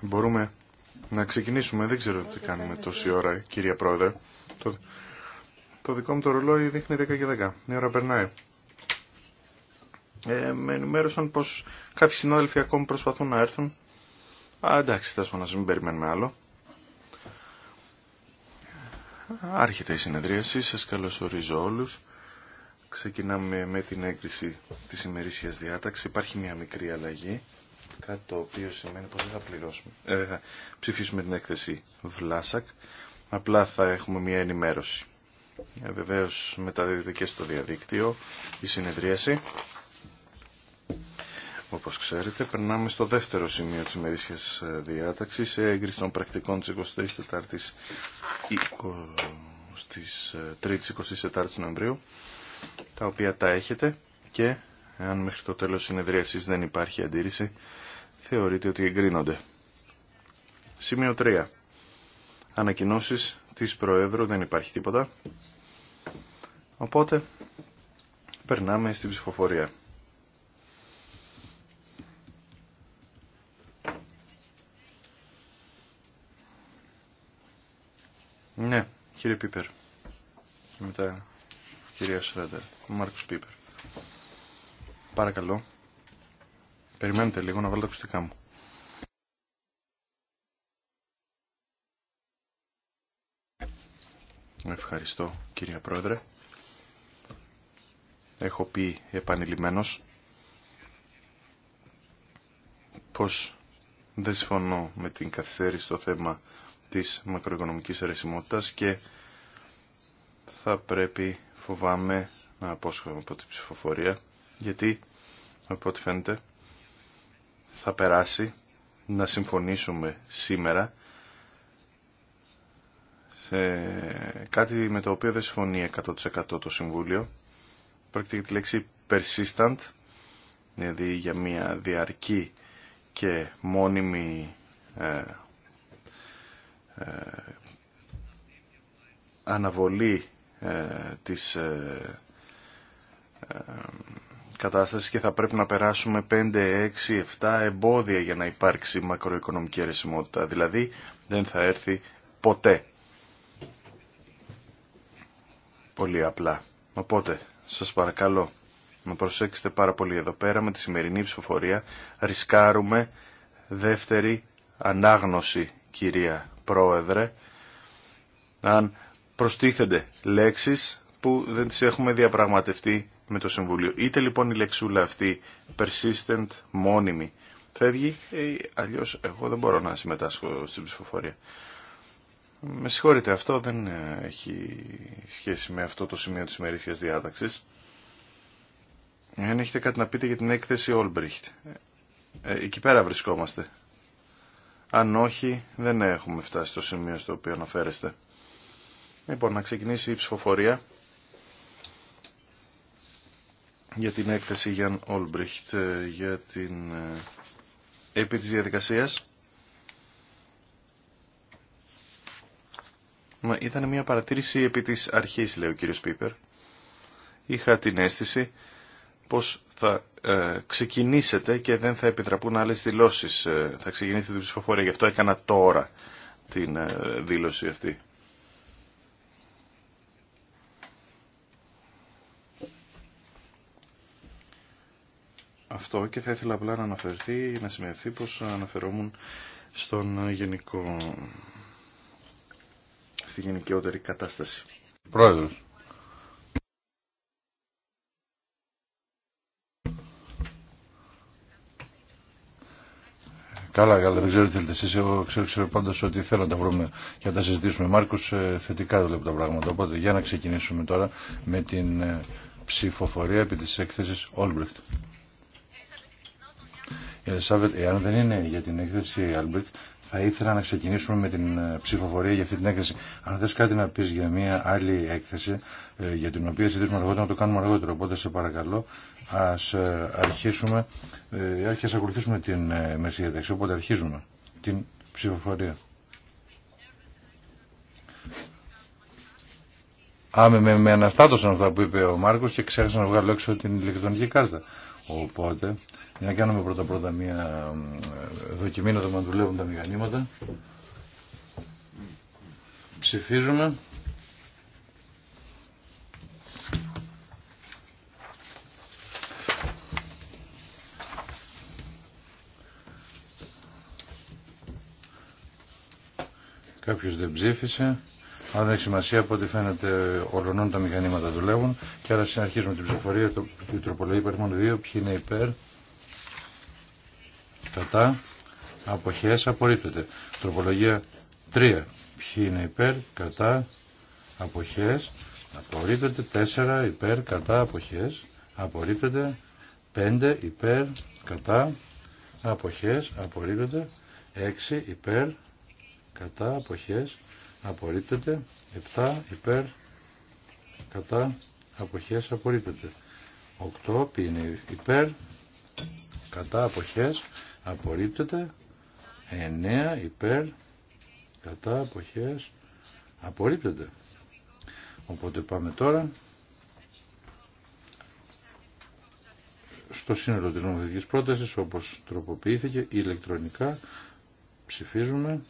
Μπορούμε να ξεκινήσουμε. Δεν ξέρω τι κάνουμε τόση ώρα, κύριε Πρόεδρε. Το, δικό μου το ρολόι δείχνει 10 και 10. Η ώρα περνάει. Ε, με ενημέρωσαν πως κάποιοι συνάδελφοι ακόμη προσπαθούν να έρθουν. Α, εντάξει, θα να μην περιμένουμε άλλο. Άρχεται η συνεδρίαση, σας καλωσορίζω όλους. Ξεκινάμε με την έγκριση της ημερήσιας διάταξης. Υπάρχει μια μικρή αλλαγή, κάτι το οποίο σημαίνει πως δεν θα, πληρώσουμε, ε, ψηφίσουμε την έκθεση Βλάσακ, απλά θα έχουμε μια ενημέρωση. Ε, Βεβαίω μεταδίδεται και στο διαδίκτυο η συνεδρίαση. Όπως ξέρετε, περνάμε στο δεύτερο σημείο της ημερήσιας ε, διάταξης, έγκριση των πρακτικών της 24ης 24 ε, Νοεμβρίου τα οποία τα έχετε και αν μέχρι το τέλος συνεδρίασης δεν υπάρχει αντίρρηση, θεωρείτε ότι εγκρίνονται. Σημείο 3. Ανακοινώσεις της Προέδρου δεν υπάρχει τίποτα. Οπότε, περνάμε στην ψηφοφορία. Ναι, κύριε Πίπερ. Μετά κυρία Σρέντερ. Ο Μάρκος Πίπερ. Παρακαλώ. Περιμένετε λίγο να βάλω τα ακουστικά μου. Ευχαριστώ κυρία Πρόεδρε. Έχω πει επανειλημμένος πως δεν συμφωνώ με την καθυστέρηση στο θέμα της μακροοικονομικής αρεσιμότητας και θα πρέπει φοβάμαι να απόσχομαι από την ψηφοφορία γιατί από ό,τι φαίνεται θα περάσει να συμφωνήσουμε σήμερα σε κάτι με το οποίο δεν συμφωνεί 100% το Συμβούλιο. Πρόκειται για τη λέξη persistent, δηλαδή για μια διαρκή και μόνιμη ε, ε, αναβολή ε, της ε, ε, κατάστασης και θα πρέπει να περάσουμε 5, 6, 7 εμπόδια για να υπάρξει μακροοικονομική αιρεσιμότητα. Δηλαδή δεν θα έρθει ποτέ. Πολύ απλά. Οπότε σας παρακαλώ να προσέξετε πάρα πολύ εδώ πέρα με τη σημερινή ψηφοφορία ρισκάρουμε δεύτερη ανάγνωση κυρία Πρόεδρε αν προστίθενται λέξεις που δεν τις έχουμε διαπραγματευτεί με το Συμβούλιο. Είτε λοιπόν η λεξούλα αυτή persistent, μόνιμη, φεύγει, αλλιώς εγώ δεν μπορώ να συμμετάσχω στην ψηφοφορία. Με συγχωρείτε, αυτό δεν ε, έχει σχέση με αυτό το σημείο της ημερήσιας διάταξης. Εάν έχετε κάτι να πείτε για την έκθεση ε, ε, Εκεί πέρα βρισκόμαστε. Αν όχι, δεν έχουμε φτάσει στο σημείο στο οποίο αναφέρεστε. Λοιπόν, να ξεκινήσει η ψηφοφορία για την έκθεση Γιάνν Όλμπριχτ ε, για την ε, επί της διαδικασίας. Μα ήταν μια παρατήρηση επί της αρχής, λέει ο κύριος Πίπερ. Είχα την αίσθηση πως θα ε, ξεκινήσετε και δεν θα επιτραπούν άλλες δηλώσεις. θα ξεκινήσετε την ψηφοφορία, γι' αυτό έκανα τώρα την δήλωση αυτή. αυτό και θα ήθελα απλά να αναφερθεί, να σημειωθεί πως αναφερόμουν στον γενικό, στη γενικότερη κατάσταση. Πρόεδρος. Καλά, καλά, δεν ξέρω τι θέλετε εσείς, εγώ ξέρω, ξέρω πάντως ότι θέλω να τα βρούμε και να τα συζητήσουμε. Μάρκος, ε, θετικά βλέπω τα πράγματα, οπότε για να ξεκινήσουμε τώρα με την ε, ψηφοφορία επί της έκθεσης Όλμπρεχτ. Ελισάβετ, εάν δεν είναι για την έκθεση Άλμπριτ, θα ήθελα να ξεκινήσουμε με την ε, ψηφοφορία για αυτή την έκθεση. Αν θες κάτι να πεις για μια άλλη έκθεση, ε, για την οποία συζητήσουμε αργότερα, να το κάνουμε αργότερα. Οπότε σε παρακαλώ, ας ε, αρχίσουμε, ας ακολουθήσουμε την μεσία Οπότε αρχίζουμε την ψηφοφορία. Άμε με, με, με αναστάτωσαν αυτά που είπε ο Μάρκος και ξέχασα να βγάλω έξω την ηλεκτρονική κάρτα. Οπότε, για να κάνουμε πρώτα πρώτα μία ε, δοκιμή να δούμε αν δουλεύουν τα μηχανήματα. Ψηφίζουμε. Κάποιος δεν ψήφισε. Αλλά δεν έχει σημασία από ό,τι φαίνεται ολονών τα μηχανήματα δουλεύουν. Και άρα συνεχίζουμε την ψηφοφορία. Το, η τροπολογία υπάρχει μόνο δύο. Ποιοι είναι υπέρ. Κατά. Αποχές απορρίπτεται. Τροπολογία 3. Ποιοι είναι υπέρ. Κατά. Αποχές. Απορρίπτεται. 4. Υπέρ. Κατά. Αποχές. Απορρίπτεται. 5. Υπέρ. Κατά. Αποχές. Απορρίπτεται. 6. Υπέρ. Κατά. Αποχές απορρίπτεται. 7 υπέρ κατά αποχές απορρίπτεται. 8 είναι υπέρ κατά αποχές απορρίπτεται. 9 υπέρ κατά αποχές απορρίπτεται. Οπότε πάμε τώρα στο σύνολο της νομοθετικής πρότασης όπως τροποποιήθηκε ηλεκτρονικά ψηφίζουμε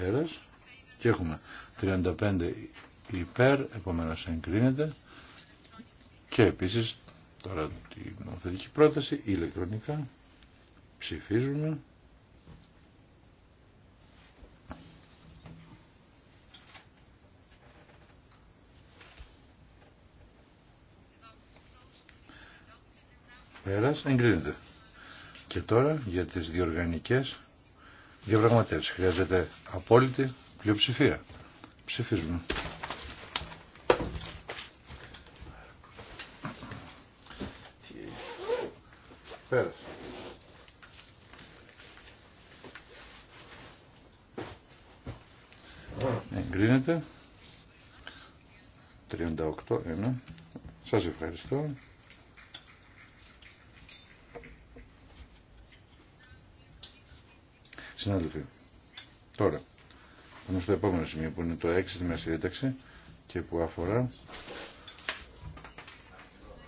Πέρας. Και έχουμε 35 υπέρ, επομένως εγκρίνεται. Και επίσης τώρα την νομοθετική πρόταση ηλεκτρονικά ψηφίζουμε. Πέρας εγκρίνεται. Και τώρα για τις διοργανικές διαπραγματεύσει. Χρειάζεται απόλυτη πλειοψηφία. Ψηφίζουμε. Πέρασε. Εγκρίνεται. 38-1. Σας ευχαριστώ. Συνάδελφοι, τώρα πάμε στο επόμενο σημείο που είναι το 6 στη μέση και που αφορά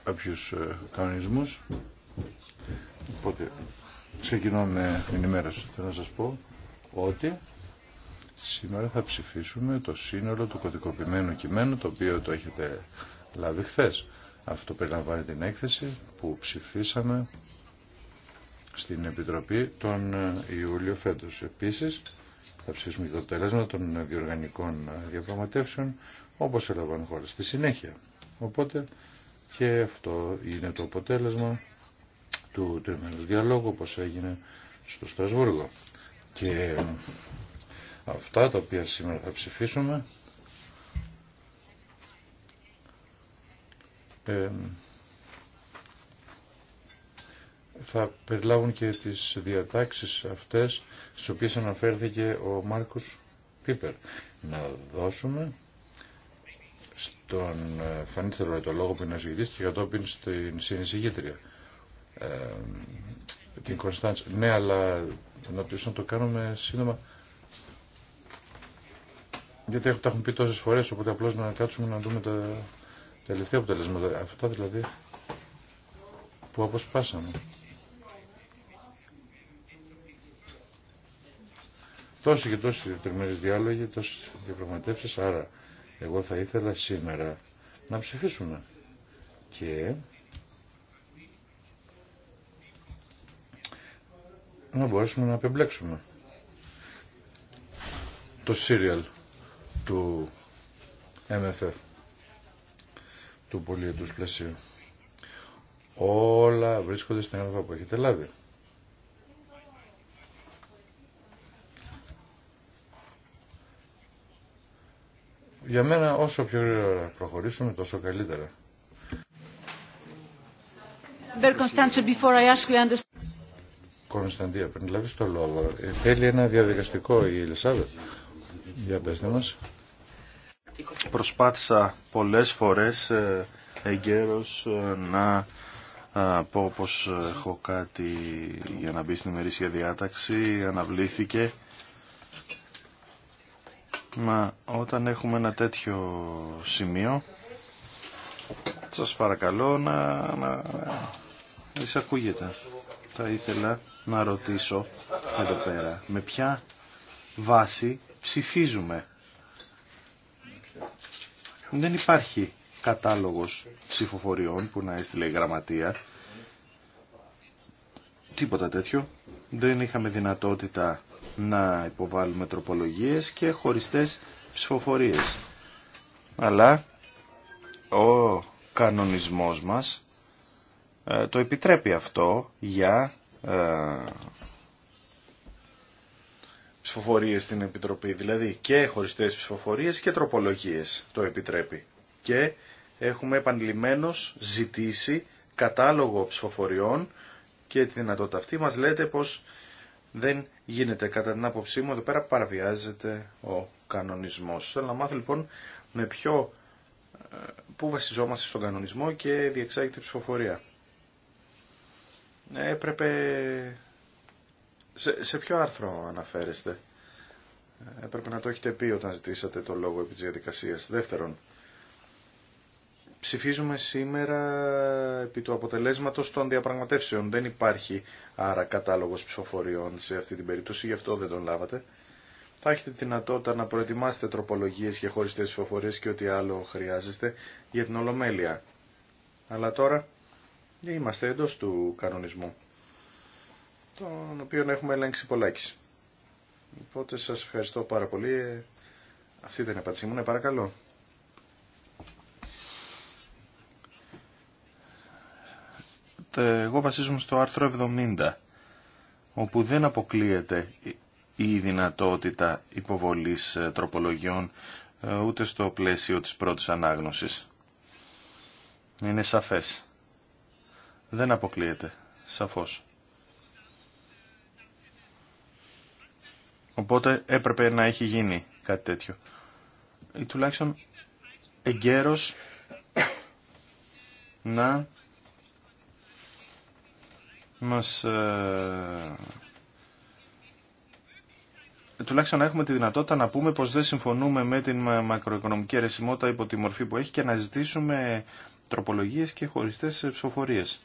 κάποιους ε, κανονισμούς. Οπότε ξεκινώ με ενημέρωση. Θέλω να σας πω ότι σήμερα θα ψηφίσουμε το σύνολο του κωδικοποιημένου κειμένου το οποίο το έχετε λάβει χθε. Αυτό περιλαμβάνει την έκθεση που ψηφίσαμε στην Επιτροπή τον ε, Ιούλιο φέτος. Επίσης, θα ψήσουμε το τέλεσμα των ε, διοργανικών ε, διαπραγματεύσεων όπως έλαβαν χώρα στη συνέχεια. Οπότε και αυτό είναι το αποτέλεσμα του τριμμένου διαλόγου όπως έγινε στο Στρασβούργο. Και αυτά τα οποία σήμερα θα ψηφίσουμε θα περιλάβουν και τις διατάξεις αυτές στις οποίες αναφέρθηκε ο Μάρκος Πίπερ. Να δώσουμε στον Φανή ε, λόγο που είναι ασυγητής και κατόπιν στην συνεισηγήτρια. Ε, την Κωνσταντς. Ναι, αλλά να να το κάνουμε σύντομα. Γιατί τα έχουν πει τόσες φορές, οπότε απλώς να κάτσουμε να δούμε τα τελευταία αποτελέσματα. Αυτά δηλαδή που αποσπάσαμε. Τόσοι και τόσοι τριμμένες διάλογοι, τόσες διαπραγματεύσεις, άρα εγώ θα ήθελα σήμερα να ψηφίσουμε. Και να μπορέσουμε να απεμπλέξουμε το σύριαλ του MFF του πολιετούς πλαισίου. Όλα βρίσκονται στην έννοια που έχετε λάβει. Για μένα όσο πιο γρήγορα προχωρήσουμε τόσο καλύτερα. Κωνσταντία, πριν λάβεις το λόγο, ε, θέλει ένα διαδικαστικό η Ελισάβετ. Για πέστε μας. Προσπάθησα πολλές φορές ε, εγκαίρως ε, να πω πως έχω κάτι για να μπει στην ημερήσια διάταξη. Αναβλήθηκε Μα όταν έχουμε ένα τέτοιο σημείο, σας παρακαλώ να, να εισακούγεται. Θα ήθελα να ρωτήσω εδώ πέρα, με ποια βάση ψηφίζουμε. Δεν υπάρχει κατάλογος ψηφοφοριών που να έστειλε η γραμματεία. Τίποτα τέτοιο. Δεν είχαμε δυνατότητα να υποβάλουμε τροπολογίες και χωριστές ψηφοφορίες. Αλλά ο κανονισμός μας ε, το επιτρέπει αυτό για ε, ψηφοφορίες στην Επιτροπή. Δηλαδή και χωριστές ψηφοφορίες και τροπολογίες το επιτρέπει. Και έχουμε επανειλημμένως ζητήσει κατάλογο ψηφοφοριών και τη δυνατότητα αυτή μας λέτε πως δεν γίνεται. Κατά την άποψή μου εδώ πέρα παραβιάζεται ο κανονισμός. Θέλω να μάθω λοιπόν με ποιο, ε, πού βασιζόμαστε στον κανονισμό και διεξάγεται ψηφοφορία. Ε, έπρεπε... Σε, σε ποιο άρθρο αναφέρεστε. Ε, έπρεπε να το έχετε πει όταν ζητήσατε το λόγο επί της διαδικασίας. Δεύτερον, ψηφίζουμε σήμερα επί του αποτελέσματος των διαπραγματεύσεων. Δεν υπάρχει άρα κατάλογος ψηφοφοριών σε αυτή την περίπτωση, γι' αυτό δεν τον λάβατε. Θα έχετε δυνατότητα να προετοιμάσετε τροπολογίες και χωριστές ψηφοφορίες και ό,τι άλλο χρειάζεστε για την Ολομέλεια. Αλλά τώρα είμαστε εντός του κανονισμού, τον οποίο έχουμε ελέγξει πολλάκι. Οπότε σας ευχαριστώ πάρα πολύ. Ε, αυτή ήταν η απάντησή μου. Ναι, παρακαλώ. Ε, εγώ βασίζομαι στο άρθρο 70, όπου δεν αποκλείεται η δυνατότητα υποβολής ε, τροπολογιών ε, ούτε στο πλαίσιο της πρώτης ανάγνωσης. Είναι σαφές. Δεν αποκλείεται. Σαφώς. Οπότε έπρεπε να έχει γίνει κάτι τέτοιο. Ή τουλάχιστον εγκαίρος να μας ε, τουλάχιστον να έχουμε τη δυνατότητα να πούμε πως δεν συμφωνούμε με την μακροοικονομική αιρεσιμότητα υπό τη μορφή που έχει και να ζητήσουμε τροπολογίες και χωριστές ψηφοφορίες.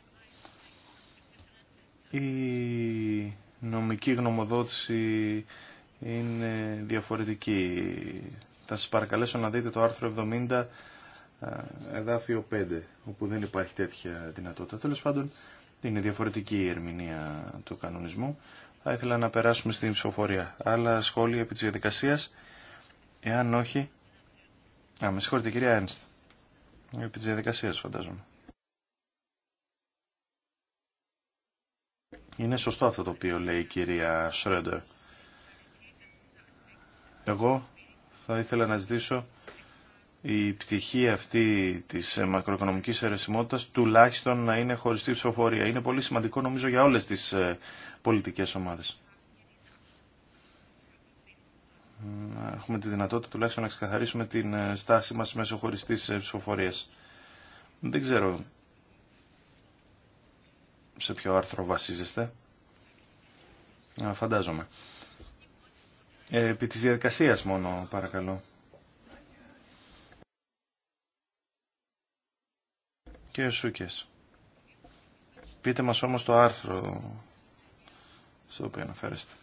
Η νομική γνωμοδότηση είναι διαφορετική. Θα σας παρακαλέσω να δείτε το άρθρο 70 ε, εδάφιο 5, όπου δεν υπάρχει τέτοια δυνατότητα. Τέλος πάντων, είναι διαφορετική η ερμηνεία του κανονισμού. Θα ήθελα να περάσουμε στην ψηφοφορία. Άλλα σχόλια επί της διαδικασίας. Εάν όχι... Α, με συγχωρείτε κυρία Ένστ. Επί της διαδικασίας φαντάζομαι. Είναι σωστό αυτό το οποίο λέει η κυρία Σρέντερ. Εγώ θα ήθελα να ζητήσω η πτυχή αυτή της ε, μακροοικονομικής αιρεσιμότητας τουλάχιστον να είναι χωριστή ψηφοφορία. Είναι πολύ σημαντικό νομίζω για όλες τις ε, πολιτικές ομάδες. έχουμε τη δυνατότητα τουλάχιστον να ξεκαθαρίσουμε την ε, στάση μας μέσω χωριστής ψηφοφορίας. Δεν ξέρω σε ποιο άρθρο βασίζεστε. Φαντάζομαι. Επί της διαδικασίας μόνο παρακαλώ. Κύριε Σούκες, πείτε μας όμως το άρθρο στο οποίο αναφέρεστε.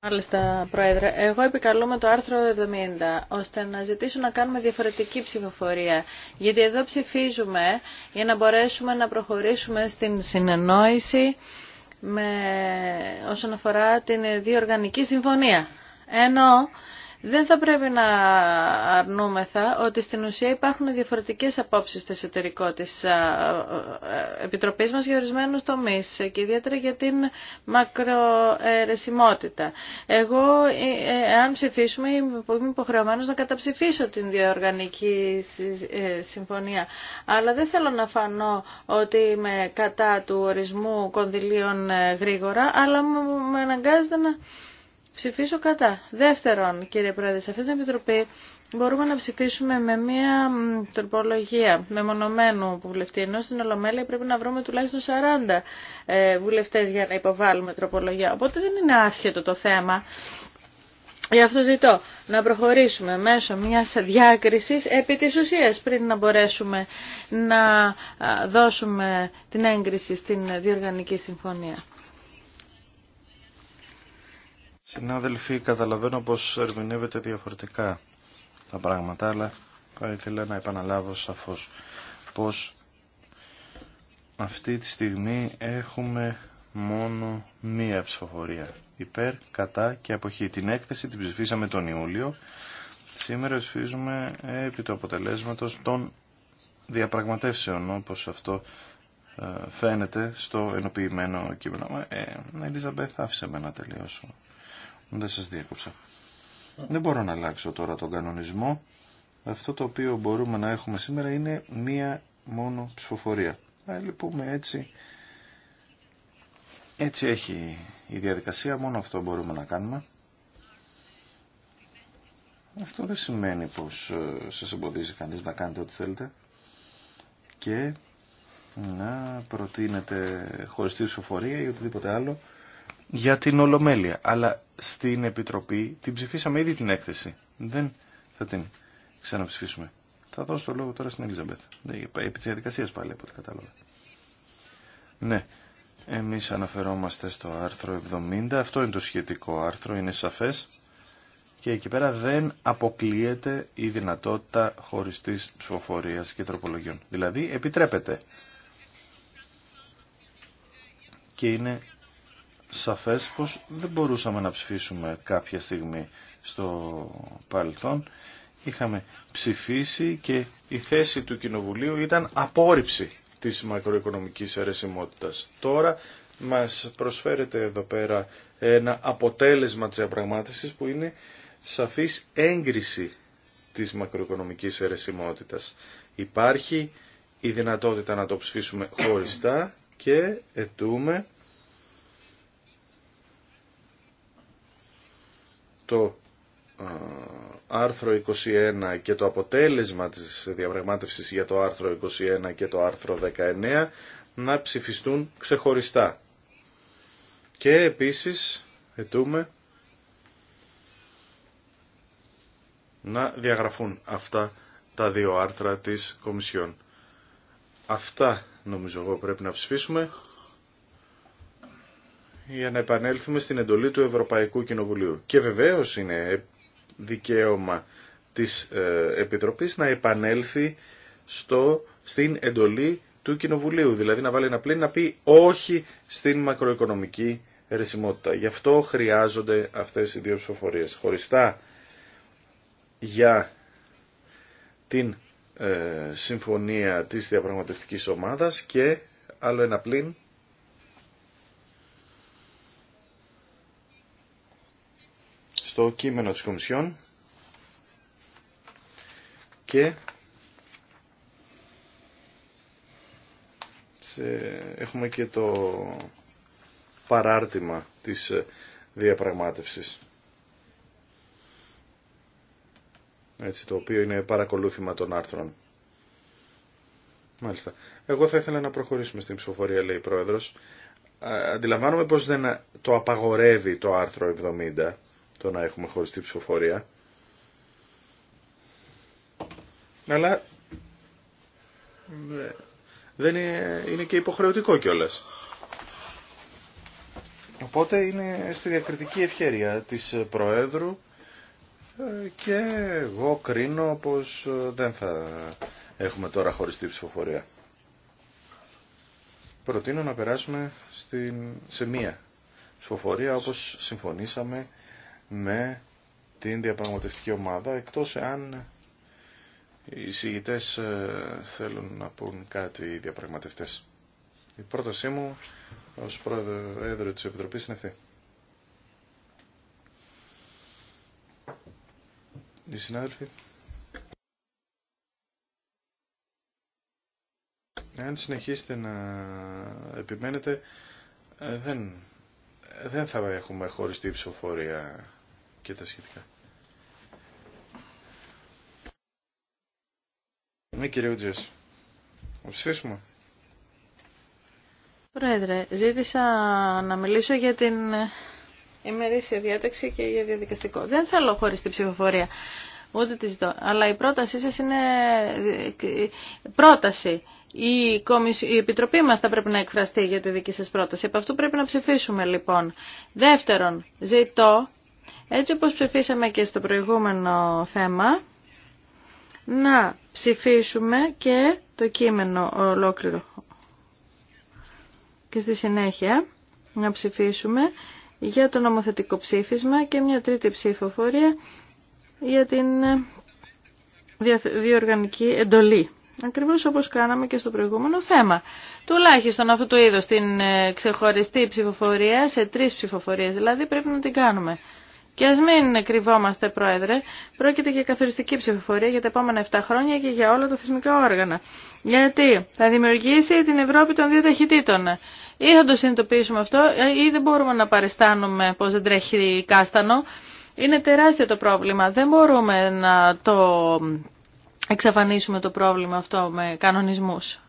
Μάλιστα, Πρόεδρε. Εγώ επικαλούμε το άρθρο 70, ώστε να ζητήσω να κάνουμε διαφορετική ψηφοφορία. Γιατί εδώ ψηφίζουμε για να μπορέσουμε να προχωρήσουμε στην συνεννόηση με, όσον αφορά την διοργανική συμφωνία. Ενώ δεν θα πρέπει να αρνούμεθα ότι στην ουσία υπάρχουν διαφορετικές απόψεις στο εσωτερικό της ε, Επιτροπής μας για ορισμένους τομείς και ιδιαίτερα για την μακροαιρεσιμότητα. Εγώ, αν ε, ε, ψηφίσουμε, είμαι υποχρεωμένος να καταψηφίσω την διοργανική συμφωνία. Αλλά δεν θέλω να φανώ ότι είμαι κατά του ορισμού κονδυλίων γρήγορα, αλλά με αναγκάζεται να ψηφίσω κατά. Δεύτερον, κύριε Πρόεδρε, σε αυτή την Επιτροπή μπορούμε να ψηφίσουμε με μία τροπολογία μεμονωμένου βουλευτή, ενώ στην Ολομέλεια πρέπει να βρούμε τουλάχιστον 40 ε, βουλευτές για να υποβάλουμε τροπολογία. Οπότε δεν είναι άσχετο το θέμα. Γι' αυτό ζητώ να προχωρήσουμε μέσω μιας διάκρισης επί της ουσίας πριν να μπορέσουμε να δώσουμε την έγκριση στην διοργανική συμφωνία. Συνάδελφοι, καταλαβαίνω πως ερμηνεύετε διαφορετικά τα πράγματα, αλλά θα ήθελα να επαναλάβω σαφώς πως αυτή τη στιγμή έχουμε μόνο μία ψηφοφορία. Υπέρ, κατά και αποχή. Την έκθεση την ψηφίσαμε τον Ιούλιο. Σήμερα ψηφίζουμε επί το αποτελέσματος των διαπραγματεύσεων, όπως αυτό ε, φαίνεται στο ενοποιημένο κείμενο. Ε, Ελίζα Μπεθ, άφησε με να τελειώσω. Δεν σας διέκοψα. Δεν μπορώ να αλλάξω τώρα τον κανονισμό. Αυτό το οποίο μπορούμε να έχουμε σήμερα είναι μία μόνο ψηφοφορία. Α, λοιπόν, έτσι, έτσι έχει η διαδικασία, μόνο αυτό μπορούμε να κάνουμε. Αυτό δεν σημαίνει πως ε, σας εμποδίζει κανείς να κάνετε ό,τι θέλετε και να προτείνετε χωριστή ψηφοφορία ή οτιδήποτε άλλο για την Ολομέλεια. Αλλά στην Επιτροπή την ψηφίσαμε ήδη την έκθεση. Δεν θα την ξαναψηφίσουμε. Θα δώσω το λόγο τώρα στην Ελίζαμπεθ. Ναι, επί της διαδικασίας πάλι από ό,τι κατάλαβα. Ναι. Εμείς αναφερόμαστε στο άρθρο 70. Αυτό είναι το σχετικό άρθρο. Είναι σαφές. Και εκεί πέρα δεν αποκλείεται η δυνατότητα χωριστής ψηφοφορίας και τροπολογιών. Δηλαδή επιτρέπεται. Και είναι σαφές πως δεν μπορούσαμε να ψηφίσουμε κάποια στιγμή στο παρελθόν. Είχαμε ψηφίσει και η θέση του Κοινοβουλίου ήταν απόρριψη της μακροοικονομικής αιρεσιμότητας. Τώρα μας προσφέρεται εδώ πέρα ένα αποτέλεσμα της διαπραγμάτευσης που είναι σαφής έγκριση της μακροοικονομικής αιρεσιμότητας. Υπάρχει η δυνατότητα να το ψηφίσουμε χωριστά και ετούμε το άρθρο 21 και το αποτέλεσμα της διαπραγμάτευσης για το άρθρο 21 και το άρθρο 19 να ψηφιστούν ξεχωριστά. Και επίσης ετούμε να διαγραφούν αυτά τα δύο άρθρα της Κομισιόν. Αυτά νομίζω εγώ πρέπει να ψηφίσουμε για να επανέλθουμε στην εντολή του Ευρωπαϊκού Κοινοβουλίου. Και βεβαίως είναι δικαίωμα της ε, Επιτροπής να επανέλθει στο, στην εντολή του Κοινοβουλίου. Δηλαδή να βάλει ένα πλήν να πει όχι στην μακροοικονομική ρεσιμότητα. Γι' αυτό χρειάζονται αυτές οι δύο ψηφοφορίες. Χωριστά για την ε, συμφωνία της διαπραγματευτικής ομάδας και άλλο ένα πλήν Το κείμενο της Κομισιόν και έχουμε και το παράρτημα της ε, διαπραγμάτευσης. Έτσι, το οποίο είναι παρακολούθημα των άρθρων. Μάλιστα. Εγώ θα ήθελα να προχωρήσουμε στην ψηφοφορία, λέει η Πρόεδρος. Ε, αντιλαμβάνομαι πως δεν το απαγορεύει το άρθρο 70, το να έχουμε χωριστή ψηφοφορία. Αλλά δεν είναι, και υποχρεωτικό κιόλα. Οπότε είναι στη διακριτική ευχέρεια της Προέδρου ε, και εγώ κρίνω πως ε, δεν θα έχουμε τώρα χωριστή ψηφοφορία. Προτείνω να περάσουμε στην, σε μία ψηφοφορία όπως συμφωνήσαμε με την διαπραγματευτική ομάδα, εκτός εάν οι συγητές ε, θέλουν να πούν κάτι οι διαπραγματευτές. Η πρότασή μου ως πρόεδρο της Επιτροπής είναι αυτή. Οι συνάδελφοι. Αν συνεχίσετε να επιμένετε, ε, δεν, δεν θα έχουμε χωριστή ψηφοφορία και τα σχετικά. Ναι κύριε Ούτζε, να ψηφίσουμε. Πρόεδρε, ζήτησα να μιλήσω για την ημερήσια διάταξη και για διαδικαστικό. Δεν θέλω χωρίς την ψηφοφορία. Ούτε τη ζητώ. Αλλά η πρότασή σας είναι ε, πρόταση. Η, Κομισ... η Επιτροπή μας θα πρέπει να εκφραστεί για τη δική σα πρόταση. Επ' αυτού πρέπει να ψηφίσουμε λοιπόν. Δεύτερον, ζητώ έτσι όπως ψηφίσαμε και στο προηγούμενο θέμα, να ψηφίσουμε και το κείμενο ολόκληρο. Και στη συνέχεια να ψηφίσουμε για το νομοθετικό ψήφισμα και μια τρίτη ψηφοφορία για την ε, διοργανική εντολή. Ακριβώς όπως κάναμε και στο προηγούμενο θέμα. Τουλάχιστον αυτού του είδους την ε, ξεχωριστή ψηφοφορία, σε τρεις ψηφοφορίες δηλαδή, πρέπει να την κάνουμε. Και ας μην κρυβόμαστε, Πρόεδρε, πρόκειται για καθοριστική ψηφοφορία για τα επόμενα 7 χρόνια και για όλα τα θεσμικά όργανα. Γιατί θα δημιουργήσει την Ευρώπη των δύο ταχυτήτων. Ή θα το συνειδητοποιήσουμε αυτό, ε, ή δεν μπορούμε να παριστάνουμε πώ δεν τρέχει κάστανο. Είναι τεράστιο το πρόβλημα. Δεν μπορούμε να το εξαφανίσουμε το πρόβλημα αυτό με κανονισμούς.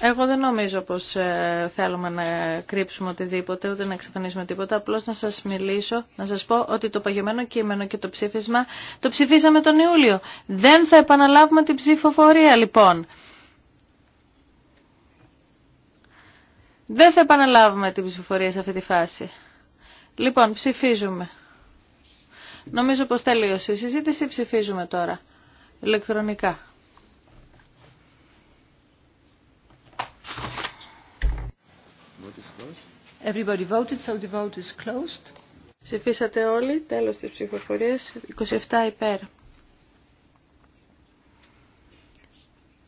Εγώ δεν νομίζω πως ε, θέλουμε να κρύψουμε οτιδήποτε, ούτε να εξαφανίσουμε τίποτα. Απλώς να σας μιλήσω, να σας πω ότι το παγιωμένο κείμενο και το ψήφισμα το ψηφίσαμε τον Ιούλιο. Δεν θα επαναλάβουμε την ψηφοφορία λοιπόν. Δεν θα επαναλάβουμε την ψηφοφορία σε αυτή τη φάση. Λοιπόν, ψηφίζουμε. Νομίζω πως τελείωσε η συζήτηση, ψηφίζουμε τώρα ηλεκτρονικά. Everybody Ψηφίσατε όλοι, τέλος της ψηφοφορίας, 27 υπέρ.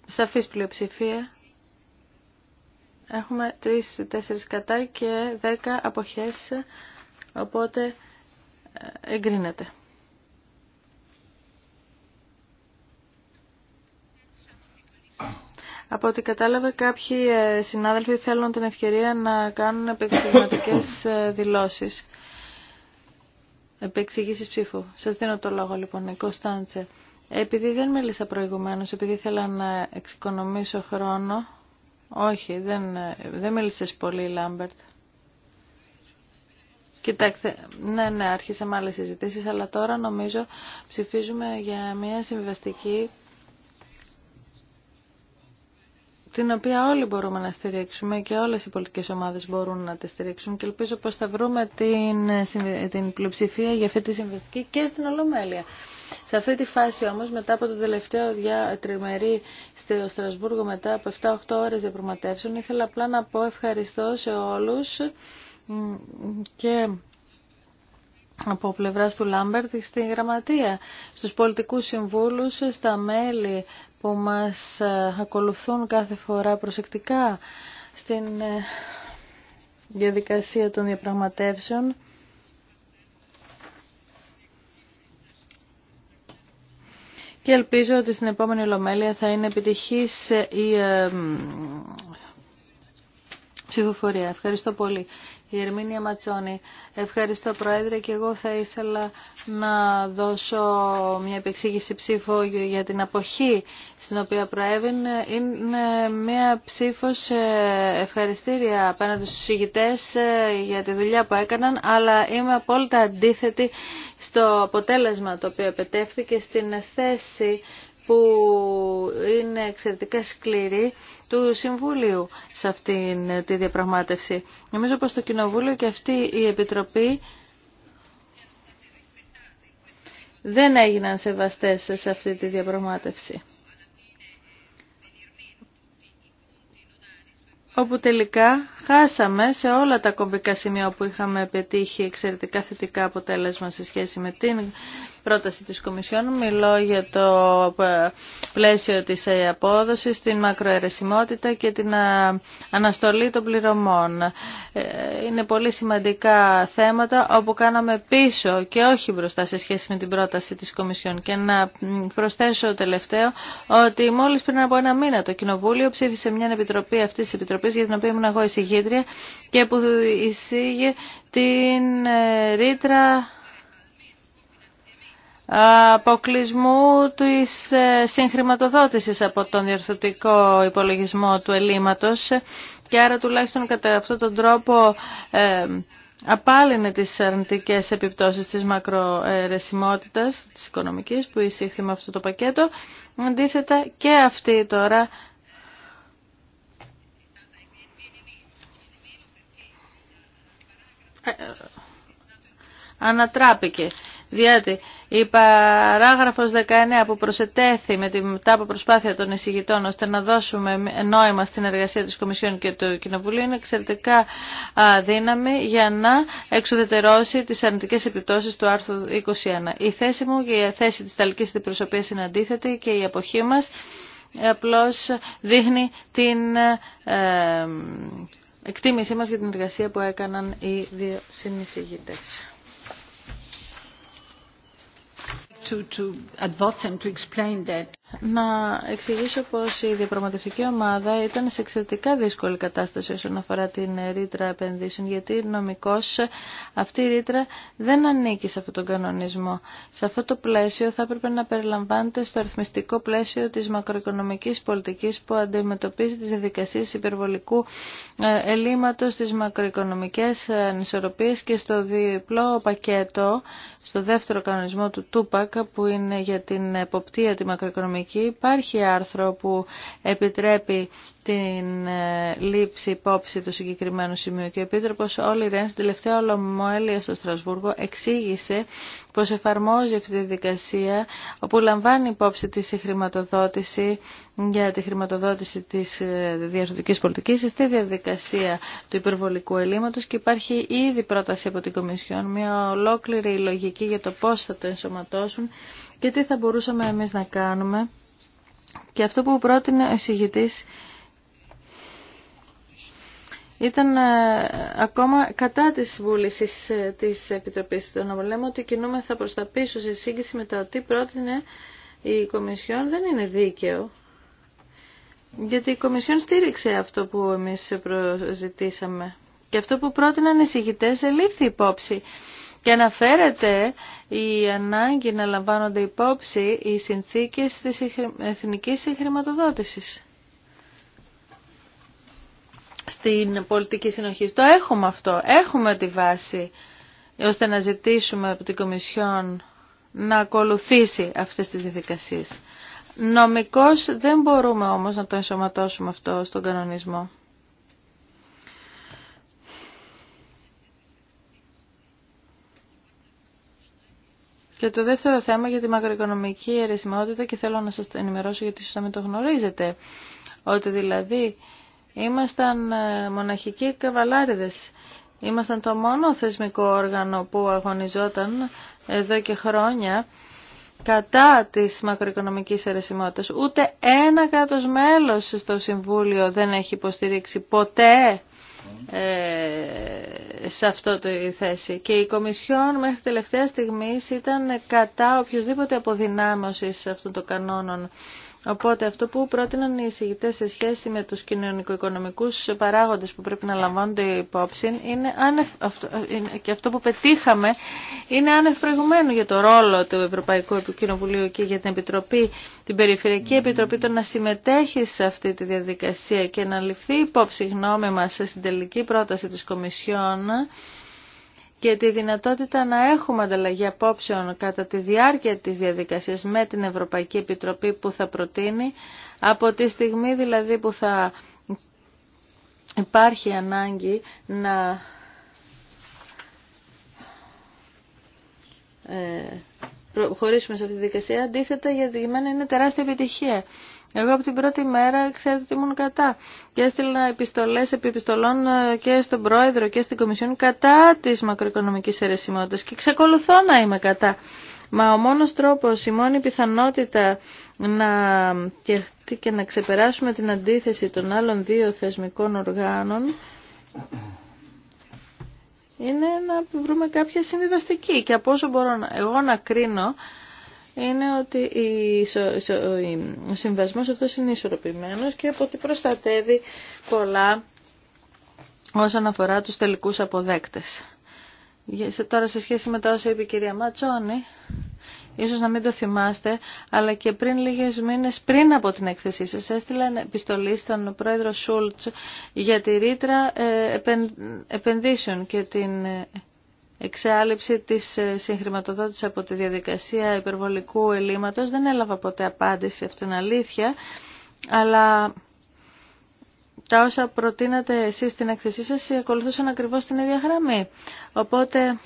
Σαφής πλειοψηφία. Έχουμε 3-4 κατά και 10 αποχές, οπότε ε, εγκρίνεται. Από ό,τι κατάλαβα κάποιοι ε, συνάδελφοι θέλουν την ευκαιρία να κάνουν επεξηγηματικές ε, δηλώσεις. Επεξηγήσεις ψήφου. Σας δίνω το λόγο λοιπόν, Κωνσταντσε. Επειδή δεν μίλησα προηγουμένως, επειδή ήθελα να εξοικονομήσω χρόνο, όχι, δεν, ε, δεν μίλησες πολύ, Λάμπερτ. Κοιτάξτε, ναι, ναι, με άλλες συζητήσεις, αλλά τώρα νομίζω ψηφίζουμε για μια συμβιβαστική την οποία όλοι μπορούμε να στηρίξουμε και όλες οι πολιτικές ομάδες μπορούν να τη στηρίξουν και ελπίζω πως θα βρούμε την, την πλειοψηφία για αυτή τη συμβαστική και στην Ολομέλεια. Σε αυτή τη φάση όμως μετά από το τελευταίο δια... τριμερή στο Στρασβούργο μετά από 7-8 ώρες διαπραγματεύσεων ήθελα απλά να πω ευχαριστώ σε όλους και από πλευράς του Λάμπερτ στη γραμματεία, στους πολιτικούς συμβούλους, στα μέλη που μας ε, ακολουθούν κάθε φορά προσεκτικά στην ε, διαδικασία των διαπραγματεύσεων. Και ελπίζω ότι στην επόμενη Ολομέλεια θα είναι επιτυχής η ε, ψηφοφορία. Ευχαριστώ πολύ. Η Ερμήνια Ματσόνη. Ευχαριστώ Πρόεδρε και εγώ θα ήθελα να δώσω μια επεξήγηση ψήφο για την αποχή στην οποία προέβηνε. Είναι μια ψήφος ε, ευχαριστήρια απέναντι στους ηγητές ε, για τη δουλειά που έκαναν, αλλά είμαι απόλυτα αντίθετη στο αποτέλεσμα το οποίο επετεύθηκε στην θέση που είναι εξαιρετικά σκληρή του Συμβουλίου σε αυτή τη διαπραγμάτευση. Νομίζω πως το Κοινοβούλιο και αυτή η Επιτροπή δεν έγιναν σεβαστές σε αυτή τη διαπραγμάτευση. όπου τελικά χάσαμε σε όλα τα κομπικά σημεία που είχαμε πετύχει εξαιρετικά θετικά αποτέλεσμα σε σχέση με την πρόταση της Κομισιόν. Μιλώ για το πλαίσιο της απόδοσης, την μακροαιρεσιμότητα και την αναστολή των πληρωμών. Ε, είναι πολύ σημαντικά θέματα όπου κάναμε πίσω και όχι μπροστά σε σχέση με την πρόταση της Κομισιόν. Και να προσθέσω τελευταίο ότι μόλις πριν από ένα μήνα το Κοινοβούλιο ψήφισε μια επιτροπή αυτής της Επιτροπής για την οποία ήμουν εγώ εισηγήτρια και που εισήγε την ε, ρήτρα αποκλεισμού της ε, συγχρηματοδότησης από τον διορθωτικό υπολογισμό του ελλείμματος και άρα τουλάχιστον κατά αυτόν τον τρόπο ε, απάλληνε τις αρνητικές επιπτώσεις της μακροαιρεσιμότητας της οικονομικής που εισήχθη με αυτό το πακέτο. Αντίθετα και αυτή τώρα ε, ανατράπηκε διότι η παράγραφος 19 που προσετέθη με την προσπάθεια των εισηγητών ώστε να δώσουμε νόημα στην εργασία της Κομισιόν και του Κοινοβουλίου είναι εξαιρετικά δύναμη για να εξουδετερώσει τις αρνητικές επιπτώσεις του άρθρου 21. Η θέση μου και η θέση της ταλικής Αντιπροσωπείας είναι αντίθετη και η αποχή μας απλώς δείχνει την ε, εκτίμησή μας για την εργασία που έκαναν οι δύο συνεισηγητές. Να εξηγήσω πως η διαπραγματευτική ομάδα ήταν σε εξαιρετικά δύσκολη κατάσταση όσον αφορά την ρήτρα επενδύσεων, γιατί νομικώς αυτή η ρήτρα δεν ανήκει σε αυτόν τον κανονισμό. Σε αυτό το πλαίσιο θα έπρεπε να περιλαμβάνεται στο αριθμιστικό πλαίσιο της μακροοικονομικής πολιτικής που αντιμετωπίζει τις διαδικασίες υπερβολικού ε, ελλείμματος, τις μακροοικονομικές ανισορροπίες και στο διπλό πακέτο στο δεύτερο κανονισμό του Τούπακ που είναι για την εποπτεία τη μακροοικονομική υπάρχει άρθρο που επιτρέπει την ε, λήψη υπόψη του συγκεκριμένου σημείου και ο Επίτροπος Όλη Ρέν στην τελευταία στο Στρασβούργο εξήγησε πως εφαρμόζει αυτή τη δικασία όπου λαμβάνει υπόψη τη χρηματοδότηση για τη χρηματοδότηση της ε, διαρθρωτικής πολιτικής στη διαδικασία του υπερβολικού ελλείμματος και υπάρχει ήδη πρόταση από την Κομισιόν, μια ολόκληρη λογική για το πώς θα το ενσωματώσουν και τι θα μπορούσαμε εμείς να κάνουμε. Και αυτό που πρότεινε ο εισηγητής ήταν ε, ακόμα κατά της βούλησης ε, της Επιτροπής. Το να λέμε ότι κινούμεθα προς τα πίσω σε σύγκριση με τα τι πρότεινε η Κομισιόν δεν είναι δίκαιο. Γιατί η Κομισιόν στήριξε αυτό που εμείς προζητήσαμε. Και αυτό που πρότειναν οι συγητές ελήφθη υπόψη. Και αναφέρεται η ανάγκη να λαμβάνονται υπόψη οι συνθήκες της εθνικής χρηματοδότησης στην πολιτική συνοχή. Το έχουμε αυτό, έχουμε τη βάση ώστε να ζητήσουμε από την Κομισιόν να ακολουθήσει αυτές τις διαδικασίες. Νομικώς δεν μπορούμε όμως να το ενσωματώσουμε αυτό στον κανονισμό. Και το δεύτερο θέμα για τη μακροοικονομική αιρεσιμότητα και θέλω να σας ενημερώσω γιατί σωστά μην το γνωρίζετε, ότι δηλαδή Ήμασταν ε, μοναχικοί καβαλάριδες. Ήμασταν το μόνο θεσμικό όργανο που αγωνιζόταν εδώ και χρόνια κατά της μακροοικονομικής αιρεσιμότητας. Ούτε ένα κάτω μέλος στο Συμβούλιο δεν έχει υποστηρίξει ποτέ ε, σε αυτό το θέση. Και η Κομισιόν μέχρι τελευταία στιγμή ήταν κατά οποιοδήποτε αποδυνάμωσης αυτών των κανόνων Οπότε αυτό που πρότειναν οι εισηγητές σε σχέση με τους κοινωνικο-οικονομικούς παράγοντες που πρέπει να λαμβάνονται υπόψη είναι, και αυτό που πετύχαμε είναι άνευ προηγουμένου για το ρόλο του Ευρωπαϊκού Κοινοβουλίου και για την Επιτροπή, την Περιφερειακή Επιτροπή το να συμμετέχει σε αυτή τη διαδικασία και να ληφθεί υπόψη γνώμη μας στην τελική πρόταση της Κομισιόν και τη δυνατότητα να έχουμε ανταλλαγή απόψεων κατά τη διάρκεια της διαδικασίας με την Ευρωπαϊκή Επιτροπή που θα προτείνει, από τη στιγμή δηλαδή που θα υπάρχει ανάγκη να ε, προχωρήσουμε σε αυτή τη δικασία. Αντίθετα, για μένα είναι τεράστια επιτυχία. Εγώ από την πρώτη μέρα ξέρετε ότι ήμουν κατά και έστειλα επιστολές επί επιστολών ε, και στον Πρόεδρο και στην Κομισιόν κατά της μακροοικονομικής αιρεσιμότητα. και ξεκολουθώ να είμαι κατά. Μα ο μόνος τρόπος, η μόνη πιθανότητα να και να ξεπεράσουμε την αντίθεση των άλλων δύο θεσμικών οργάνων είναι να βρούμε κάποια συμβιβαστική. Και από όσο μπορώ εγώ να κρίνω, είναι ότι ο συμβασμός αυτός είναι ισορροπημένος και ότι προστατεύει πολλά όσον αφορά τους τελικούς αποδέκτες. Τώρα σε σχέση με τα όσα είπε η κυρία Ματσόνη, ίσως να μην το θυμάστε, αλλά και πριν λίγες μήνες πριν από την έκθεσή σας έστειλα επιστολή στον πρόεδρο Σούλτς για τη ρήτρα ε, επενδύσεων και την ε, εξάλληψη της ε, συγχρηματοδότησης από τη διαδικασία υπερβολικού ελλείμματος. Δεν έλαβα ποτέ απάντηση, αυτό είναι αλήθεια, αλλά τα όσα προτείνατε εσείς στην εκθεσή σας ακολουθούσαν ακριβώς την ίδια γραμμή. Οπότε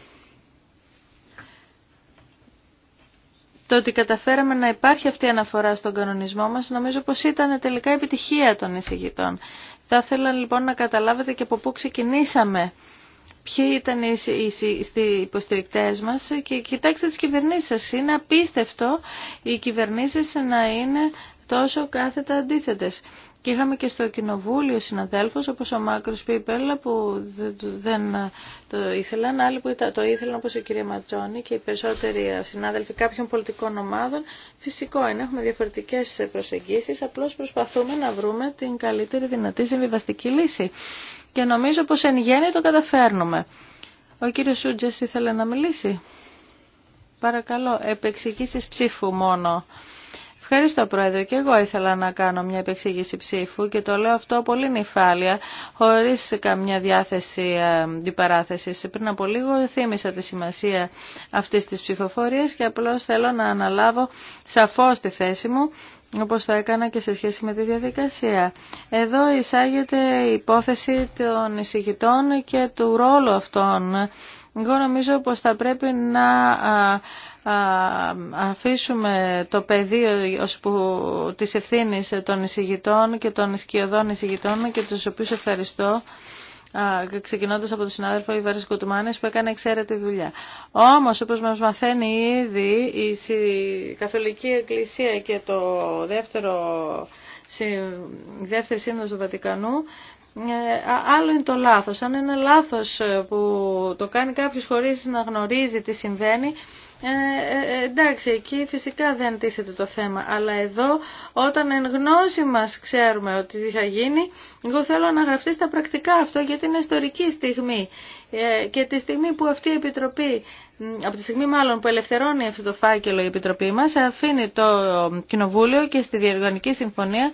το ότι καταφέραμε να υπάρχει αυτή η αναφορά στον κανονισμό μας νομίζω πως ήταν τελικά επιτυχία των εισηγητών. Θα ήθελα λοιπόν να καταλάβετε και από πού ξεκινήσαμε ποιοι ήταν οι, οι, υποστηρικτές μας και κοιτάξτε τις κυβερνήσεις σας. Είναι απίστευτο οι κυβερνήσεις να είναι τόσο κάθετα αντίθετες. Και είχαμε και στο κοινοβούλιο συναδέλφους όπως ο Μάκρος Πίπελα που δεν ε, το ήθελαν, άλλοι που το ήθελαν όπως η κυρία Ματζόνη και οι περισσότεροι συνάδελφοι κάποιων πολιτικών ομάδων. Φυσικό είναι, έχουμε διαφορετικές προσεγγίσεις, απλώς προσπαθούμε να βρούμε την καλύτερη δυνατή συμβιβαστική λύση και νομίζω πως εν γέννη το καταφέρνουμε. Ο κύριος Σούτζες ήθελε να μιλήσει. Παρακαλώ, επεξηγήσεις ψήφου μόνο. Ευχαριστώ Πρόεδρε και εγώ ήθελα να κάνω μια επεξήγηση ψήφου και το λέω αυτό πολύ νυφάλια, χωρίς καμιά διάθεση διπαράθεσης. Ε, Πριν από λίγο θύμισα τη σημασία αυτής της ψηφοφορίας και απλώς θέλω να αναλάβω σαφώς τη θέση μου όπως το έκανα και σε σχέση με τη διαδικασία. Εδώ εισάγεται η υπόθεση των εισηγητών και του ρόλου αυτών. Εγώ νομίζω πως θα πρέπει να αφήσουμε το πεδίο ως που, της ευθύνης των εισηγητών και των σκιωδών εισηγητών και τους οποίους ευχαριστώ ξεκινώντας από τον συνάδελφο Ιβάρης Κουτουμάνης που έκανε εξαίρετη δουλειά. Όμως, όπως μας μαθαίνει ήδη, η Καθολική Εκκλησία και το δεύτερο, η δεύτερη σύνοδος του Βατικανού ε, άλλο είναι το λάθος. Αν είναι λάθος ε, που το κάνει κάποιος χωρίς να γνωρίζει τι συμβαίνει, ε, ε, ε, εντάξει, εκεί φυσικά δεν τίθεται το θέμα, αλλά εδώ όταν εν γνώση μας ξέρουμε ότι θα γίνει, εγώ θέλω να γραφτεί στα πρακτικά αυτό γιατί είναι ιστορική στιγμή ε, και τη στιγμή που αυτή η Επιτροπή, από τη στιγμή μάλλον που ελευθερώνει αυτό το φάκελο η Επιτροπή μας, αφήνει το Κοινοβούλιο και στη Διεργανική Συμφωνία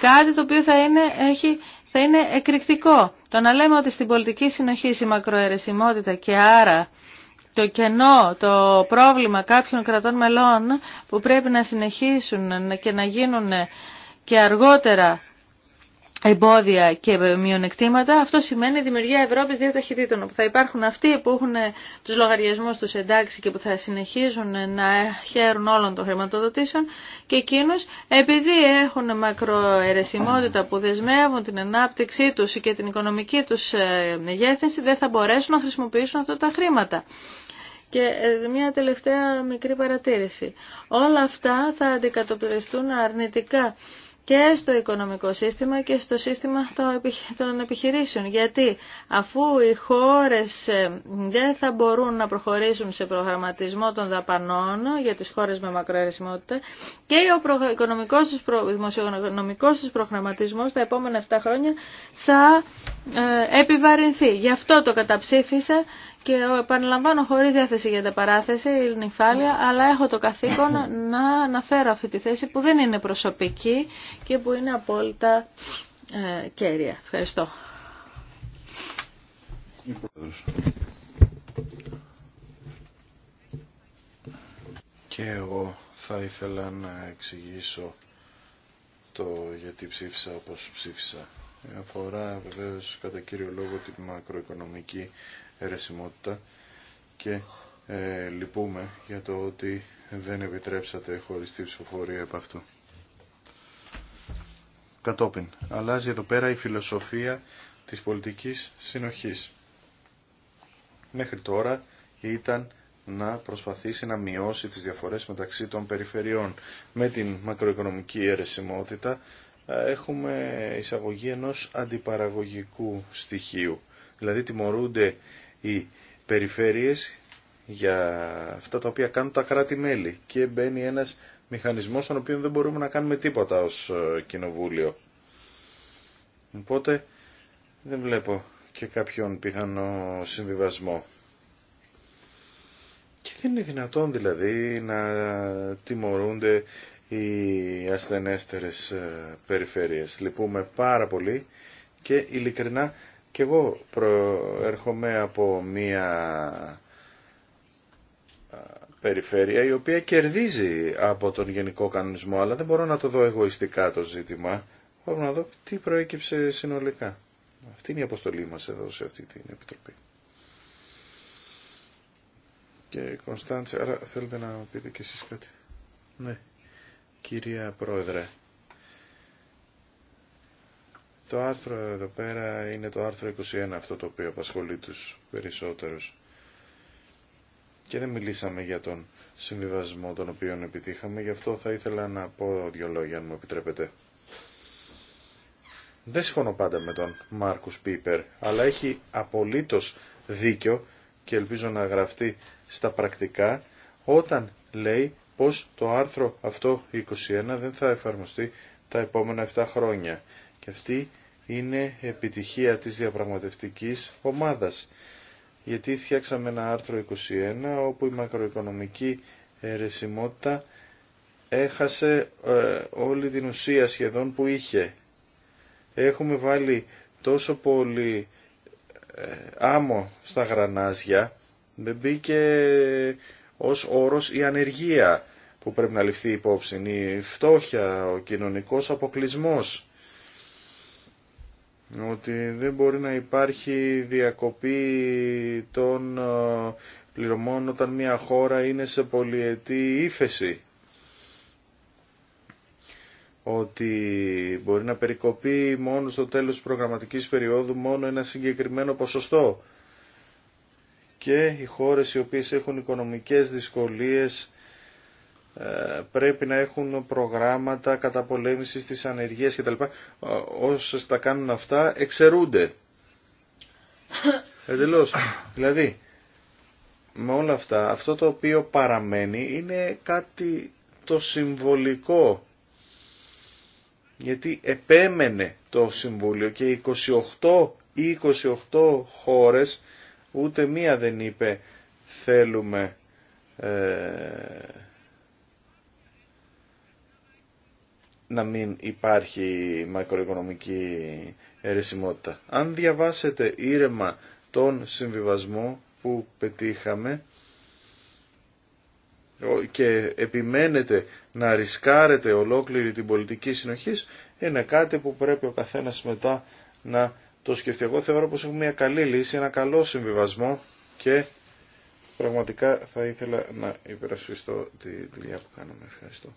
κάτι το οποίο θα είναι, έχει θα είναι εκρηκτικό. Το να λέμε ότι στην πολιτική συνοχή η μακροαιρεσιμότητα και άρα το κενό, το πρόβλημα κάποιων κρατών μελών που πρέπει να συνεχίσουν και να γίνουν και αργότερα εμπόδια και μειονεκτήματα, αυτό σημαίνει δημιουργία Ευρώπης δύο ταχυτήτων, όπου θα υπάρχουν αυτοί που έχουν τους λογαριασμούς τους εντάξει και που θα συνεχίζουν να χαίρουν όλων των χρηματοδοτήσεων και εκείνους επειδή έχουν μακροαιρεσιμότητα που δεσμεύουν την ανάπτυξή τους και την οικονομική τους ε, μεγέθυνση δεν θα μπορέσουν να χρησιμοποιήσουν αυτά τα χρήματα. Και ε, μια τελευταία μικρή παρατήρηση. Όλα αυτά θα αντικατοπτριστούν αρνητικά και στο οικονομικό σύστημα και στο σύστημα των επιχειρήσεων. Γιατί αφού οι χώρες ε, δεν θα μπορούν να προχωρήσουν σε προγραμματισμό των δαπανών για τις χώρες με μακροαρισμότητα και ο οικονομικός τους, δημοσιονομικός προγραμματισμός τα επόμενα 7 χρόνια θα ε, επιβαρυνθεί. Γι' αυτό το καταψήφισα και επαναλαμβάνω χωρίς διάθεση για την παράθεση, η νυφάλια, αλλά έχω το καθήκον να αναφέρω αυτή τη θέση που δεν είναι προσωπική και που είναι απόλυτα ε, κέρια. Ευχαριστώ. Και εγώ θα ήθελα να εξηγήσω το γιατί ψήφισα όπως ψήφισα. Αφορά βεβαίως κατά κύριο λόγο την μακροοικονομική αιρεσιμότητα και ε, λυπούμε για το ότι δεν επιτρέψατε χωριστή ψηφοφορία από αυτού. Κατόπιν, αλλάζει εδώ πέρα η φιλοσοφία της πολιτικής συνοχής. Μέχρι τώρα ήταν να προσπαθήσει να μειώσει τις διαφορές μεταξύ των περιφερειών. Με την μακροοικονομική αιρεσιμότητα ε, έχουμε εισαγωγή ενός αντιπαραγωγικού στοιχείου. Δηλαδή τιμωρούνται οι περιφέρειες για αυτά τα οποία κάνουν τα κράτη-μέλη και μπαίνει ένας μηχανισμός στον οποίο δεν μπορούμε να κάνουμε τίποτα ως ε, κοινοβούλιο. Οπότε δεν βλέπω και κάποιον πιθανό συμβιβασμό. Και δεν είναι δυνατόν δηλαδή να τιμωρούνται οι ασθενέστερες ε, περιφέρειες. Λυπούμε πάρα πολύ και ειλικρινά και εγώ προέρχομαι από μία περιφέρεια η οποία κερδίζει από τον γενικό κανονισμό, αλλά δεν μπορώ να το δω εγωιστικά το ζήτημα. Μπορώ να δω τι προέκυψε συνολικά. Αυτή είναι η αποστολή μας εδώ σε αυτή την επιτροπή. Και Κωνσταντσε, άρα θέλετε να πείτε κι εσείς κάτι. Ναι, κυρία Πρόεδρε. Το άρθρο εδώ πέρα είναι το άρθρο 21 αυτό το οποίο απασχολεί τους περισσότερους. Και δεν μιλήσαμε για τον συμβιβασμό τον οποίο επιτύχαμε, γι' αυτό θα ήθελα να πω δύο λόγια αν μου επιτρέπετε. Δεν συμφωνώ πάντα με τον Μάρκους Πίπερ, αλλά έχει απολύτως δίκιο και ελπίζω να γραφτεί στα πρακτικά όταν λέει πως το άρθρο αυτό 21 δεν θα εφαρμοστεί τα επόμενα 7 χρόνια. Και αυτή είναι επιτυχία της διαπραγματευτικής ομάδας. Γιατί φτιάξαμε ένα άρθρο 21 όπου η μακροοικονομική ερεσιμότητα έχασε ε, όλη την ουσία σχεδόν που είχε. Έχουμε βάλει τόσο πολύ ε, άμμο στα γρανάζια, δεν μπήκε ως όρος η ανεργία που πρέπει να ληφθεί υπόψη, η φτώχεια, ο κοινωνικός αποκλεισμός ότι δεν μπορεί να υπάρχει διακοπή των ε, πληρωμών όταν μια χώρα είναι σε πολυετή ύφεση. Ότι μπορεί να περικοπεί μόνο στο τέλος της προγραμματικής περίοδου μόνο ένα συγκεκριμένο ποσοστό. Και οι χώρες οι οποίες έχουν οικονομικές δυσκολίες ε, πρέπει να έχουν προγράμματα καταπολέμησης της ανεργίας κτλ. Όσες τα κάνουν αυτά εξαιρούνται. Εντελώς. Δηλαδή, με όλα αυτά, αυτό το οποίο παραμένει είναι κάτι το συμβολικό. Γιατί επέμενε το Συμβούλιο και 28 ή 28 χώρες, ούτε μία δεν είπε θέλουμε... Ε, να μην υπάρχει μακροοικονομική ερεσιμότητα. Αν διαβάσετε ήρεμα τον συμβιβασμό που πετύχαμε και επιμένετε να ρισκάρετε ολόκληρη την πολιτική συνοχής είναι κάτι που πρέπει ο καθένας μετά να το σκεφτεί. Εγώ θεωρώ πως έχουμε μια καλή λύση, ένα καλό συμβιβασμό και πραγματικά θα ήθελα να υπερασπιστώ τη δουλειά που κάνουμε. Ευχαριστώ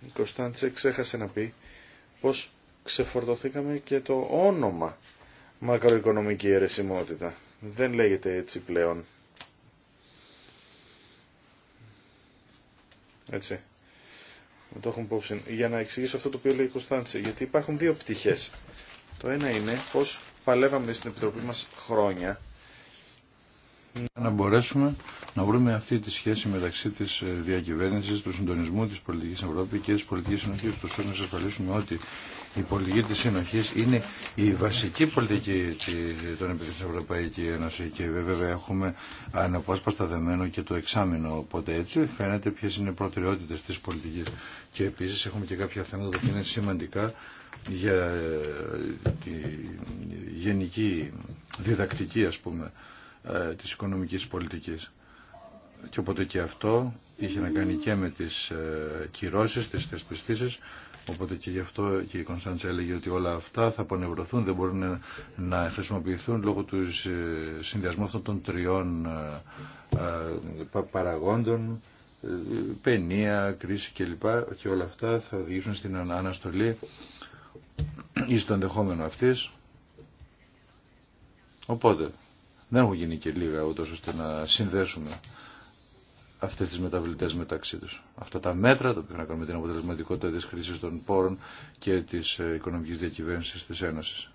η Κωνσταντζέ ξέχασε να πει πως ξεφορτωθήκαμε και το όνομα μακροοικονομική αιρεσιμότητα. Δεν λέγεται έτσι πλέον. Έτσι. το έχουμε υπόψη. Για να εξηγήσω αυτό το οποίο λέει η Κωνσταντζέ, Γιατί υπάρχουν δύο πτυχές. Το ένα είναι πως παλεύαμε στην Επιτροπή μας χρόνια να μπορέσουμε να βρούμε αυτή τη σχέση μεταξύ τη ε, διακυβέρνηση, του συντονισμού τη πολιτική Ευρώπη και τη πολιτική συνοχή, ώστε να εξασφαλίσουμε ότι η πολιτική τη συνοχή είναι η βασική πολιτική των επίπεδων Ευρωπαϊκή Ένωση. Και βέβαια έχουμε αναπόσπαστα δεμένο και το εξάμεινο. Οπότε έτσι φαίνεται ποιε είναι οι προτεραιότητε τη πολιτική. Και επίση έχουμε και κάποια θέματα που είναι σημαντικά για ε, τη γενική διδακτική ας πούμε ε, της οικονομικής πολιτικής. Και οπότε και αυτό είχε να κάνει και με τις ε, κυρώσεις, τις θεσπιστήσεις, οπότε και γι' αυτό και η Κωνσταντζα έλεγε ότι όλα αυτά θα πανευρωθούν, δεν μπορούν να χρησιμοποιηθούν λόγω του ε, συνδυασμού αυτών των τριών ε, ε, παραγόντων, παινία, κρίση κλπ. Και όλα αυτά θα οδηγήσουν στην αναστολή ή στο ενδεχόμενο αυτής. Οπότε, δεν έχουν γίνει και λίγα ούτως ώστε να συνδέσουμε αυτές τις μεταβλητές μεταξύ τους. Αυτά τα μέτρα τα οποία να κάνουμε την αποτελεσματικότητα της χρήσης των πόρων και της ε, οικονομικής διακυβέρνησης της Ένωσης.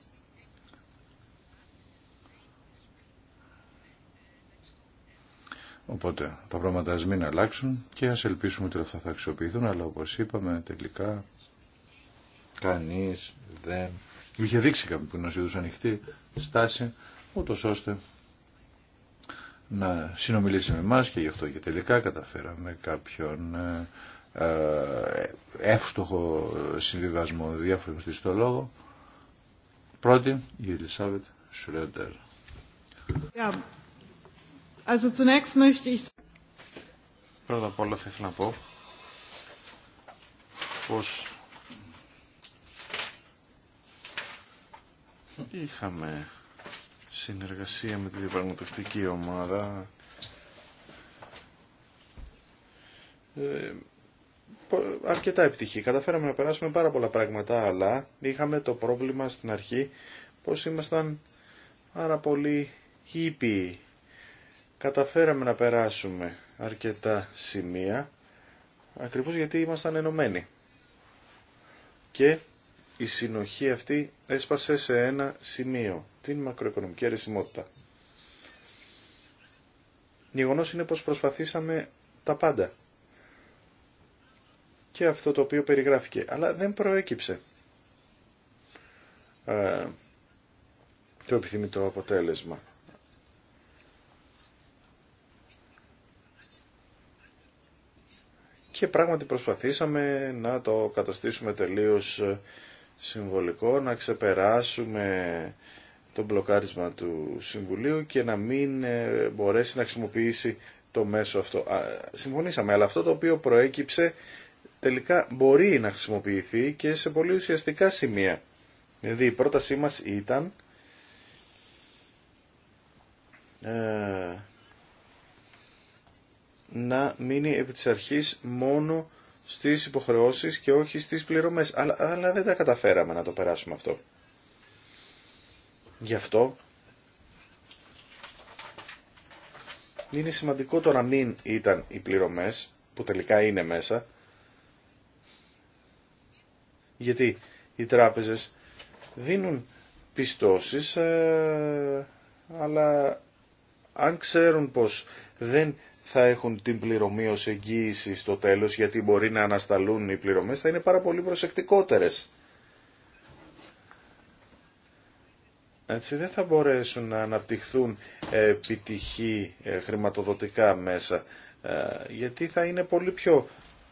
Οπότε τα πράγματα ας μην αλλάξουν και ας ελπίσουμε ότι αυτά θα αξιοποιηθούν, αλλά όπως είπαμε τελικά κανείς δεν είχε δείξει κάποιο που να ανοιχτή στάση, ούτως ώστε να συνομιλήσει με εμά και γι' αυτό και τελικά καταφέραμε κάποιον ε, ε, εύστοχο συμβιβασμό διάφορων στη στο λόγο. Πρώτη, η Ελισάβετ Σουρέντερ. Πρώτα απ' όλα θα ήθελα να πω πως είχαμε συνεργασία με τη διαπραγματευτική ομάδα ε, αρκετά επιτυχή. Καταφέραμε να περάσουμε πάρα πολλά πράγματα, αλλά είχαμε το πρόβλημα στην αρχή πως ήμασταν πάρα πολύ ήπιοι. Καταφέραμε να περάσουμε αρκετά σημεία, ακριβώς γιατί ήμασταν ενωμένοι. Και η συνοχή αυτή έσπασε σε ένα σημείο, την μακροοικονομική Η Γεγονός είναι πως προσπαθήσαμε τα πάντα και αυτό το οποίο περιγράφηκε, αλλά δεν προέκυψε ε, το επιθυμητό αποτέλεσμα. Και πράγματι προσπαθήσαμε να το καταστήσουμε τελείως ε, συμβολικό να ξεπεράσουμε το μπλοκάρισμα του Συμβουλίου και να μην ε, μπορέσει να χρησιμοποιήσει το μέσο αυτό. Συμφωνήσαμε, αλλά αυτό το οποίο προέκυψε τελικά μπορεί να χρησιμοποιηθεί και σε πολύ ουσιαστικά σημεία. Δηλαδή η πρότασή μας ήταν ε, να μείνει επί της αρχής μόνο στις υποχρεώσεις και όχι στις πληρωμές. Αλλά, δεν τα καταφέραμε να το περάσουμε αυτό. Γι' αυτό είναι σημαντικό το να μην ήταν οι πληρωμές που τελικά είναι μέσα γιατί οι τράπεζες δίνουν πιστώσεις ε, αλλά αν ξέρουν πως δεν θα έχουν την πληρωμή ως εγγύηση στο τέλος γιατί μπορεί να ανασταλούν οι πληρωμές θα είναι πάρα πολύ προσεκτικότερες. Έτσι δεν θα μπορέσουν να αναπτυχθούν επιτυχή ε, χρηματοδοτικά μέσα ε, γιατί θα είναι πολύ πιο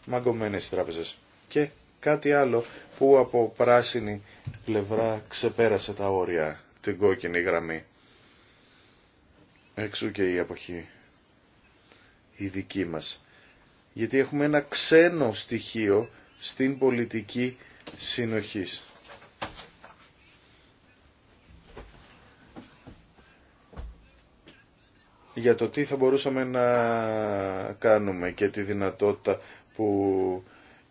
μαγκωμένες οι τράπεζες. Και κάτι άλλο που από πράσινη πλευρά ξεπέρασε τα όρια την κόκκινη γραμμή. Εξού και η αποχή η δική μας. Γιατί έχουμε ένα ξένο στοιχείο στην πολιτική συνοχής. Για το τι θα μπορούσαμε να κάνουμε και τη δυνατότητα που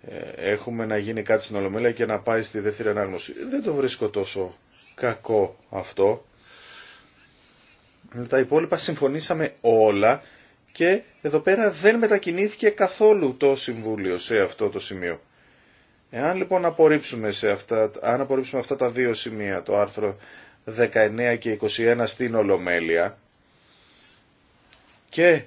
ε, έχουμε να γίνει κάτι στην Ολομέλεια και να πάει στη δεύτερη ανάγνωση. Δεν το βρίσκω τόσο κακό αυτό. Τα υπόλοιπα συμφωνήσαμε όλα και εδώ πέρα δεν μετακινήθηκε καθόλου το Συμβούλιο σε αυτό το σημείο. Εάν λοιπόν απορρίψουμε σε αυτά, αν αυτά τα δύο σημεία, το άρθρο 19 και 21 στην Ολομέλεια και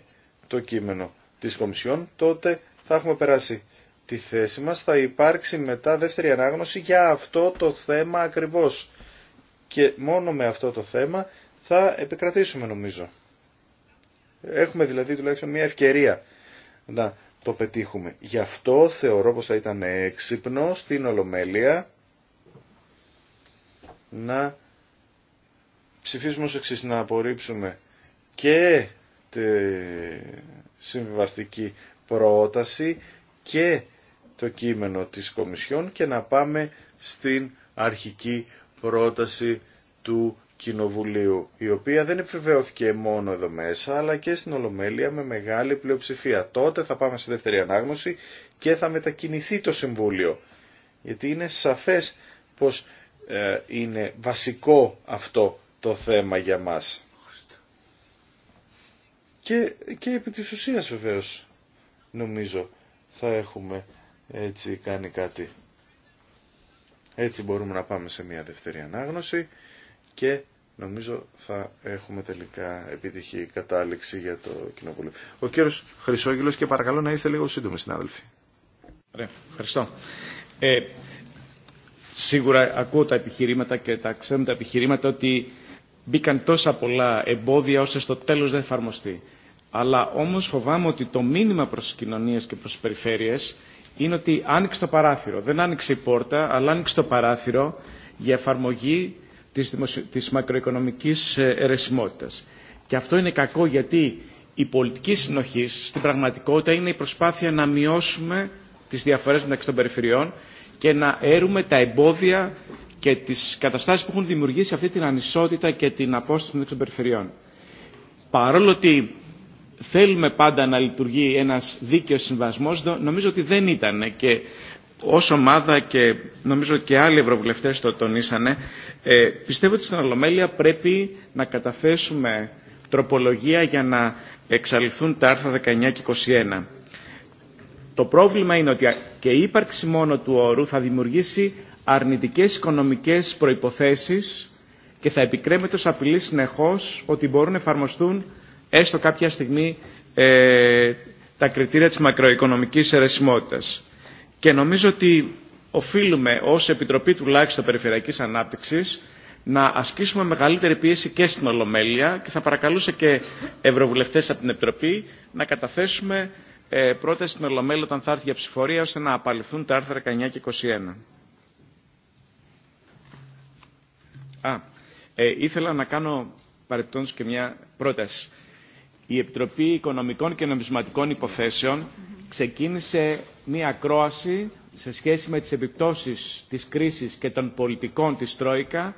το κείμενο της Κομισιόν, τότε θα έχουμε περάσει τη θέση μας, θα υπάρξει μετά δεύτερη ανάγνωση για αυτό το θέμα ακριβώς. Και μόνο με αυτό το θέμα θα επικρατήσουμε νομίζω. Έχουμε δηλαδή τουλάχιστον μια ευκαιρία να το πετύχουμε. Γι' αυτό θεωρώ πως θα ήταν έξυπνο στην Ολομέλεια να ψηφίσουμε ως εξής, να απορρίψουμε και τη συμβιβαστική πρόταση και το κείμενο της Κομισιόν και να πάμε στην αρχική πρόταση του Κοινοβουλίου, η οποία δεν επιβεβαιώθηκε μόνο εδώ μέσα, αλλά και στην Ολομέλεια με μεγάλη πλειοψηφία. Τότε θα πάμε σε δεύτερη ανάγνωση και θα μετακινηθεί το Συμβούλιο. Γιατί είναι σαφές πως ε, είναι βασικό αυτό το θέμα για μας. Και, και επί της ουσίας βεβαίως νομίζω θα έχουμε έτσι κάνει κάτι. Έτσι μπορούμε να πάμε σε μια δεύτερη ανάγνωση και νομίζω θα έχουμε τελικά επιτυχή κατάληξη για το κοινοβούλιο. Ο κύριος Χρυσόγυλος και παρακαλώ να είστε λίγο σύντομοι συνάδελφοι. ευχαριστώ. Ε, σίγουρα ακούω τα επιχειρήματα και τα ξέρουμε τα επιχειρήματα ότι μπήκαν τόσα πολλά εμπόδια ώστε στο τέλος δεν εφαρμοστεί. Αλλά όμως φοβάμαι ότι το μήνυμα προς τις κοινωνίες και προς τις περιφέρειες είναι ότι άνοιξε το παράθυρο. Δεν άνοιξε η πόρτα, αλλά άνοιξε το παράθυρο για εφαρμογή της, της μακροοικονομικής ερεσιμότητας Και αυτό είναι κακό γιατί η πολιτική συνοχή στην πραγματικότητα είναι η προσπάθεια να μειώσουμε τις διαφορές μεταξύ των περιφερειών και να έρουμε τα εμπόδια και τις καταστάσεις που έχουν δημιουργήσει αυτή την ανισότητα και την απόσταση μεταξύ των περιφερειών. Παρόλο ότι θέλουμε πάντα να λειτουργεί ένας δίκαιος συμβασμός, νομίζω ότι δεν ήταν και ως ομάδα και νομίζω και άλλοι ευρωβουλευτές το τονίσανε, ε, πιστεύω ότι στην Ολομέλεια πρέπει να καταθέσουμε τροπολογία για να εξαλειφθούν τα άρθρα 19 και 21. Το πρόβλημα είναι ότι και η ύπαρξη μόνο του όρου θα δημιουργήσει αρνητικές οικονομικές προϋποθέσεις και θα επικρέμεται ως απειλή συνεχώς ότι μπορούν να εφαρμοστούν έστω κάποια στιγμή ε, τα κριτήρια της μακροοικονομικής αιρεσιμότητας. Και νομίζω ότι οφείλουμε ως Επιτροπή τουλάχιστον Περιφερειακής Ανάπτυξης να ασκήσουμε μεγαλύτερη πίεση και στην Ολομέλεια και θα παρακαλούσε και ευρωβουλευτές από την Επιτροπή να καταθέσουμε ε, πρόταση στην Ολομέλεια όταν θα έρθει για ψηφορία ώστε να απαλληθούν τα άρθρα 19 και 21. Α, ε, ήθελα να κάνω παρεπτόντως και μια πρόταση. Η Επιτροπή Οικονομικών και Νομισματικών Υποθέσεων ξεκίνησε μία ακρόαση σε σχέση με τις επιπτώσεις της κρίσης και των πολιτικών της Τρόικα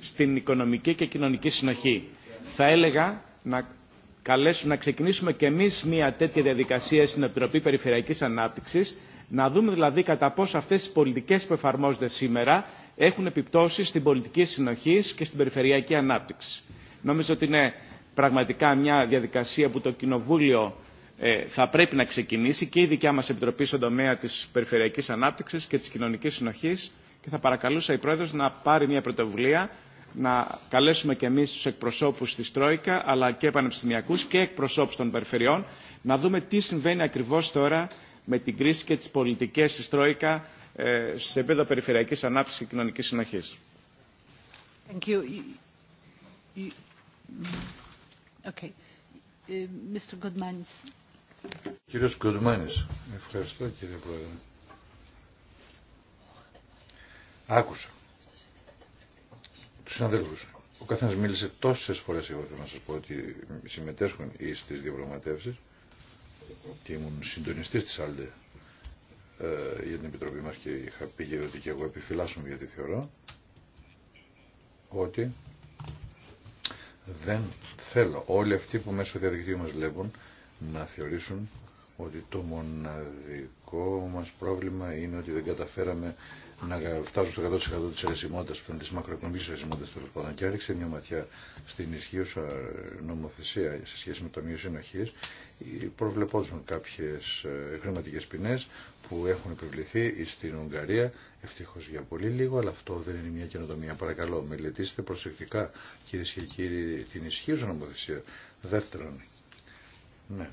στην οικονομική και κοινωνική συνοχή. Θα έλεγα να καλέσουμε να ξεκινήσουμε κι εμείς μία τέτοια διαδικασία στην Επιτροπή Περιφερειακής Ανάπτυξης, να δούμε δηλαδή κατά πόσο αυτές οι πολιτικές που εφαρμόζονται σήμερα έχουν επιπτώσεις στην πολιτική συνοχή και στην περιφερειακή ανάπτυξη. Νομίζω ότι είναι πραγματικά μια διαδικασία που το Κοινοβούλιο ε, θα πρέπει να ξεκινήσει και η δικιά μας Επιτροπή στον τομέα της περιφερειακής ανάπτυξης και της κοινωνικής συνοχής και θα παρακαλούσα η Πρόεδρος να πάρει μια πρωτοβουλία να καλέσουμε και εμείς τους εκπροσώπους της Τρόικα αλλά και πανεπιστημιακούς και εκπροσώπους των περιφερειών να δούμε τι συμβαίνει ακριβώς τώρα με την κρίση και τις πολιτικές της Τρόικα ε, σε επίπεδο περιφερειακής ανάπτυξης και κοινωνικής συνοχής. Thank uh, Mr. Κύριος Κοντουμάνης. Ευχαριστώ κύριε Πρόεδρε. Άκουσα. Τους συναδέλφους. Ο καθένας μίλησε τόσες φορές, εγώ θέλω να σας πω, ότι συμμετέσχουν στις διαπραγματεύσεις και ήμουν συντονιστής της ΑΛΔΕ ε, για την Επιτροπή μας και είχα πει ότι και εγώ επιφυλάσσομαι γιατί θεωρώ ότι δεν θέλω όλοι αυτοί που μέσω διαδικτύου μας βλέπουν να θεωρήσουν ότι το μοναδικό μας πρόβλημα είναι ότι δεν καταφέραμε να φτάσουμε στο 100% της αιρεσιμότητας που ήταν της μακροοικονομικής Και άρχισε μια ματιά στην ισχύουσα νομοθεσία σε σχέση με το μείο Συνοχής. προβλεπόζουν κάποιες ε, χρηματικές ποινές που έχουν επιβληθεί στην Ουγγαρία, ευτυχώς για πολύ λίγο, αλλά αυτό δεν είναι μια καινοτομία. Παρακαλώ, μελετήστε προσεκτικά, κυρίε και κύριοι, την ισχύουσα νομοθεσία. Δεύτερον, ναι.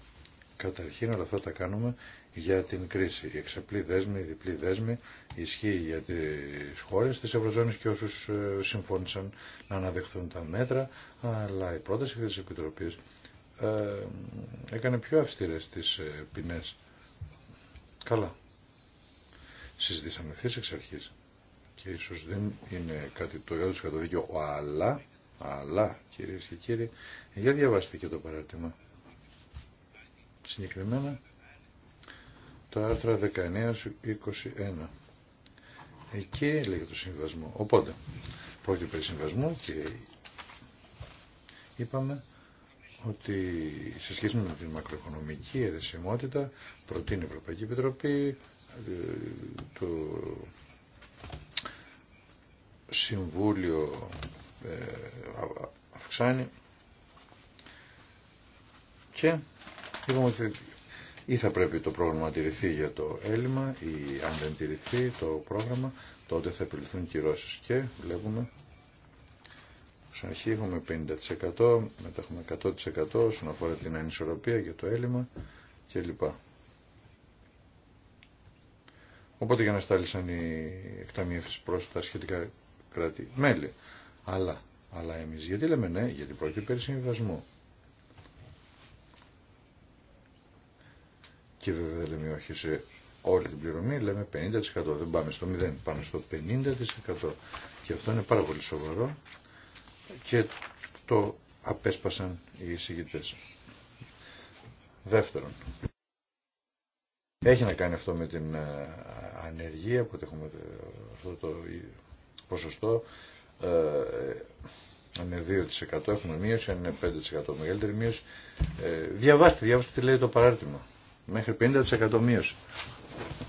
Καταρχήν όλα αυτά τα κάνουμε για την κρίση. Η εξαπλή δέσμη, η διπλή δέσμη ισχύει για τις χώρες της Ευρωζώνης και όσους ε, συμφώνησαν να αναδεχθούν τα μέτρα, αλλά η πρόταση τη Επιτροπή ε, έκανε πιο αυστηρές τις ε, ποινέ. Καλά. Συζητήσαμε ευθύς εξ αρχής και ίσως δεν είναι κάτι το για το δίκαιο, αλλά, αλλά κυρίες και κύριοι, για διαβάστε και το παράρτημα συγκεκριμένα τα άρθρα 19-21. Εκεί λέγεται το συμβασμό. Οπότε, πρόκειται περί συμβασμού και είπαμε ότι σε σχέση με την μακροοικονομική εδεσιμότητα προτείνει η Ευρωπαϊκή Επιτροπή ε, το Συμβούλιο ε, αυξάνει και Είπαμε ότι ή θα πρέπει το πρόγραμμα να τηρηθεί για το έλλειμμα ή αν δεν τηρηθεί το πρόγραμμα τότε θα επιληθούν κυρώσεις. Και βλέπουμε στην αρχή έχουμε 50% μετά έχουμε 100% όσον αφορά την ανισορροπία για το έλλειμμα κλπ. Οπότε για να στάλησαν οι εκταμιεύσεις προς τα σχετικά κράτη μέλη. Αλλά, αλλά εμείς γιατί λέμε ναι, γιατί πρόκειται περί συμβιβασμού. Και βέβαια δεν λέμε όχι σε όλη την πληρωμή, λέμε 50%. Δεν πάμε στο 0, πάμε στο 50%. Και αυτό είναι πάρα πολύ σοβαρό και το απέσπασαν οι εισηγητέ. Δεύτερον, έχει να κάνει αυτό με την ε, ανεργία που έχουμε ε, αυτό το ποσοστό αν ε, είναι 2% έχουμε μείωση, αν είναι 5% μεγαλύτερη μείωση. διαβάστε, διαβάστε τι λέει το παράρτημα. Μέχρι 50% μείωση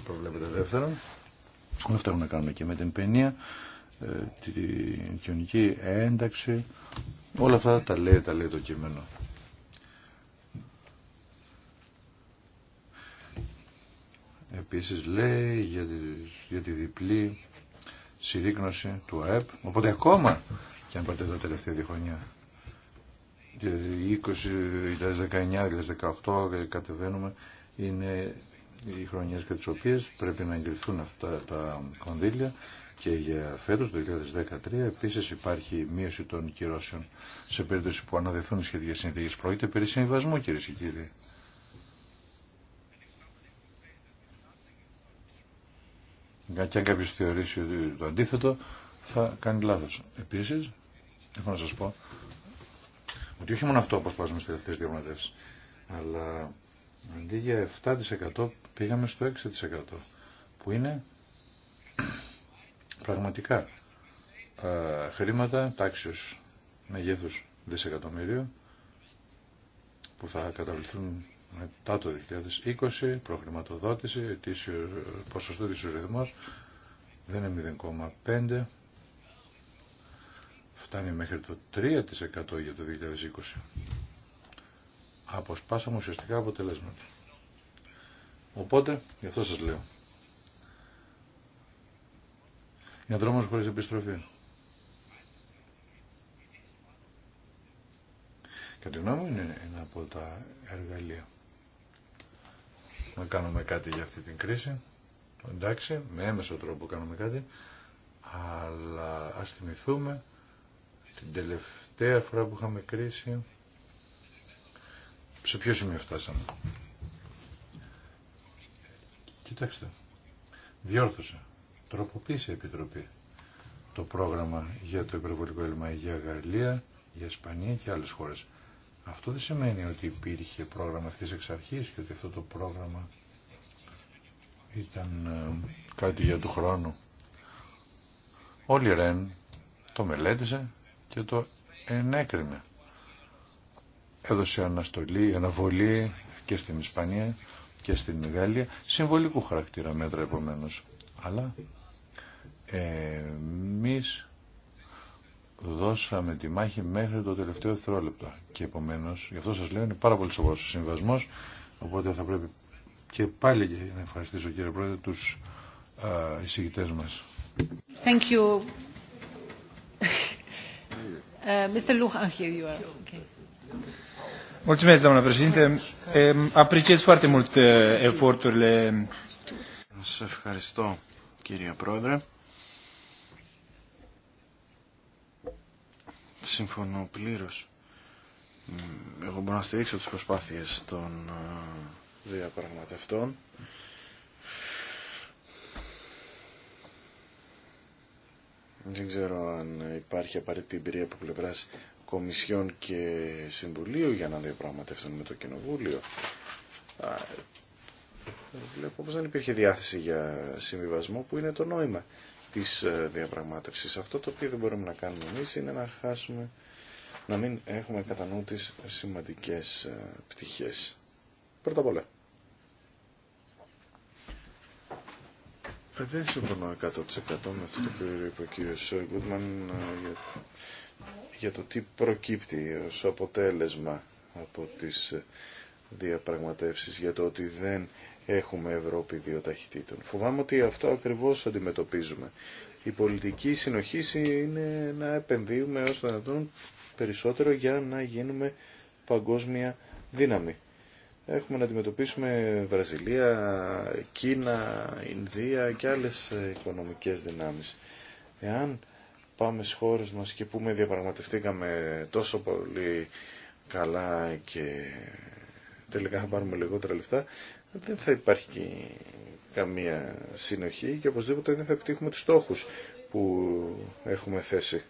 προβλέπεται δεύτερον. Όλα αυτά έχουν να κάνουμε και με την παινία, ε, την κοινωνική ένταξη. Όλα αυτά τα λέει, τα λέει το κείμενο. Επίσης λέει για τη, διπλή συρρήκνωση του ΑΕΠ. Οπότε ακόμα και αν πάτε τα τελευταία δύο χρόνια. 20, 2019, 2018 κατεβαίνουμε είναι οι χρονιές για τις οποίες πρέπει να εγκριθούν αυτά τα κονδύλια και για φέτος το 2013 επίσης υπάρχει μείωση των κυρώσεων σε περίπτωση που αναδεθούν οι σχετικές συνθήκες. Πρόκειται περί συμβασμού κύριε και κύριοι. Και αν κάποιος θεωρήσει το αντίθετο θα κάνει λάθος. Επίσης, έχω να σας πω ότι όχι μόνο αυτό αποσπάζουμε στις δυο διαπραγματεύσεις, αλλά Αντί για 7% πήγαμε στο 6% που είναι πραγματικά ε, χρήματα τάξιος μεγέθους δισεκατομμύριο που θα καταβληθούν μετά το 2020, προχρηματοδότηση, ετήσιο, ποσοστό της ρυθμός, δεν είναι 0,5, φτάνει μέχρι το 3% για το 2020 αποσπάσαμε ουσιαστικά αποτελέσματα. Οπότε, γι' αυτό σας λέω. Είναι δρόμος χωρίς επιστροφή. Κατά τη γνώμη μου είναι ένα από τα εργαλεία. Να κάνουμε κάτι για αυτή την κρίση. Εντάξει, με έμεσο τρόπο κάνουμε κάτι. Αλλά ας θυμηθούμε την τελευταία φορά που είχαμε κρίση σε ποιο σημείο φτάσαμε. Κοιτάξτε. Διόρθωσε. Τροποποίησε η Επιτροπή το πρόγραμμα για το υπερβολικό έλλειμμα για Γαλλία, για Ισπανία και άλλες χώρες. Αυτό δεν σημαίνει ότι υπήρχε πρόγραμμα αυτής εξ αρχής και ότι αυτό το πρόγραμμα ήταν ε, κάτι για του χρόνου. Όλοι Ρεν το μελέτησε και το ενέκρινε έδωσε αναστολή, αναβολή και στην Ισπανία και στην Γαλλία συμβολικού χαρακτήρα μέτρα επομένω. Αλλά εμεί δώσαμε τη μάχη μέχρι το τελευταίο θρόλεπτο. Και επομένω, γι' αυτό σα λέω, είναι πάρα πολύ σοβαρό ο συμβασμό. Οπότε θα πρέπει και πάλι να ευχαριστήσω κύριε Πρόεδρε του εισηγητέ μα. Mr. Mulțumesc, ευχαριστώ, κύριε Πρόεδρε. Συμφωνώ πλήρως. Εγώ μπορώ να στηρίξω τις προσπάθειε των διαπραγματευτών. Δεν ξέρω αν υπάρχει απαραίτητη εμπειρία από πλευρά Κομισιόν και Συμβουλίου για να διαπραγματευτούν με το Κοινοβούλιο. Βλέπω πως δεν υπήρχε διάθεση για συμβιβασμό που είναι το νόημα της ε, διαπραγμάτευσης. Αυτό το οποίο δεν μπορούμε να κάνουμε εμεί είναι να χάσουμε, να μην έχουμε κατά νου τις σημαντικές ε, πτυχές. Πρώτα απ' όλα. Ε, δεν συμφωνώ 100% με αυτό το οποίο είπε ο κύριο Σόιγκουτμαν για το τι προκύπτει ως αποτέλεσμα από τις διαπραγματεύσεις για το ότι δεν έχουμε Ευρώπη δύο ταχυτήτων. Φοβάμαι ότι αυτό ακριβώς αντιμετωπίζουμε. Η πολιτική συνοχή είναι να επενδύουμε ως δυνατόν περισσότερο για να γίνουμε παγκόσμια δύναμη. Έχουμε να αντιμετωπίσουμε Βραζιλία, Κίνα, Ινδία και άλλες οικονομικές δυνάμεις. Εάν πάμε στις χώρες μας και πούμε διαπραγματευτήκαμε τόσο πολύ καλά και τελικά θα πάρουμε λιγότερα λεφτά, δεν θα υπάρχει καμία συνοχή και οπωσδήποτε δεν θα επιτύχουμε τους στόχους που έχουμε θέσει.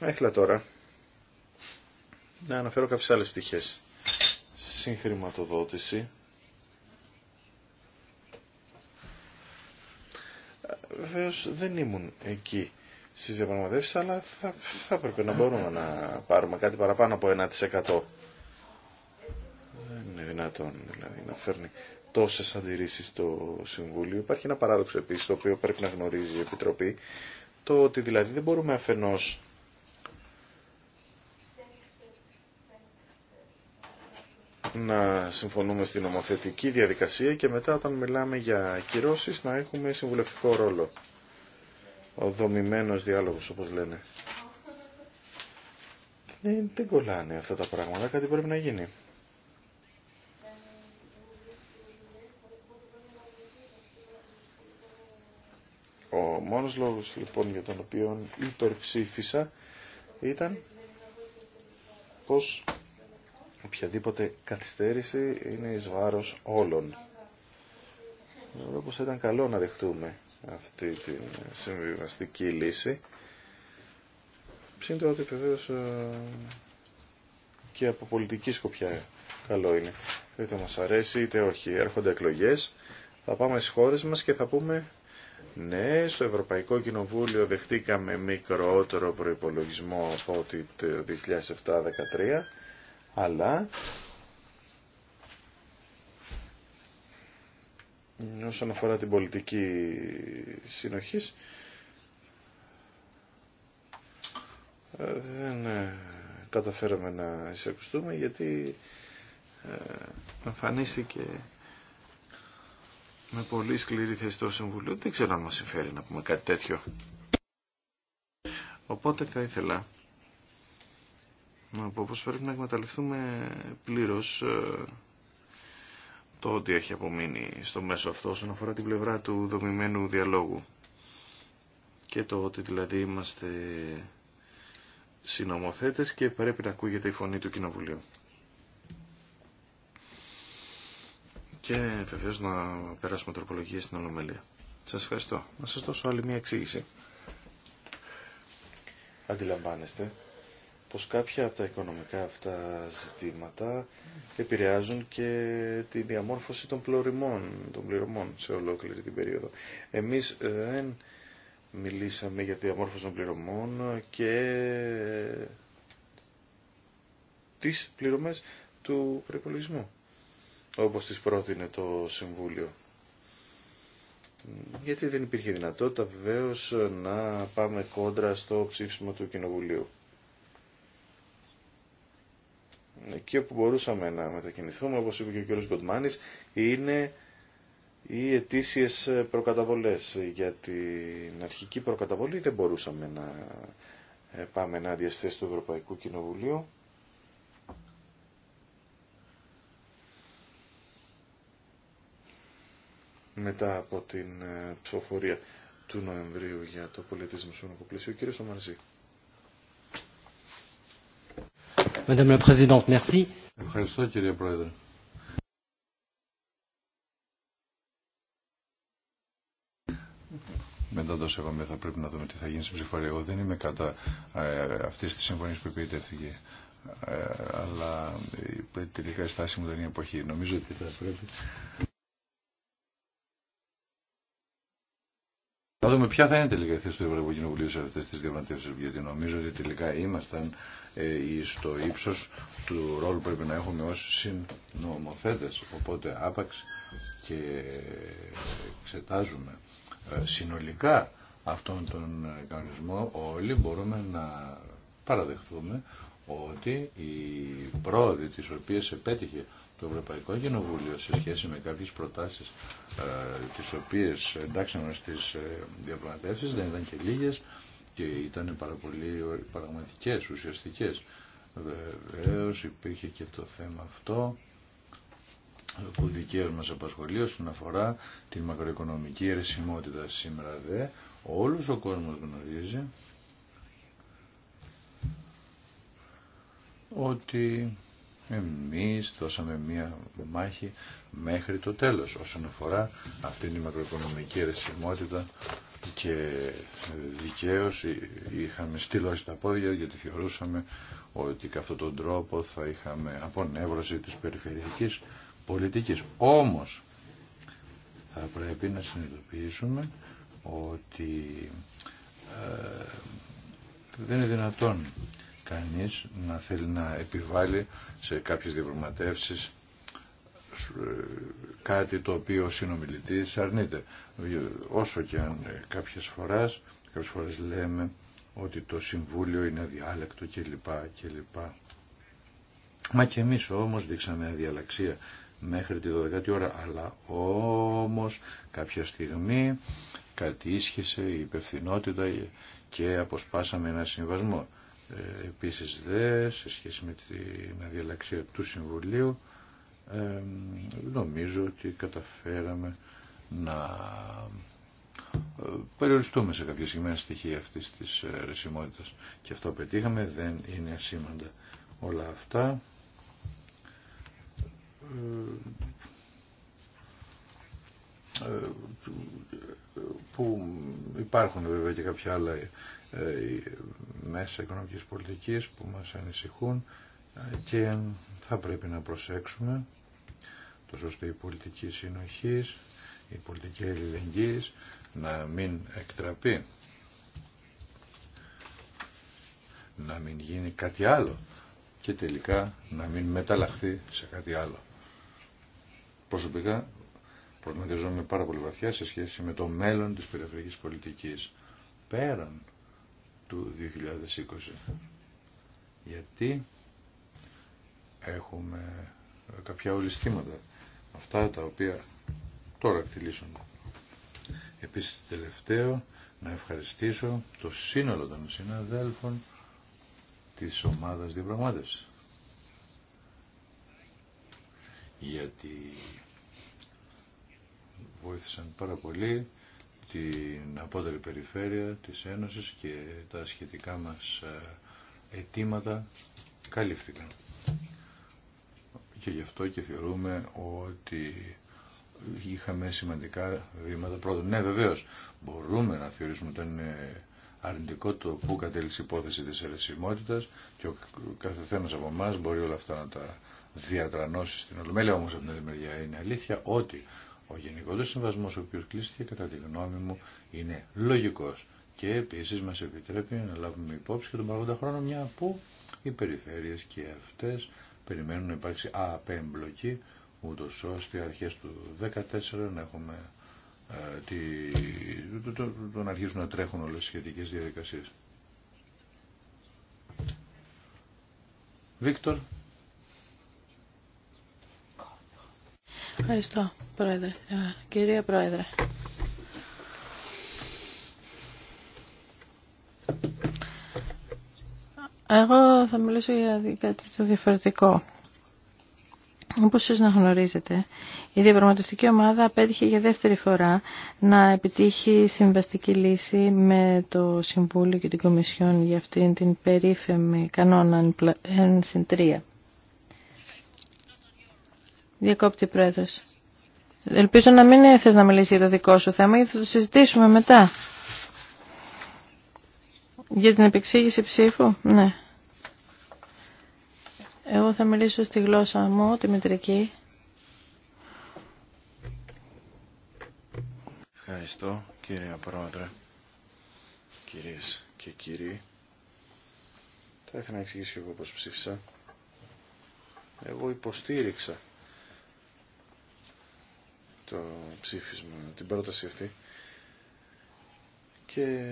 Έχλα τώρα να αναφέρω κάποιες άλλες πτυχές. Συγχρηματοδότηση Βεβαίω δεν ήμουν εκεί στι διαπραγματεύσει, αλλά θα, θα έπρεπε να μπορούμε να πάρουμε κάτι παραπάνω από 1%. Δεν είναι δυνατόν δηλαδή να φέρνει τόσε αντιρρήσει στο Συμβούλιο. Υπάρχει ένα παράδοξο επίση το οποίο πρέπει να γνωρίζει η Επιτροπή, το ότι δηλαδή δεν μπορούμε αφενός να συμφωνούμε στην νομοθετική διαδικασία και μετά όταν μιλάμε για κυρώσεις να έχουμε συμβουλευτικό ρόλο. Ο δομημένος διάλογος όπως λένε. Δεν, δεν κολλάνε αυτά τα πράγματα, κάτι πρέπει να γίνει. Ο μόνος λόγος λοιπόν για τον οποίο υπερψήφισα ήταν πως οποιαδήποτε καθυστέρηση είναι εις βάρος όλων. Νομίζω πως ήταν καλό να δεχτούμε αυτή τη συμβιβαστική λύση. Ψήντω ότι βεβαίως ε, και από πολιτική σκοπιά καλό είναι. Είτε μας αρέσει είτε όχι. Έρχονται εκλογές, θα πάμε στις χώρες μας και θα πούμε ναι, στο Ευρωπαϊκό Κοινοβούλιο δεχτήκαμε μικρότερο προϋπολογισμό από ότι το 2007-2013 αλλά όσον αφορά την πολιτική συνοχής ε, δεν ε, καταφέραμε να εισακουστούμε γιατί ε, εμφανίστηκε με πολύ σκληρή θέση το Συμβουλίο. Δεν ξέρω αν μας συμφέρει να πούμε κάτι τέτοιο. Οπότε θα ήθελα να πω πρέπει να εκμεταλλευτούμε πλήρως ε, το ότι έχει απομείνει στο μέσο αυτό όσον αφορά την πλευρά του δομημένου διαλόγου και το ότι δηλαδή είμαστε συνομοθέτες και πρέπει να ακούγεται η φωνή του Κοινοβουλίου. Και βεβαίως να περάσουμε τροπολογία στην Ολομέλεια. Σας ευχαριστώ. Να σας δώσω άλλη μια εξήγηση. Αντιλαμβάνεστε πως κάποια από τα οικονομικά αυτά ζητήματα επηρεάζουν και τη διαμόρφωση των πληρωμών, των πληρωμών σε ολόκληρη την περίοδο. Εμείς ε, δεν μιλήσαμε για τη διαμόρφωση των πληρωμών και τις πληρωμές του προϋπολογισμού, όπως τις πρότεινε το Συμβούλιο. Γιατί δεν υπήρχε δυνατότητα βεβαίως να πάμε κόντρα στο ψήφισμα του Κοινοβουλίου εκεί όπου μπορούσαμε να μετακινηθούμε, όπως είπε και ο κ. Γκοντμάνης, είναι οι ετήσιες προκαταβολές. Για την αρχική προκαταβολή δεν μπορούσαμε να ε, πάμε να διαστέσει το Ευρωπαϊκού Κοινοβουλίου. μετά από την ε, ψηφοφορία του Νοεμβρίου για το πολιτισμό σου νοικοπλησίου, ο κ. Madame la Présidente, merci. Μετά το σεβαμε θα πρέπει να δούμε τι θα γίνει στην ψηφορία. Εγώ δεν είμαι κατά αυτή ε, αυτής της συμφωνίας που επιτεύθηκε. Ε, αλλά τελικά η στάση μου δεν είναι εποχή. Νομίζω ότι θα πρέπει Να δούμε ποια θα είναι τελικά η θέση του Ευρωπαϊκού Κοινοβουλίου σε αυτέ τι διαπραγματεύσει. Γιατί νομίζω ότι τελικά ήμασταν ε, στο ύψο του ρόλου που πρέπει να έχουμε ω συνομοθέτε. Οπότε άπαξ και εξετάζουμε ε, συνολικά αυτόν τον κανονισμό όλοι μπορούμε να παραδεχθούμε ότι οι πρόοδοι τις οποίες επέτυχε το Ευρωπαϊκό Κοινοβούλιο σε σχέση με κάποιες προτάσεις ε, τις οποίες εντάξαμε στις ε, διαπραγματεύσεις δεν ήταν και λίγες και ήταν πάρα πολύ πραγματικές, ουσιαστικές. Βεβαίω υπήρχε και το θέμα αυτό που δικαίως μας απασχολεί όσον αφορά την μακροοικονομική αιρεσιμότητα σήμερα δε. Όλος ο κόσμος γνωρίζει ότι εμείς δώσαμε μία μάχη μέχρι το τέλος όσον αφορά αυτήν την μακροοικονομική αιρεσιμότητα και δικαίως είχαμε στυλώσει τα πόδια γιατί θεωρούσαμε ότι καυτόν τον τρόπο θα είχαμε απονεύρωση της περιφερειακής πολιτικής. Όμως θα πρέπει να συνειδητοποιήσουμε ότι ε, δεν είναι δυνατόν κανείς να θέλει να επιβάλλει σε κάποιες διαπραγματεύσεις ε, κάτι το οποίο ο συνομιλητής αρνείται. Ε, όσο και αν ε, κάποιες φορές, κάποιες φορές λέμε ότι το Συμβούλιο είναι αδιάλεκτο κλπ. κλπ. Μα και εμείς όμως δείξαμε αδιαλαξία μέχρι τη 12η ώρα, αλλά όμως κάποια στιγμή κάτι ίσχυσε η ωρα αλλα ομως καποια στιγμη κατι η υπευθυνοτητα και αποσπάσαμε ένα συμβασμό. Ε, επίσης δε, σε σχέση με την αδιαλαξία του Συμβουλίου, ε, νομίζω ότι καταφέραμε να ε, περιοριστούμε σε κάποια συγκεκριμένα στοιχεία αυτής της ρεσιμότητας. Και αυτό πετύχαμε, δεν είναι ασήμαντα όλα αυτά. Ε, που υπάρχουν βέβαια και κάποια άλλα ε, ε, μέσα οικονομικής πολιτικής που μας ανησυχούν και θα πρέπει να προσέξουμε τόσο ώστε η πολιτική συνοχής, η πολιτική ελληνικής να μην εκτραπεί, να μην γίνει κάτι άλλο και τελικά να μην μεταλλαχθεί σε κάτι άλλο. Προσωπικά προβληματιζόμαι πάρα πολύ βαθιά σε σχέση με το μέλλον της περιφερειακής πολιτικής πέραν του 2020. Γιατί έχουμε κάποια ολιστήματα, αυτά τα οποία τώρα εκτιλήσουν. Επίσης τελευταίο να ευχαριστήσω το σύνολο των συναδέλφων της ομάδας διαπραγμάτευσης. Γιατί βοήθησαν πάρα πολύ την απότερη περιφέρεια της Ένωσης και τα σχετικά μας ε, αιτήματα καλύφθηκαν. Και γι' αυτό και θεωρούμε ότι είχαμε σημαντικά βήματα πρώτον. Ναι, βεβαίως, μπορούμε να θεωρήσουμε ότι είναι αρνητικό το που κατέληξε η υπόθεση της αιρεσιμότητας και ο καθεθένας από εμά μπορεί όλα αυτά να τα διατρανώσει στην Ολομέλεια, όμως από την άλλη μεριά είναι αλήθεια ότι ο γενικότερος συμβασμός ο οποίος κλείστηκε κατά τη γνώμη μου είναι λογικός και επίσης μας επιτρέπει να λάβουμε υπόψη και τον παρόντα χρόνο μια που οι περιφέρειες και αυτές περιμένουν να υπάρξει απέμπλοκη ούτως ώστε αρχές του 2014 να έχουμε ε, τη, το, να αρχίσουν να τρέχουν όλες τις σχετικές διαδικασίες. Βίκτορ, Ευχαριστώ, Πρόεδρε. Ε, κυρία Πρόεδρε. Εγώ θα μιλήσω για κάτι το διαφορετικό. Όπως σας να γνωρίζετε, η διαπραγματευτική ομάδα απέτυχε για δεύτερη φορά να επιτύχει συμβαστική λύση με το Συμβούλιο και την Κομισιόν για αυτήν την περίφημη κανόνα εν συντρία. Διακόπτη πρόεδρο. Ελπίζω να μην θες να μιλήσει για το δικό σου θέμα, γιατί θα το συζητήσουμε μετά. Για την επεξήγηση ψήφου, ναι. Εγώ θα μιλήσω στη γλώσσα μου, τη μετρική. Ευχαριστώ, κύριε Πρόεδρε, κυρίες και κύριοι. Θα ήθελα να εξηγήσω εγώ πώς ψήφισα. Εγώ υποστήριξα το ψήφισμα, την πρόταση αυτή και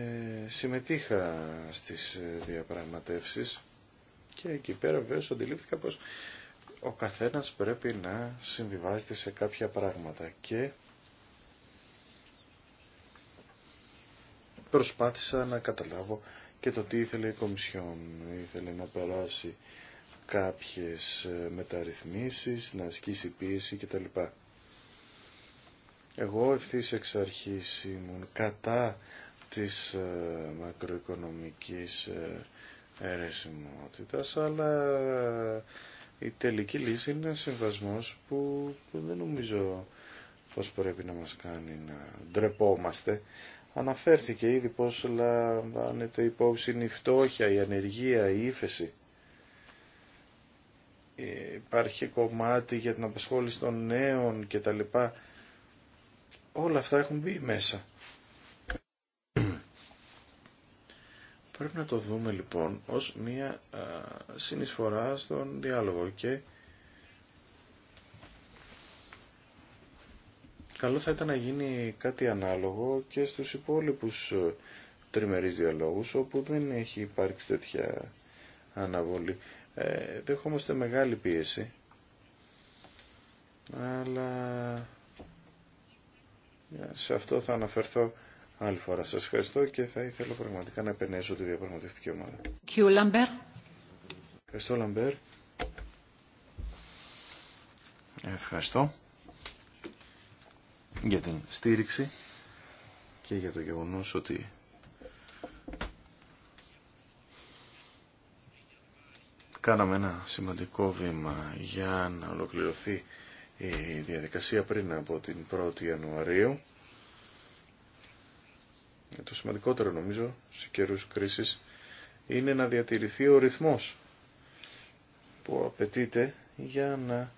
συμμετείχα στις διαπραγματεύσεις και εκεί πέρα βέβαια αντιλήφθηκα πως ο καθένας πρέπει να συμβιβάζεται σε κάποια πράγματα και προσπάθησα να καταλάβω και το τι ήθελε η Κομισιόν. Ήθελε να περάσει κάποιες μεταρρυθμίσεις, να ασκήσει πίεση κτλ. Εγώ ευθύς εξ αρχής ήμουν κατά της ε, μακροοικονομικής ε, αιρεσιμότητας, αλλά ε, η τελική λύση είναι ένα συμβασμός που, που δεν νομίζω πως πρέπει να μας κάνει να ντρεπόμαστε. Αναφέρθηκε ήδη πως λαμβάνεται υπόψη η φτώχεια, η ανεργία, η ύφεση. Υπάρχει κομμάτι για την απασχόληση των νέων κτλ όλα αυτά έχουν μπει μέσα. Πρέπει να το δούμε λοιπόν ως μία συνεισφορά στον διάλογο και καλό θα ήταν να γίνει κάτι ανάλογο και στους υπόλοιπους ε, τριμερείς διαλόγους όπου δεν έχει υπάρξει τέτοια αναβολή. Ε, δεχόμαστε μεγάλη πίεση αλλά ε, σε αυτό θα αναφερθώ άλλη φορά. Σας ευχαριστώ και θα ήθελα πραγματικά να επενέσω τη διαπραγματευτική ομάδα. Ευχαριστώ Λαμπέρ. Ευχαριστώ για την στήριξη και για το γεγονός ότι κάναμε ένα σημαντικό βήμα για να ολοκληρωθεί η διαδικασία πριν από την 1η Ιανουαρίου. Το σημαντικότερο νομίζω σε καιρού κρίσης είναι να διατηρηθεί ο ρυθμός που απαιτείται για να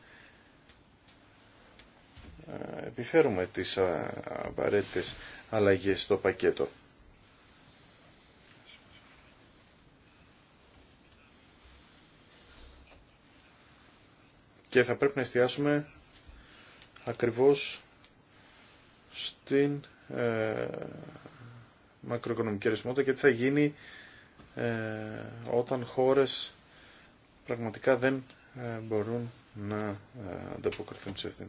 επιφέρουμε τις απαραίτητε αλλαγές στο πακέτο. Και θα πρέπει να εστιάσουμε ακριβώς στην ε, μακροοικονομική ρυθμότητα και τι θα γίνει ε, όταν χώρες πραγματικά δεν ε, μπορούν να ε, ανταποκριθούν σε αυτήν.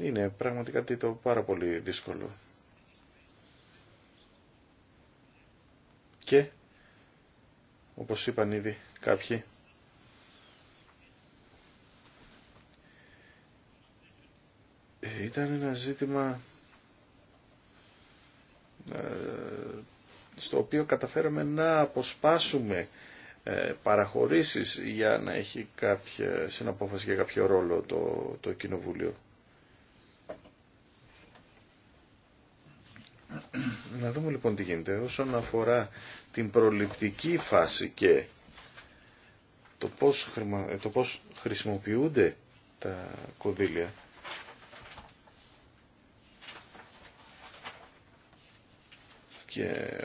Είναι πραγματικά το πάρα πολύ δύσκολο. Και, όπως είπαν ήδη κάποιοι, Ήταν ένα ζήτημα ε, στο οποίο καταφέραμε να αποσπάσουμε ε, παραχωρήσεις για να έχει κάποια συναπόφαση για κάποιο ρόλο το, το Κοινοβούλιο. Να δούμε λοιπόν τι γίνεται όσον αφορά την προληπτική φάση και το πώς, ε, το χρησιμοποιούνται τα κονδύλια.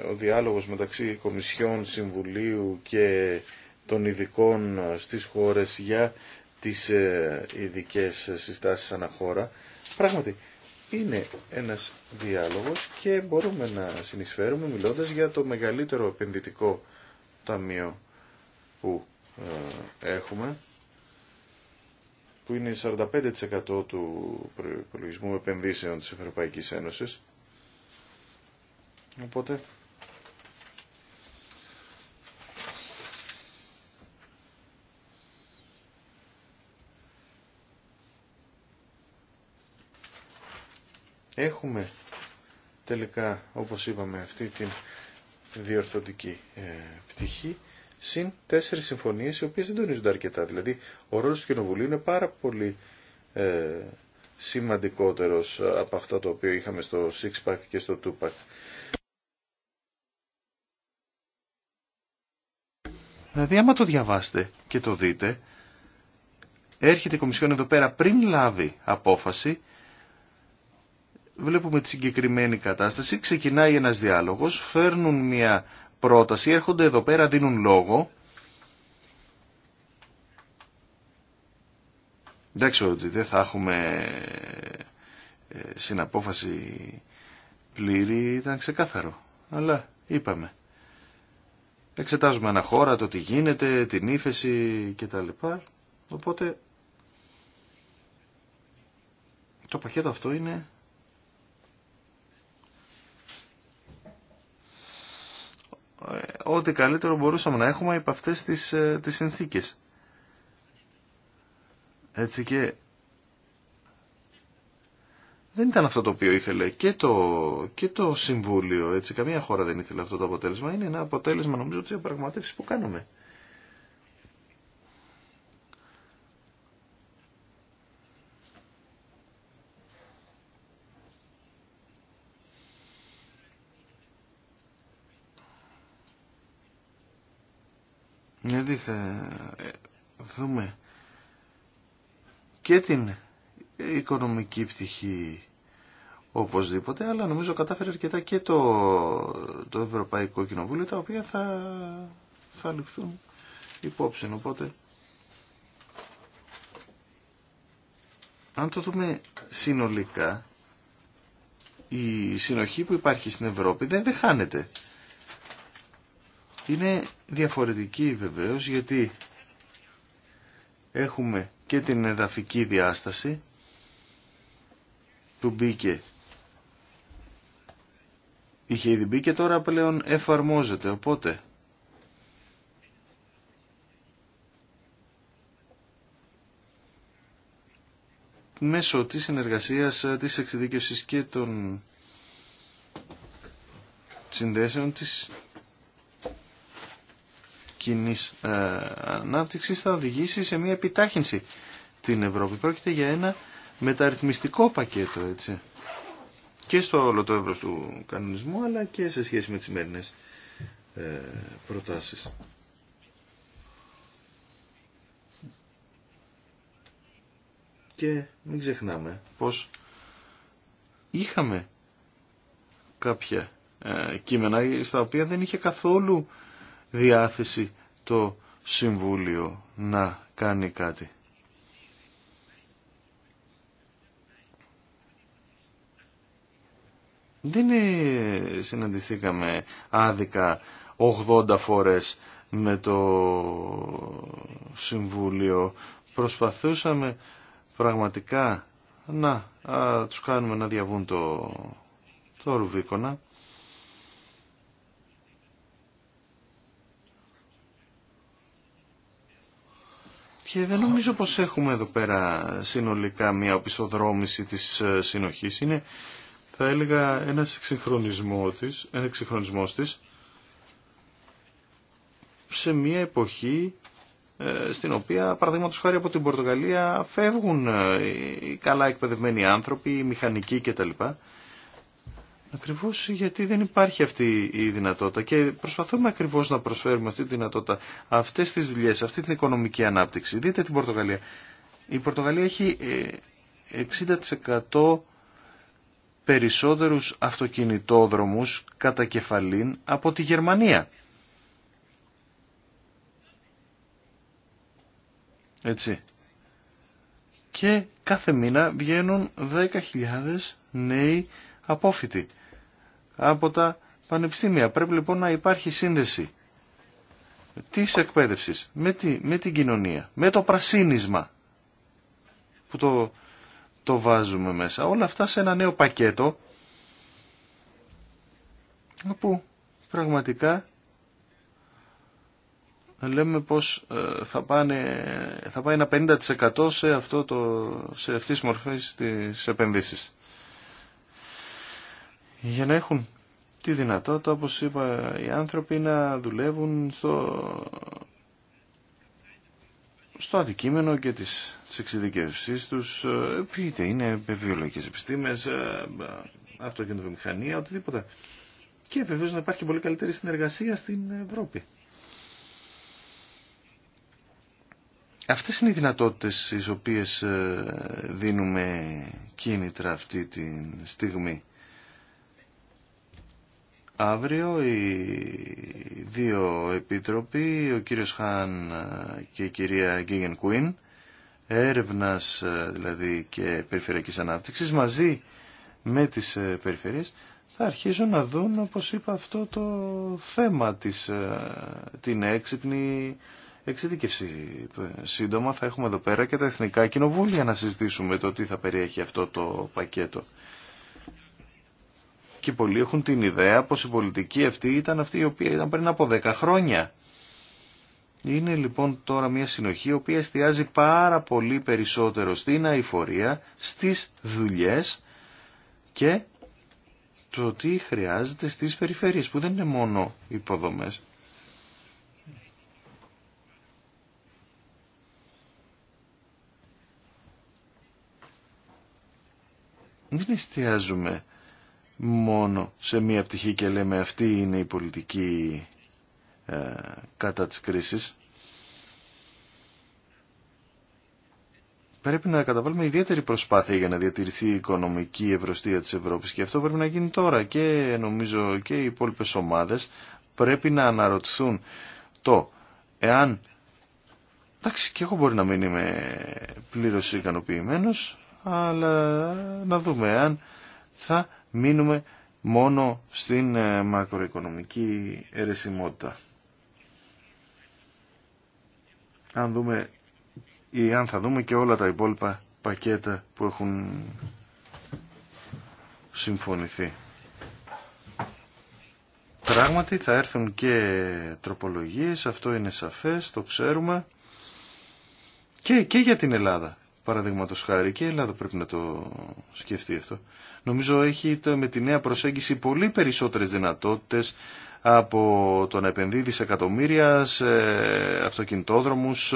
ο διάλογος μεταξύ Κομισιών, Συμβουλίου και των ειδικών στις χώρες για τις ε, ειδικέ συστάσεις αναχώρα. Πράγματι, είναι ένας διάλογος και μπορούμε να συνεισφέρουμε μιλώντας για το μεγαλύτερο επενδυτικό ταμείο που ε, έχουμε που είναι 45% του προϋπολογισμού επενδύσεων της Ευρωπαϊκής Ένωσης Οπότε... Έχουμε τελικά, όπως είπαμε, αυτή την διορθωτική ε, πτυχή συν τέσσερις συμφωνίες οι οποίες δεν τονίζονται αρκετά. Δηλαδή, ο ρόλος του Κοινοβουλίου είναι πάρα πολύ ε, σημαντικότερος από αυτά το οποίο είχαμε στο Six Pack και στο Two Pack. Δηλαδή άμα το διαβάσετε και το δείτε, έρχεται η Κομισιόν εδώ πέρα πριν λάβει απόφαση, βλέπουμε τη συγκεκριμένη κατάσταση, ξεκινάει ένας διάλογος, φέρνουν μια πρόταση, έρχονται εδώ πέρα, δίνουν λόγο. Εντάξει ότι δεν θα έχουμε ε, συναπόφαση πλήρη, ήταν ξεκάθαρο. Αλλά είπαμε. Εξετάζουμε ένα χώρα, το τι γίνεται, την ύφεση κτλ. Οπότε το πακέτο αυτό είναι ό,τι καλύτερο μπορούσαμε να έχουμε υπ' αυτές τις, ε, τις συνθήκες. Έτσι και δεν ήταν αυτό το οποίο ήθελε και το, και το Συμβούλιο. Έτσι, καμία χώρα δεν ήθελε αυτό το αποτέλεσμα. Είναι ένα αποτέλεσμα νομίζω της διαπραγματεύσεις που κάνουμε. Ε, δείτε, ε, δούμε και την οικονομική πτυχή οπωσδήποτε, αλλά νομίζω κατάφερε αρκετά και το, το Ευρωπαϊκό Κοινοβούλιο, τα οποία θα, θα ληφθούν υπόψη. Οπότε, αν το δούμε συνολικά, η συνοχή που υπάρχει στην Ευρώπη δεν, δεν χάνεται. Είναι διαφορετική βεβαίως γιατί έχουμε και την εδαφική διάσταση του μπήκε. Είχε ήδη μπει τώρα πλέον εφαρμόζεται, οπότε... μέσω της συνεργασίας, της εξειδίκευσης και των συνδέσεων της κοινή ε, ανάπτυξης θα οδηγήσει σε μια επιτάχυνση την Ευρώπη. Πρόκειται για ένα μεταρρυθμιστικό πακέτο, έτσι. Και στο όλο το εύρος του κανονισμού, αλλά και σε σχέση με τις σημερινές ε, προτάσεις. Και μην ξεχνάμε πως είχαμε κάποια ε, κείμενα στα οποία δεν είχε καθόλου διάθεση το Συμβούλιο να κάνει κάτι. Δεν ε, συναντηθήκαμε άδικα 80 φορές με το Συμβούλιο. Προσπαθούσαμε πραγματικά να α, τους κάνουμε να διαβούν το, το Ρουβίκονα. Και δεν νομίζω πως έχουμε εδώ πέρα συνολικά μια οπισθοδρόμηση της ε, συνοχής. Είναι θα έλεγα ένας εξυγχρονισμός της, ένα εξυγχρονισμός της σε μια εποχή ε, στην οποία παραδείγματος χάρη από την Πορτογαλία φεύγουν ε, οι καλά εκπαιδευμένοι άνθρωποι, οι μηχανικοί κτλ. Ακριβώς γιατί δεν υπάρχει αυτή η δυνατότητα και προσπαθούμε ακριβώς να προσφέρουμε αυτή τη δυνατότητα, αυτές τις δουλειές, αυτή την οικονομική ανάπτυξη. Δείτε την Πορτογαλία. Η Πορτογαλία έχει 60% ε, περισσότερους αυτοκινητόδρομους κατά κεφαλήν από τη Γερμανία. Έτσι. Και κάθε μήνα βγαίνουν 10.000 νέοι απόφοιτοι από τα πανεπιστήμια. Πρέπει λοιπόν να υπάρχει σύνδεση της εκπαίδευσης με, τη, με την κοινωνία, με το πρασίνισμα που το το βάζουμε μέσα. Όλα αυτά σε ένα νέο πακέτο όπου πραγματικά λέμε πως ε, θα, πάνε, θα πάει ένα 50% σε, αυτό το, σε αυτής μορφής της επενδύσεις. Για να έχουν τη δυνατότητα, όπως είπα, οι άνθρωποι να δουλεύουν στο στο αντικείμενο και τις, τις τους, τους, ε, είτε είναι βιολογικές επιστήμες, ε, ε, αυτοκινητοβιομηχανία, οτιδήποτε. Και βεβαίως να υπάρχει πολύ καλύτερη συνεργασία στην Ευρώπη. Αυτές είναι οι δυνατότητες τις οποίες δίνουμε κίνητρα αυτή τη στιγμή. Αύριο οι δύο επίτροποι, ο κύριος Χάν ε, και η κυρία Γκίγεν Κουίν, έρευνας ε, δηλαδή και περιφερειακής ανάπτυξης, μαζί με τις ε, περιφερειές, θα αρχίσουν να δουν, όπως είπα, αυτό το θέμα της, την έξυπνη εξειδίκευση. Σύντομα θα έχουμε εδώ πέρα και τα Εθνικά Κοινοβούλια να συζητήσουμε το τι θα περιέχει αυτό το πακέτο και πολλοί έχουν την ιδέα πως η πολιτική αυτή ήταν αυτή η οποία ήταν πριν από 10 χρόνια. Είναι λοιπόν τώρα μια συνοχή η οποία εστιάζει πάρα πολύ περισσότερο στην αηφορία, στις δουλειές και το τι χρειάζεται στις περιφέρειες που δεν είναι μόνο υποδομές. Δεν εστιάζουμε μόνο σε μία πτυχή και λέμε αυτή είναι η πολιτική ε, κατά της κρίσης. Πρέπει να καταβάλουμε ιδιαίτερη προσπάθεια για να διατηρηθεί η οικονομική ευρωστία της Ευρώπης και αυτό πρέπει να γίνει τώρα και νομίζω και οι υπόλοιπες ομάδες πρέπει να αναρωτηθούν το εάν εντάξει και εγώ μπορεί να μην είμαι πλήρως ικανοποιημένος αλλά να δούμε εάν θα μείνουμε μόνο στην ε, μακροοικονομική αιρεσιμότητα. Αν δούμε ή αν θα δούμε και όλα τα υπόλοιπα πακέτα που έχουν συμφωνηθεί. Πράγματι θα έρθουν και τροπολογίες, αυτό είναι σαφές, το ξέρουμε. Και, και για την Ελλάδα. Παραδείγματο χάρη και η Ελλάδα πρέπει να το σκεφτεί αυτό. Νομίζω έχει με τη νέα προσέγγιση πολύ περισσότερες δυνατότητες από το να επενδύει δισεκατομμύρια σε αυτοκινητόδρομους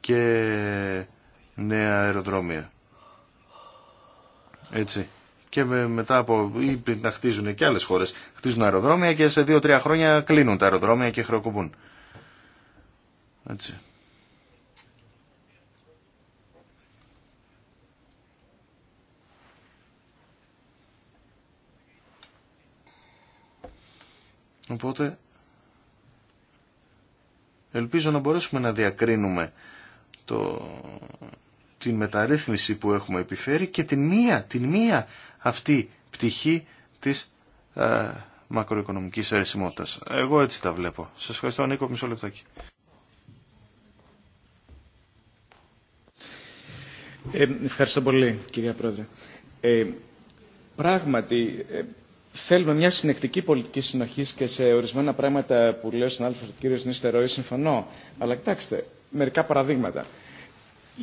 και νέα αεροδρόμια. Έτσι. Και μετά από... ή να χτίζουν και άλλες χώρες. Χτίζουν αεροδρόμια και σε δύο-τρία χρόνια κλείνουν τα αεροδρόμια και χρεοκοπούν. Έτσι. Οπότε ελπίζω να μπορέσουμε να διακρίνουμε το, την μεταρρύθμιση που έχουμε επιφέρει και την μία, την μία αυτή πτυχή της ε, μακροοικονομικής αρισιμότητας. Εγώ έτσι τα βλέπω. Σας ευχαριστώ Νίκο, μισό λεπτάκι. Ε, ευχαριστώ πολύ κυρία Πρόεδρε. Ε, πράγματι, ε, θέλουμε μια συνεκτική πολιτική συνοχή και σε ορισμένα πράγματα που στον ο συνάδελφο κύριο Νιστερό ή συμφωνώ. Νίστερο, συμφωνώ. Αλλά κοιτάξτε, μερικά παραδείγματα.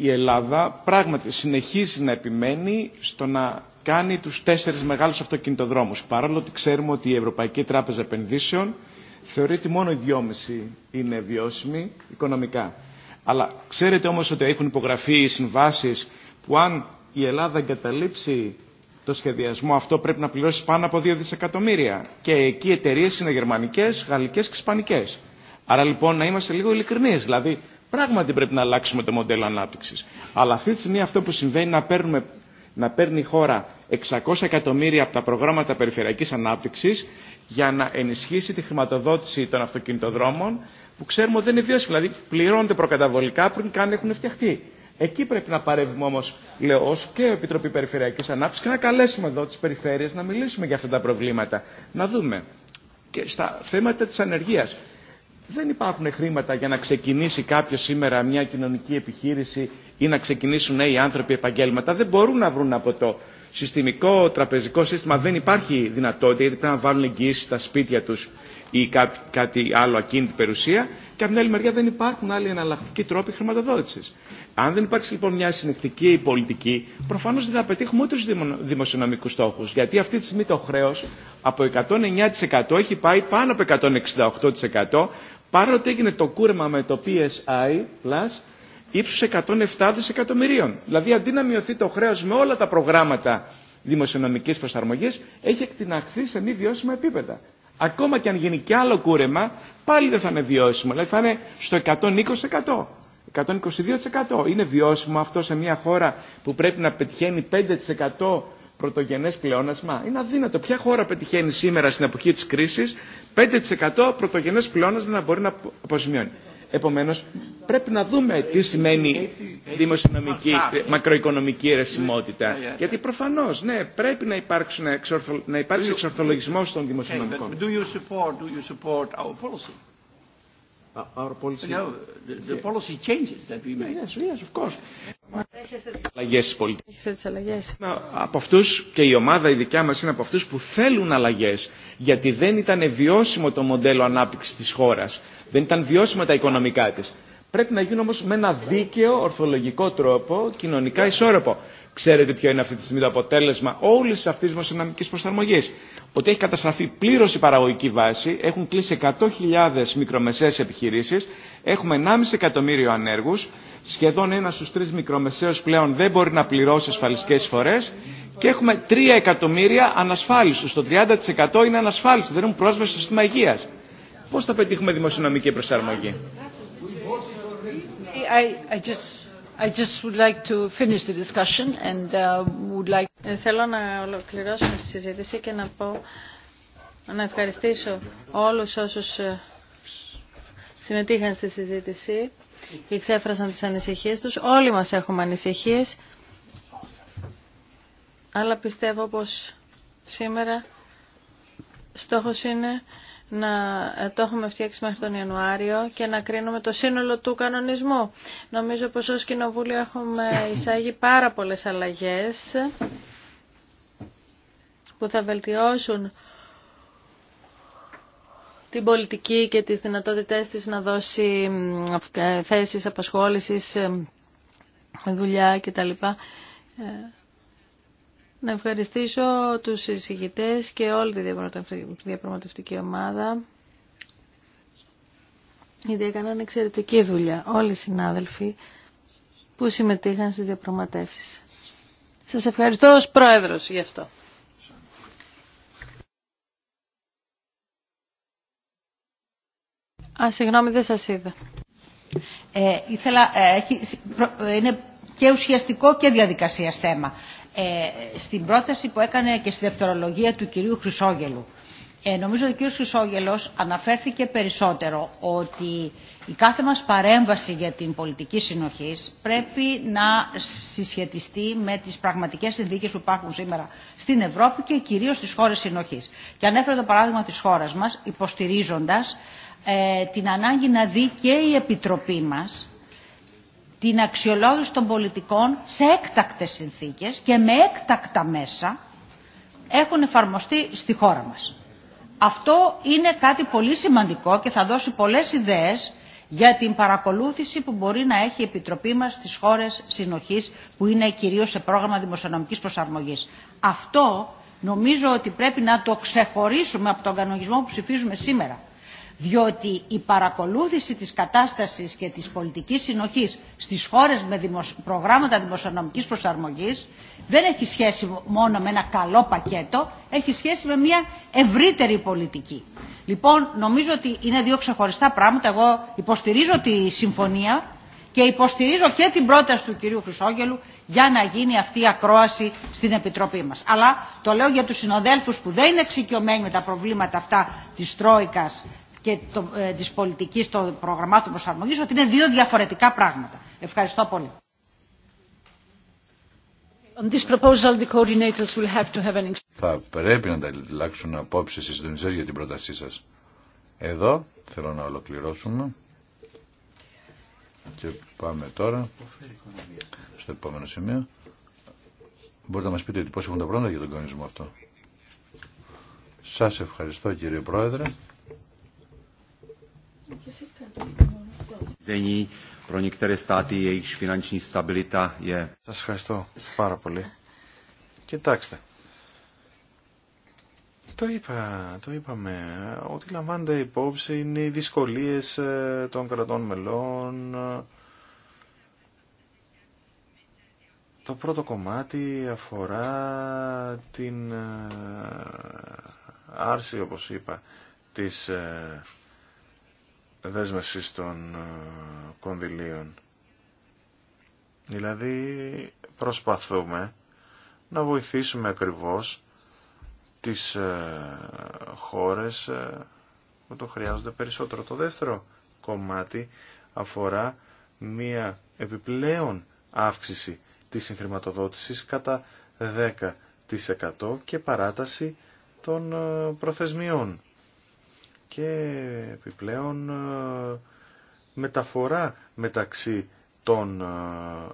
Η Ελλάδα πράγματι συνεχίζει να επιμένει στο να κάνει του τέσσερι μεγάλου αυτοκινητοδρόμου. Παρόλο ότι ξέρουμε ότι η Ευρωπαϊκή Τράπεζα Επενδύσεων θεωρεί ότι μόνο οι δυόμιση είναι βιώσιμοι οικονομικά. Αλλά ξέρετε όμω ότι έχουν υπογραφεί οι συμβάσει που αν η Ελλάδα εγκαταλείψει το σχεδιασμό αυτό πρέπει να πληρώσει πάνω από 2 δισεκατομμύρια. Και εκεί οι εταιρείε είναι γερμανικέ, γαλλικέ και ισπανικέ. Άρα λοιπόν να είμαστε λίγο ειλικρινεί. Δηλαδή πράγματι πρέπει να αλλάξουμε το μοντέλο ανάπτυξη. Αλλά αυτή τη στιγμή αυτό που συμβαίνει να, παίρνουμε, να παίρνει η χώρα 600 εκατομμύρια από τα προγράμματα περιφερειακή ανάπτυξη για να ενισχύσει τη χρηματοδότηση των αυτοκινητοδρόμων που ξέρουμε δεν είναι βιώσιμη. Δηλαδή πληρώνονται προκαταβολικά πριν καν έχουν φτιαχτεί. Εκεί πρέπει να παρεύουμε όμω, λέω, ω και Επιτροπή Περιφερειακή Ανάπτυξη και να καλέσουμε εδώ τι περιφέρειε να μιλήσουμε για αυτά τα προβλήματα. Να δούμε. Και στα θέματα τη ανεργία. Δεν υπάρχουν χρήματα για να ξεκινήσει κάποιο σήμερα μια κοινωνική επιχείρηση ή να ξεκινήσουν νέοι άνθρωποι επαγγέλματα. Δεν μπορούν να βρουν από το συστημικό τραπεζικό σύστημα. Δεν υπάρχει δυνατότητα γιατί πρέπει να βάλουν εγγυήσει στα σπίτια του ή κάτι άλλο ακίνητη περιουσία και από την άλλη μεριά δεν υπάρχουν άλλοι εναλλακτικοί τρόποι χρηματοδότησης. Αν δεν υπάρξει λοιπόν μια συνεχτική πολιτική, προφανώς δεν θα πετύχουμε ούτε του δημοσιονομικού στόχου. Γιατί αυτή τη στιγμή το χρέος από 109% έχει πάει πάνω από 168% παρότι έγινε το κούρεμα με το PSI Plus ύψου 107 δισεκατομμυρίων. Δηλαδή αντί να μειωθεί το χρέος με όλα τα προγράμματα δημοσιονομικής προσαρμογής έχει εκτιναχθεί σε μη βιώσιμα επίπεδα ακόμα και αν γίνει και άλλο κούρεμα, πάλι δεν θα είναι βιώσιμο. Δηλαδή θα είναι στο 120%. 122%. Είναι βιώσιμο αυτό σε μια χώρα που πρέπει να πετυχαίνει 5% πρωτογενές πλεόνασμα. Είναι αδύνατο. Ποια χώρα πετυχαίνει σήμερα στην εποχή της κρίσης 5% πρωτογενές πλεόνασμα να μπορεί να αποζημιώνει. Επομένως, πρέπει να δούμε τι σημαίνει δημοσιονομική, μακροοικονομική αιρεσιμότητα. Γιατί προφανώς, ναι, πρέπει να, να υπάρξει εξορθολογισμός των δημοσιονομικών. Our policy... Now, the, the policy changes that we Yes, yes, of course. Από αυτούς και η ομάδα η δικιά μας είναι από αυτούς που θέλουν αλλαγέ, γιατί δεν ήταν βιώσιμο το μοντέλο ανάπτυξης της χώρας. Δεν ήταν βιώσιμα τα οικονομικά της. Πρέπει να γίνουν όμως με ένα δίκαιο, ορθολογικό τρόπο, κοινωνικά ισόρροπο. Ξέρετε ποιο είναι αυτή τη στιγμή το αποτέλεσμα όλη αυτή τη δημοσιονομική προσαρμογή. Ότι έχει καταστραφεί πλήρω η παραγωγική βάση, έχουν κλείσει 100.000 μικρομεσαίε επιχειρήσει, έχουμε 1,5 εκατομμύριο ανέργου, σχεδόν ένα στου τρει μικρομεσαίου πλέον δεν μπορεί να πληρώσει ασφαλιστικέ φορέ και έχουμε 3 εκατομμύρια ανασφάλιστου. Το 30% είναι ανασφάλιστοι, δεν έχουν πρόσβαση στο σύστημα υγεία. Πώ θα πετύχουμε δημοσιονομική προσαρμογή. Θέλω να ολοκληρώσω τη συζήτηση και να πω να ευχαριστήσω όλους όσους ε, συμμετείχαν στη συζήτηση και εξέφρασαν τις ανησυχίες τους. Όλοι μας έχουμε ανησυχίες, αλλά πιστεύω πως σήμερα στόχος είναι να ε, το έχουμε φτιάξει μέχρι τον Ιανουάριο και να κρίνουμε το σύνολο του κανονισμού. Νομίζω πως ως Κοινοβούλιο έχουμε εισάγει πάρα πολλές αλλαγές που θα βελτιώσουν την πολιτική και τις δυνατότητές της να δώσει ε, θέσεις απασχόλησης, ε, δουλειά κτλ. Να ευχαριστήσω τους συζητητές και όλη τη διαπραγματευτική ομάδα γιατί έκαναν εξαιρετική δουλειά όλοι οι συνάδελφοι που συμμετείχαν στις διαπραγματεύσεις. Σας ευχαριστώ ως Πρόεδρος γι' αυτό. Α, συγγνώμη, δεν σας είδα. Ε, ε είναι και ουσιαστικό και διαδικασία θέμα. Ε, στην πρόταση που έκανε και στη δευτερολογία του κυρίου Χρυσόγελου. Ε, νομίζω ότι ο κύριος Χρυσόγελος αναφέρθηκε περισσότερο ότι η κάθε μας παρέμβαση για την πολιτική συνοχή πρέπει να συσχετιστεί με τις πραγματικές συνθήκες που υπάρχουν σήμερα στην Ευρώπη και κυρίως στις χώρες συνοχής. Και ανέφερε το παράδειγμα της χώρας μας, υποστηρίζοντας ε, την ανάγκη να δει και η Επιτροπή μας την αξιολόγηση των πολιτικών σε έκτακτες συνθήκες και με έκτακτα μέσα έχουν εφαρμοστεί στη χώρα μας. Αυτό είναι κάτι πολύ σημαντικό και θα δώσει πολλές ιδέες για την παρακολούθηση που μπορεί να έχει η Επιτροπή μας στις χώρες συνοχής που είναι κυρίως σε πρόγραμμα δημοσιονομικής προσαρμογής. Αυτό νομίζω ότι πρέπει να το ξεχωρίσουμε από τον κανονισμό που ψηφίζουμε σήμερα διότι η παρακολούθηση της κατάστασης και της πολιτικής συνοχής στις χώρες με προγράμματα δημοσιονομικής προσαρμογής δεν έχει σχέση μόνο με ένα καλό πακέτο, έχει σχέση με μια ευρύτερη πολιτική. Λοιπόν, νομίζω ότι είναι δύο ξεχωριστά πράγματα. Εγώ υποστηρίζω τη συμφωνία και υποστηρίζω και την πρόταση του κυρίου Χρυσόγελου για να γίνει αυτή η ακρόαση στην Επιτροπή μας. Αλλά το λέω για τους συνοδέλφους που δεν είναι εξοικειωμένοι με τα προβλήματα αυτά της Τρόικας και το, ε, της πολιτικής των προγραμμάτων προσαρμογής ότι είναι δύο διαφορετικά πράγματα. Ευχαριστώ πολύ. Θα πρέπει να τα αλλάξουν απόψεις οι συντονιστές για την πρότασή σας. Εδώ θέλω να ολοκληρώσουμε και πάμε τώρα στο επόμενο σημείο. Μπορείτε να μας πείτε πώς έχουν τα πράγματα για τον κανονισμό αυτό. Σας ευχαριστώ κύριε Πρόεδρε. Σας ευχαριστώ πάρα πολύ. Κοιτάξτε. Το είπα, το είπαμε. Ό,τι λαμβάνεται υπόψη είναι οι δυσκολίες ε, των κρατών μελών. Το πρώτο κομμάτι αφορά την ε, άρση, όπως είπα, της ε, δέσμευσης των ε, κονδυλίων. Δηλαδή προσπαθούμε να βοηθήσουμε ακριβώς τις ε, χώρες ε, που το χρειάζονται περισσότερο. Το δεύτερο κομμάτι αφορά μία επιπλέον αύξηση της συγχρηματοδότησης κατά 10% και παράταση των προθεσμιών και επιπλέον ε, μεταφορά μεταξύ των ε,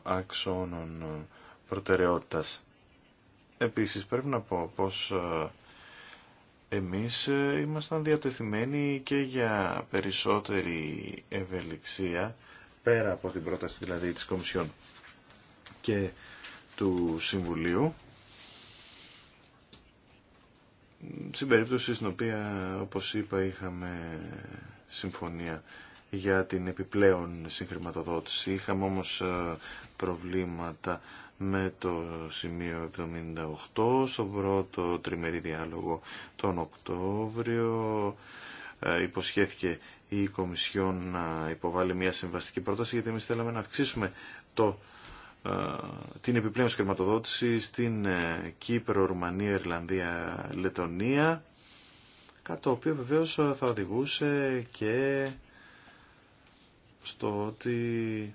αξώνων ε, προτεραιότητας. Επίσης πρέπει να πω πως εμείς ήμασταν διατεθειμένοι και για περισσότερη ευελιξία πέρα από την πρόταση δηλαδή της Κομισιόν και του Συμβουλίου στην περίπτωση στην οποία, όπως είπα, είχαμε συμφωνία για την επιπλέον συγχρηματοδότηση. Είχαμε όμως ε, προβλήματα με το σημείο 78 στον πρώτο τριμερή διάλογο τον Οκτώβριο. Ε, υποσχέθηκε η Κομισιόν να υποβάλει μια συμβαστική πρόταση γιατί εμείς θέλαμε να αυξήσουμε το ε, την επιπλέον σχερματοδότηση στην ε, Κύπρο, Ρουμανία, Ιρλανδία, Λετωνία κάτι το οποίο βεβαίως ε, θα οδηγούσε και στο ότι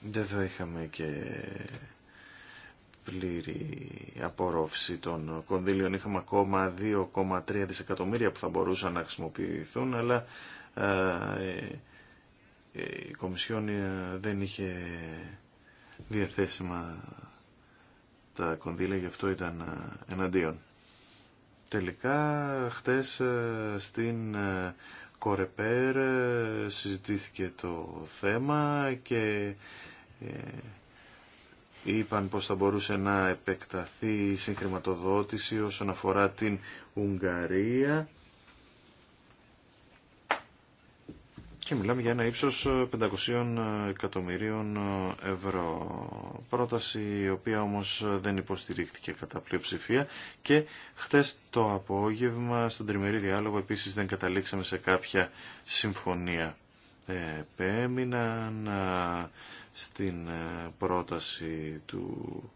δεν θα είχαμε και πλήρη απορρόφηση των κονδύλιων. Είχαμε ακόμα 2,3 δισεκατομμύρια που θα μπορούσαν να χρησιμοποιηθούν, αλλά η Κομισιόν ε, δεν είχε διαθέσιμα τα κονδύλια, γι' αυτό ήταν ε, εναντίον. Τελικά, χτες ε, στην Κορεπέρ συζητήθηκε το θέμα και είπαν πως θα μπορούσε να επεκταθεί η συγχρηματοδότηση όσον αφορά την Ουγγαρία μιλάμε για ένα ύψος 500 ε, ε, εκατομμυρίων ε, ευρώ. Πρόταση η οποία όμως δεν υποστηρίχθηκε κατά πλειοψηφία και χτες το απόγευμα στον τριμερή διάλογο επίσης δεν καταλήξαμε σε κάποια συμφωνία. Επέμειναν στην πρόταση του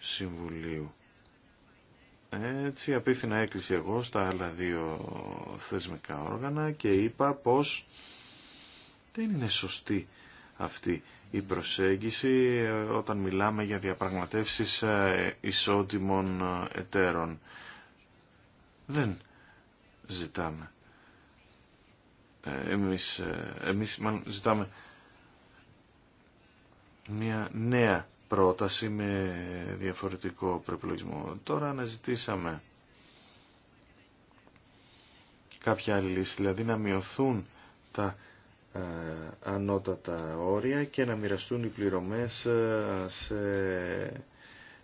Συμβουλίου. Έτσι απίθυνα έκλεισε εγώ στα άλλα δύο θεσμικά όργανα και είπα πως δεν είναι σωστή αυτή η προσέγγιση ε, όταν μιλάμε για διαπραγματεύσεις ε, ισότιμων ε, εταίρων. Δεν ζητάμε. Εμείς, εμείς ζητάμε μια νέα πρόταση με διαφορετικό προπολογισμό. Τώρα αναζητήσαμε κάποια άλλη λύση, δηλαδή να μειωθούν τα ε, ανώτατα όρια και να μοιραστούν οι πληρωμές ε, σε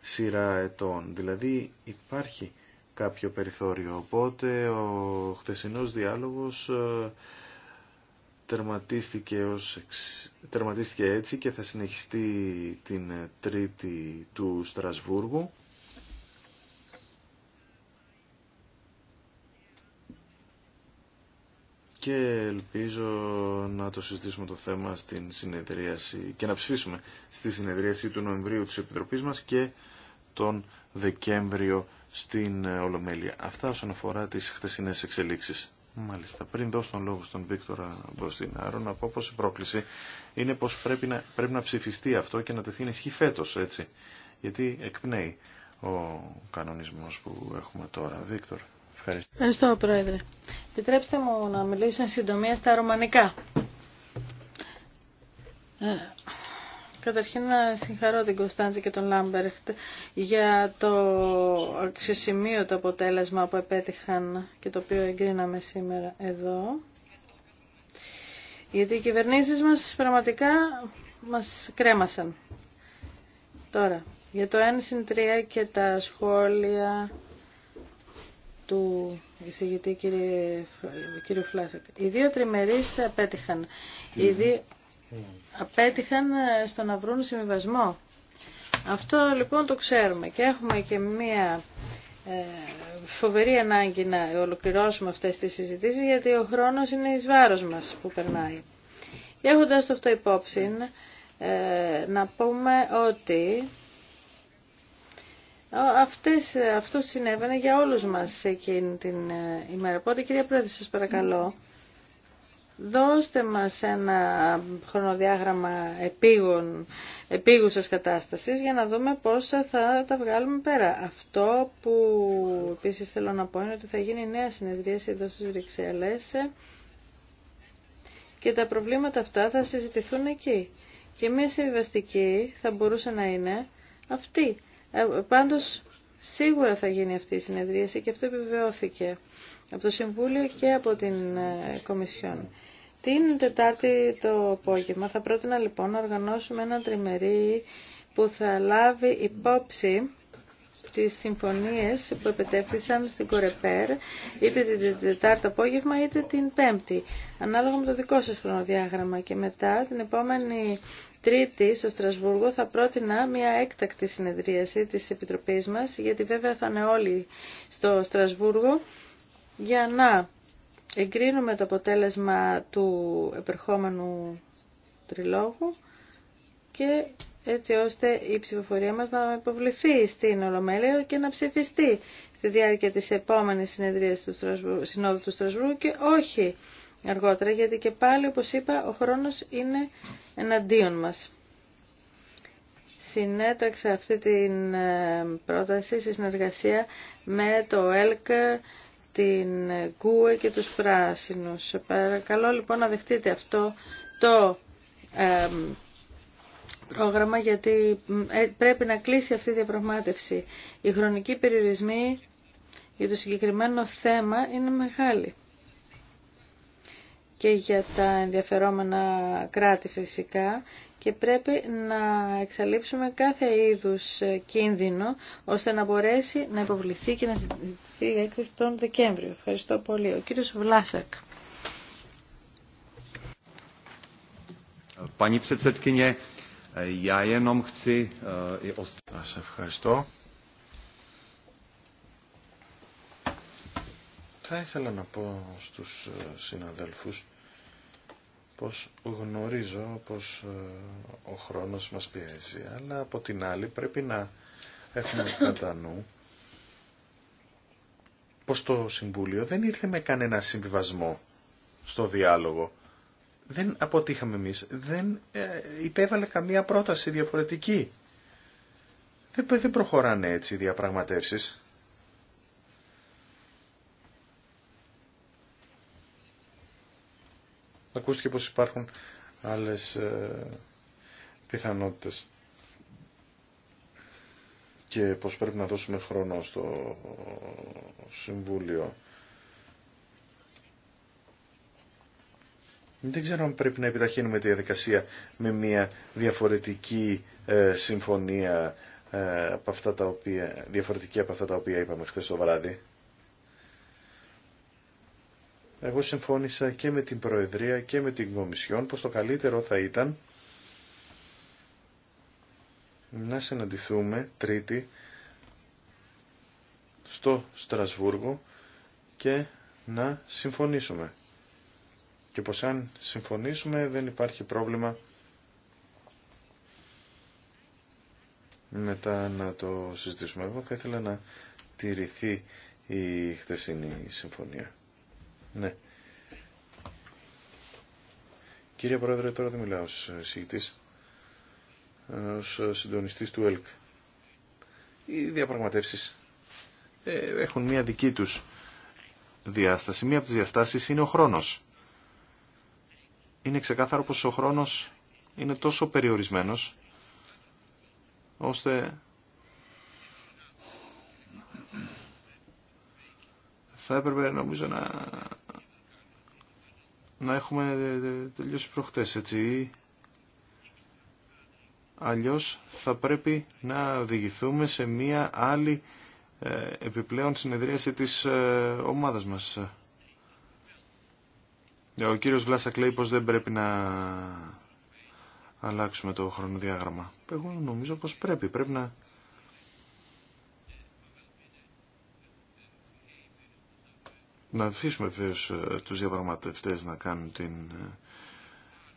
σειρά ετών. Δηλαδή υπάρχει κάποιο περιθώριο. Οπότε ο χτεσινός διάλογος ε, τερματίστηκε, ως, τερματίστηκε έτσι και θα συνεχιστεί την τρίτη του Στρασβούργου και ελπίζω να το συζητήσουμε το θέμα στην συνεδρίαση και να ψηφίσουμε στη συνεδρίαση του Νοεμβρίου της Επιτροπής μας και τον Δεκέμβριο στην Ολομέλεια. Αυτά όσον αφορά τις χτεσινές εξελίξεις. Μάλιστα, πριν δώσω τον λόγο στον Βίκτορα Μποστινάρο, να πω πως η πρόκληση είναι πως πρέπει να, πρέπει να ψηφιστεί αυτό και να τεθεί ενισχύ φέτος, έτσι. Γιατί εκπνέει ο κανονισμός που έχουμε τώρα. Βίκτορα. Ευχαριστώ. Πρόεδρε. Επιτρέψτε μου να μιλήσω εν συντομία στα ρωμανικά. Ε, καταρχήν να συγχαρώ την Κωνσταντζή και τον Λάμπερχτ για το αξιοσημείωτο αποτέλεσμα που επέτυχαν και το οποίο εγκρίναμε σήμερα εδώ. Γιατί οι κυβερνήσεις μας πραγματικά μας κρέμασαν. Τώρα, για το 1 συν 3 και τα σχόλια του εισηγητή κύριε, κύριο Οι δύο τριμερείς απέτυχαν. Οι δύο απέτυχαν στο να βρουν συμβιβασμό. Αυτό λοιπόν το ξέρουμε και έχουμε και μία ε, φοβερή ανάγκη να ολοκληρώσουμε αυτές τις συζητήσεις γιατί ο χρόνος είναι εις βάρος μας που περνάει. Έχοντας το αυτό υπόψη, ε, να πούμε ότι Αυτές, ε, αυτό συνέβαινε για όλους μας εκείνη την ε, ημέρα. Οπότε κυρία Πρόεδρε σας παρακαλώ δώστε μας ένα χρονοδιάγραμμα επίγων, επίγουσας κατάστασης για να δούμε πόσα θα τα βγάλουμε πέρα. Αυτό που επίσης θέλω να πω είναι ότι θα γίνει η νέα συνεδρίαση εδώ στις Βρυξέλλες και τα προβλήματα αυτά θα συζητηθούν εκεί. Και μια συμβιβαστική θα μπορούσε να είναι αυτή ε, πάντως σίγουρα θα γίνει αυτή η συνεδρίαση και αυτό επιβεβαιώθηκε από το Συμβούλιο και από την ε, Κομισιόν. Την Τετάρτη το απόγευμα θα πρότεινα λοιπόν να οργανώσουμε ένα τριμερί που θα λάβει υπόψη τις συμφωνίες που επετέφθησαν στην Κορεπέρ είτε την Τετάρτη απόγευμα είτε την Πέμπτη ανάλογα με το δικό σας χρονοδιάγραμμα και μετά την επόμενη Τρίτη στο Στρασβούργο θα πρότεινα μια έκτακτη συνεδρίαση της Επιτροπής μας γιατί βέβαια θα είναι όλοι στο Στρασβούργο για να εγκρίνουμε το αποτέλεσμα του επερχόμενου τριλόγου και έτσι ώστε η ψηφοφορία μας να υποβληθεί στην Ολομέλεια και να ψηφιστεί στη διάρκεια της επόμενης συνεδρίας του Στρασβού, Συνόδου του και όχι αργότερα, γιατί και πάλι, όπως είπα, ο χρόνος είναι εναντίον μας. Συνέταξα αυτή την ε, πρόταση σε συνεργασία με το ΕΛΚ, την ΚΟΥΕ και τους Πράσινους. Παρακαλώ λοιπόν να δεχτείτε αυτό το ε, πρόγραμμα γιατί ε, πρέπει να κλείσει αυτή η διαπραγμάτευση. Οι χρονικοί περιορισμοί για το συγκεκριμένο θέμα είναι μεγάλοι και για τα ενδιαφερόμενα κράτη φυσικά και πρέπει να εξαλείψουμε κάθε είδους ε, κίνδυνο ώστε να μπορέσει να υποβληθεί και να συζητηθεί η έκθεση τον Δεκέμβριο. Ευχαριστώ πολύ. Ο κύριος Βλάσακ. Eh, Já ευχαριστώ. Θα ήθελα να πω στους ε, συναδέλφους πως γνωρίζω πως ε, ο χρόνος μας πιέζει, αλλά από την άλλη πρέπει να έχουμε κατά νου πως το Συμβούλιο δεν ήρθε με κανένα συμβιβασμό στο διάλογο δεν αποτύχαμε εμείς. Δεν ε, υπέβαλε καμία πρόταση διαφορετική. Δεν, δεν προχωράνε έτσι οι διαπραγματεύσεις. Ακούστηκε πως υπάρχουν άλλες ε, πιθανότητες και πως πρέπει να δώσουμε χρόνο στο Συμβούλιο. Δεν ξέρω αν πρέπει να επιταχύνουμε τη διαδικασία με μια διαφορετική ε, συμφωνία ε, από αυτά τα οποία, διαφορετική από αυτά τα οποία είπαμε χθε το βράδυ. Εγώ συμφώνησα και με την Προεδρία και με την Κομισιόν πως το καλύτερο θα ήταν να συναντηθούμε τρίτη στο Στρασβούργο και να συμφωνήσουμε και πως αν συμφωνήσουμε δεν υπάρχει πρόβλημα μετά να το συζητήσουμε. Εγώ θα ήθελα να τηρηθεί η χθεσινή συμφωνία. Ναι. Κύριε Πρόεδρε, τώρα δεν μιλάω ως συγητής, ως συντονιστής του ΕΛΚ. Οι διαπραγματεύσεις ε, έχουν μία δική τους διάσταση. Μία από τις διαστάσεις είναι ο χρόνος είναι ξεκάθαρο πως ο χρόνος είναι τόσο περιορισμένος ώστε θα έπρεπε νομίζω να, να έχουμε τελειώσει προχτές έτσι αλλιώς θα πρέπει να οδηγηθούμε σε μία άλλη ε, επιπλέον συνεδρίαση της ε, ομάδας μας. Ε, ο κύριος Βλάσσακ λέει πως δεν πρέπει να αλλάξουμε το χρονοδιάγραμμα. Εγώ νομίζω πως πρέπει. Πρέπει να... αφήσουμε βεβαίω ε, τους διαπραγματευτές να κάνουν την, ε,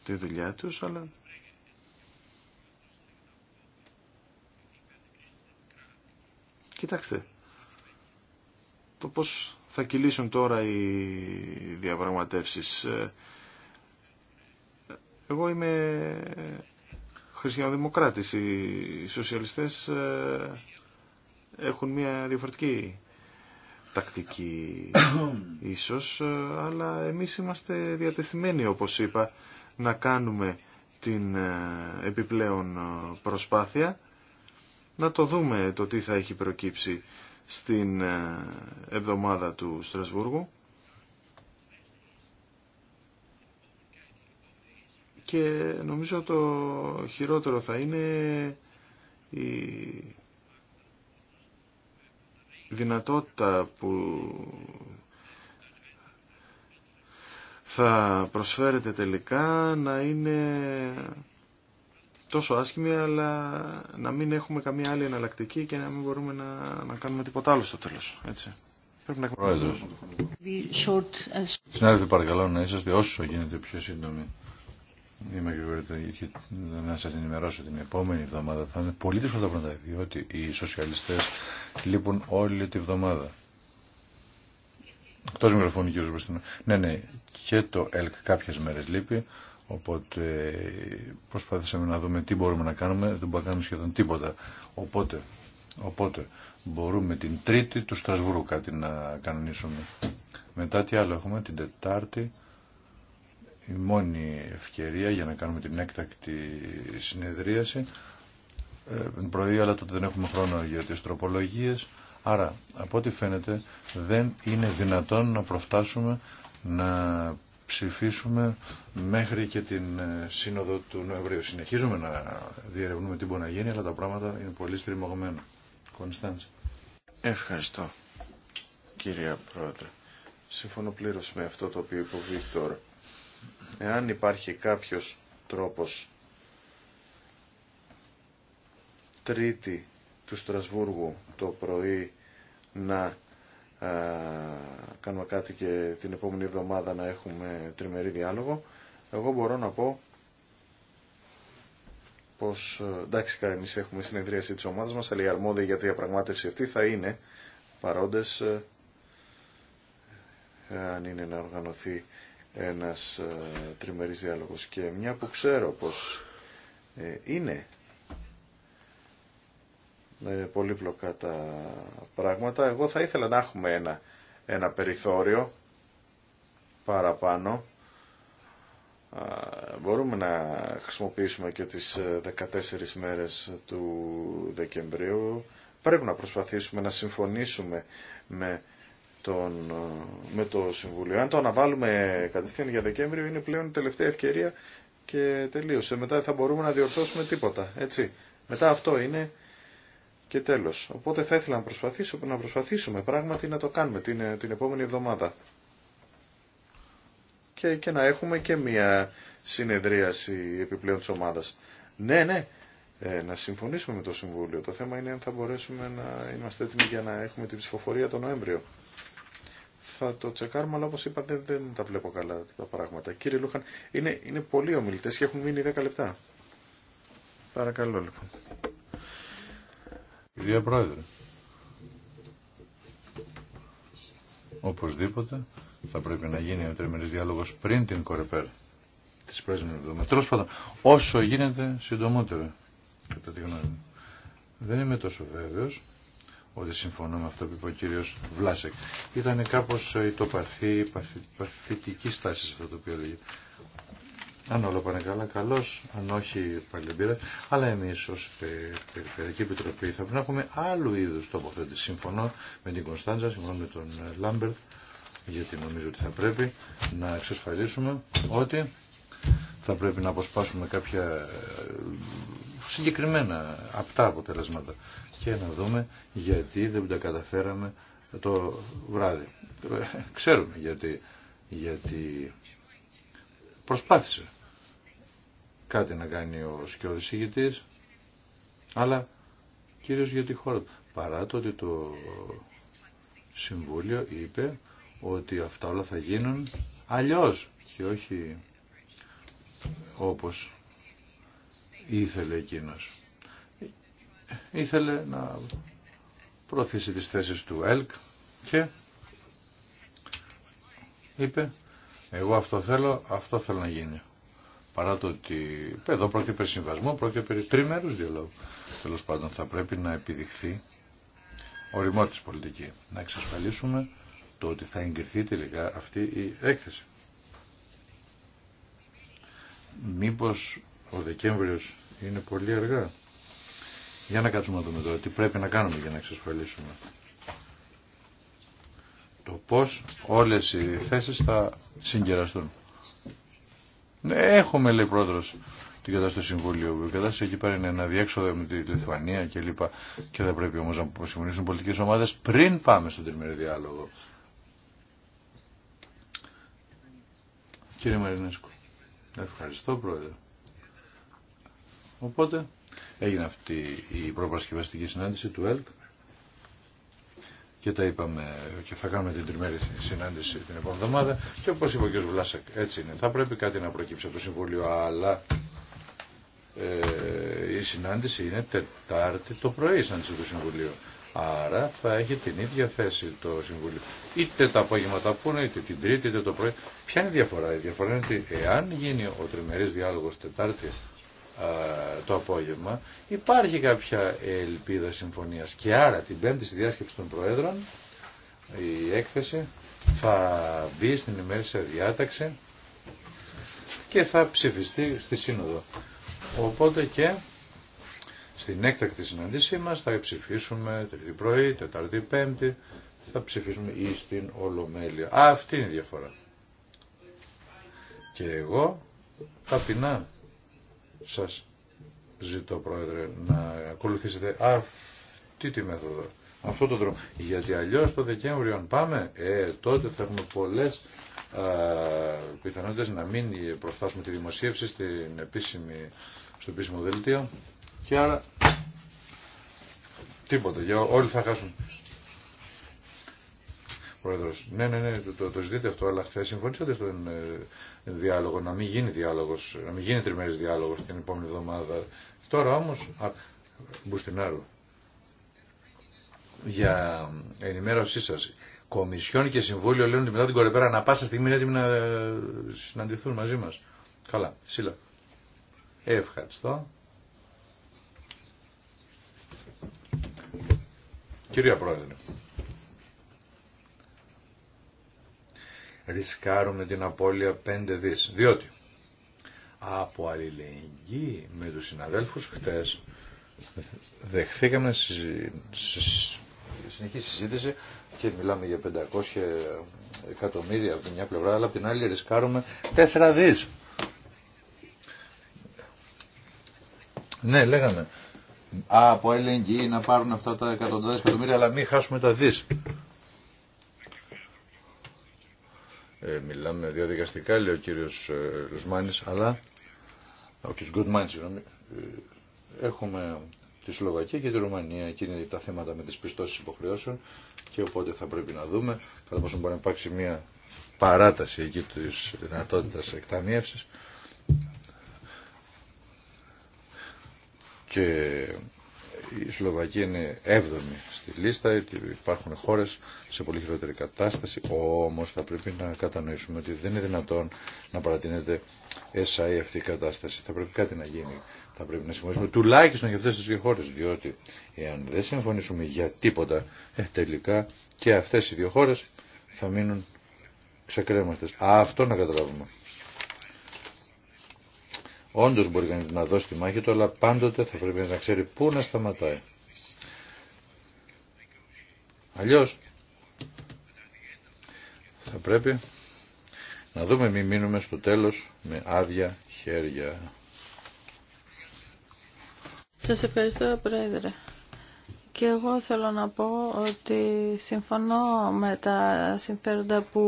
τη δουλειά τους, αλλά... Κοιτάξτε, το πώς θα κυλήσουν τώρα οι διαπραγματεύσεις. Ε, εγώ είμαι χριστιανοδημοκράτης. Οι σοσιαλιστές ε, έχουν μια διαφορετική τακτική ίσως, ε, αλλά εμείς είμαστε διατεθειμένοι, όπως είπα, να κάνουμε την επιπλέον προσπάθεια, να το δούμε το τι θα έχει προκύψει στην ε, εβδομάδα του Στρασβούργου και νομίζω το χειρότερο θα είναι η δυνατότητα που θα προσφέρεται τελικά να είναι τόσο άσχημη, αλλά να μην έχουμε καμία άλλη εναλλακτική και να μην μπορούμε να, να κάνουμε τίποτα άλλο στο τέλος. Έτσι. Πρέπει να έχουμε... Συνάδελφοι, παρακαλώ να είσαστε όσο γίνεται πιο σύντομοι. Είμαι και να σα ενημερώσω την επόμενη εβδομάδα. Θα είναι πολύ δύσκολο τα διότι οι σοσιαλιστές λείπουν όλη τη βδομάδα. Εκτό μικροφώνου, κύριε Ζεμπαστινό. Ναι, ναι, και το ΕΛΚ κάποιε μέρε λείπει. Οπότε προσπαθήσαμε να δούμε τι μπορούμε να κάνουμε, δεν μπορούμε να κάνουμε σχεδόν τίποτα. Οπότε, οπότε μπορούμε την Τρίτη του Στρασβούρου κάτι να κανονίσουμε. Μετά τι άλλο έχουμε, την Τετάρτη, η μόνη ευκαιρία για να κάνουμε την έκτακτη συνεδρίαση ε, πρωί, αλλά τότε δεν έχουμε χρόνο για τις τροπολογίες. Άρα, από ό,τι φαίνεται, δεν είναι δυνατόν να προφτάσουμε να ψηφίσουμε μέχρι και την ε, σύνοδο του Νοεμβρίου. Συνεχίζουμε να διερευνούμε τι μπορεί να γίνει, αλλά τα πράγματα είναι πολύ στριμωγμένα. Κωνσταντς. Ευχαριστώ, κυρία Πρόεδρε. Συμφωνώ πλήρω με αυτό το οποίο είπε ο Βίκτορ. Εάν υπάρχει κάποιος τρόπος τρίτη του Στρασβούργου το πρωί να κάνουμε κάτι και την επόμενη εβδομάδα να έχουμε τριμερή διάλογο. Εγώ μπορώ να πω πως ε, εντάξει εμείς έχουμε συνεδρίαση της ομάδας μας αλλά οι αρμόδιοι για την διαπραγμάτευση αυτή θα είναι παρόντες ε, ε, αν είναι να οργανωθεί ένας τριμερής διάλογος και μια που ξέρω πως είναι πολύπλοκα τα πράγματα. Εγώ θα ήθελα να έχουμε ένα, ένα περιθώριο παραπάνω. Μπορούμε να χρησιμοποιήσουμε και τις 14 ε, μέρες του Δεκεμβρίου. Πρέπει να προσπαθήσουμε να συμφωνήσουμε με, τον, ε, με το Συμβουλίο. Αν το αναβάλουμε κατευθείαν για Δεκέμβριο είναι πλέον τελευταία ευκαιρία και τελείωσε. Μετά θα μπορούμε να διορθώσουμε τίποτα. Έτσι. Μετά αυτό είναι και τέλος. Οπότε θα ήθελα να προσπαθήσουμε να προσπαθήσουμε πράγματι να το κάνουμε την, την επόμενη εβδομάδα. Και, και να έχουμε και μία συνεδρίαση επιπλέον της ομάδας. Ναι, ναι, ε, να συμφωνήσουμε με το Συμβούλιο. Το θέμα είναι αν θα μπορέσουμε να είμαστε έτοιμοι για να έχουμε την ψηφοφορία τον Νοέμβριο. Θα το τσεκάρουμε, αλλά όπως είπατε δεν, δεν τα βλέπω καλά τα πράγματα. Κύριε Λούχαν, είναι, είναι πολλοί ομιλητές και έχουν μείνει 10 λεπτά. Παρακαλώ λοιπόν. Κυρία Πρόεδρε, οπωσδήποτε θα πρέπει να γίνει ο τριμερής διάλογος πριν την κορεπέρ της Πρέσβης. εβδομάδας. Τέλος πάντων, όσο γίνεται συντομότερα, κατά τη γνώμη μου. Δεν είμαι τόσο βέβαιος ότι συμφωνώ με αυτό που είπε ο κύριος Βλάσεκ. Ήταν κάπως η τοπαθή, η παθητική στάση σε αυτό το οποίο έλεγε αν όλα πάνε καλά, καλώ, αν όχι πάλι πήρα, αλλά εμεί ω Περιφερειακή Επιτροπή θα πρέπει να έχουμε άλλου είδου τοποθέτηση. Συμφωνώ με την Κωνσταντζα, συμφωνώ με τον Λάμπερτ, γιατί νομίζω ότι θα πρέπει να εξασφαλίσουμε ότι θα πρέπει να αποσπάσουμε κάποια ε, συγκεκριμένα απτά αποτελέσματα και να δούμε γιατί δεν τα καταφέραμε το βράδυ. Ε, ξέρουμε γιατί προσπάθησε κάτι να κάνει ο σκιώδης ηγητής, αλλά κυρίως για τη χώρα του. Παρά το ότι το Συμβούλιο είπε ότι αυτά όλα θα γίνουν αλλιώς και όχι όπως ήθελε εκείνος. Ήθελε να προωθήσει τις θέσεις του ΕΛΚ και είπε εγώ αυτό θέλω, αυτό θέλω να γίνει παρά το ότι εδώ πρόκειται περί συμβασμού, πρόκειται περί τριμέρους διαλόγου. Τέλος πάντων θα πρέπει να επιδειχθεί ο πολιτική. Να εξασφαλίσουμε το ότι θα εγκριθεί τελικά αυτή η έκθεση. Μήπως ο Δεκέμβριος είναι πολύ αργά. Για να κάτσουμε να δούμε τώρα τι πρέπει να κάνουμε για να εξασφαλίσουμε το πώς όλες οι θέσεις θα συγκεραστούν. Έχουμε, λέει πρόεδρο, την κατάσταση του Συμβουλίου. Η κατάσταση εκεί πέρα είναι ένα διέξοδο με τη Λιθουανία κλπ. Και θα πρέπει όμω να συμφωνήσουν πολιτικέ ομάδε πριν πάμε στον τριμερή διάλογο. Κύριε Μαρινέσκο, ευχαριστώ πρόεδρε. Οπότε έγινε αυτή η προπαρασκευαστική συνάντηση του ΕΛΚ και τα είπαμε και θα κάνουμε την τριμέρη συνάντηση την επόμενη εβδομάδα και όπως είπε ο κ. Βλάσεκ, έτσι είναι. Θα πρέπει κάτι να προκύψει από το Συμβούλιο, αλλά ε, η συνάντηση είναι Τετάρτη το πρωί η συνάντηση του Συμβουλίου. Άρα θα έχει την ίδια θέση το Συμβουλίο. Είτε τα απόγευμα τα πούνε, είτε την Τρίτη, είτε το πρωί. Ποια είναι η διαφορά. Η διαφορά είναι ότι εάν γίνει ο τριμερής διάλογος Τετάρτη το απόγευμα, υπάρχει κάποια ελπίδα συμφωνίας. Και άρα την πέμπτη στη διάσκεψη των Προέδρων η έκθεση θα μπει στην ημέρησια διάταξη και θα ψηφιστεί στη Σύνοδο. Οπότε και στην έκτακτη συναντήσή μας θα ψηφίσουμε τρίτη πρωί, τετάρτη, πέμπτη, θα ψηφίσουμε ή στην Ολομέλεια. αυτή είναι η διαφορά. Και εγώ ταπεινά σας ζητώ, Πρόεδρε, να ακολουθήσετε αυτή τη μέθοδο, αυτό το τρόπο. Γιατί αλλιώς το Δεκέμβριο, αν πάμε, ε, τότε θα έχουμε πολλές πιθανότητες να μην προφτάσουμε τη δημοσίευση στην επίσημη, στο επίσημο δελτίο και άρα τίποτα, για όλοι θα χάσουν ναι, ναι, ναι, το, το, ζητείτε αυτό, αλλά χθε συμφωνήσατε στον ε, διάλογο να μην γίνει διάλογο, να μην γίνει τριμερή διάλογο την επόμενη εβδομάδα. Τώρα όμω. Μπουστινάρου. Για ενημέρωσή σα. Κομισιόν και Συμβούλιο λένε ότι μετά την κορεπέρα να πάσα στιγμή είναι έτοιμοι να ε, συναντηθούν μαζί μα. Καλά, σύλλα. Ευχαριστώ. Κυρία Πρόεδρε. ρισκάρουμε την απώλεια 5 δις. Διότι από αλληλεγγύη με τους συναδέλφους χτες δεχθήκαμε συνεχή συζήτηση και μιλάμε για 500 εκατομμύρια από την μια πλευρά αλλά από την άλλη ρισκάρουμε 4 δις. Ναι, λέγαμε. από αλληλεγγύη να πάρουν αυτά τα εκατοντάδες εκατομμύρια, αλλά μην χάσουμε τα δις. ε, μιλάμε διαδικαστικά, λέει ο κύριος ε, αλλά ο κύριος Γκουτμάνης, ε, έχουμε τη Σλοβακία και τη Ρουμανία και είναι τα θέματα με τις πιστώσεις υποχρεώσεων και οπότε θα πρέπει να δούμε κατά πόσο μπορεί να υπάρξει μια παράταση εκεί της δυνατότητας εκταμίευσης και η Σλοβακία είναι 7η στη λίστα, υπάρχουν χώρες σε πολύ χειρότερη κατάσταση, όμως θα πρέπει να κατανοήσουμε έβδομη κατάσταση. Θα πρέπει κάτι να γίνει. Θα πρέπει να συμφωνήσουμε τουλάχιστον για αυτές τις δύο χώρες, διότι εάν δεν συμφωνήσουμε για τίποτα, ε, τελικά και αυτές οι δύο χώρες θα μείνουν ξεκρέμαστες. Αυτό να παρατεινεται si αυτη η κατασταση θα πρεπει κατι να γινει θα πρεπει να συμφωνησουμε τουλαχιστον για αυτες τις δυο χωρες διοτι εαν δεν συμφωνησουμε για τιποτα τελικα και αυτες οι δυο χωρες θα μεινουν ξεκρεμαστες αυτο να καταλαβουμε Όντω μπορεί να δώσει τη μάχη του, αλλά πάντοτε θα πρέπει να ξέρει πού να σταματάει. Αλλιώ. θα πρέπει να δούμε μην μείνουμε στο τέλος με άδεια χέρια. Σας ευχαριστώ, Πρόεδρε. Και εγώ θέλω να πω ότι συμφωνώ με τα συμφέροντα που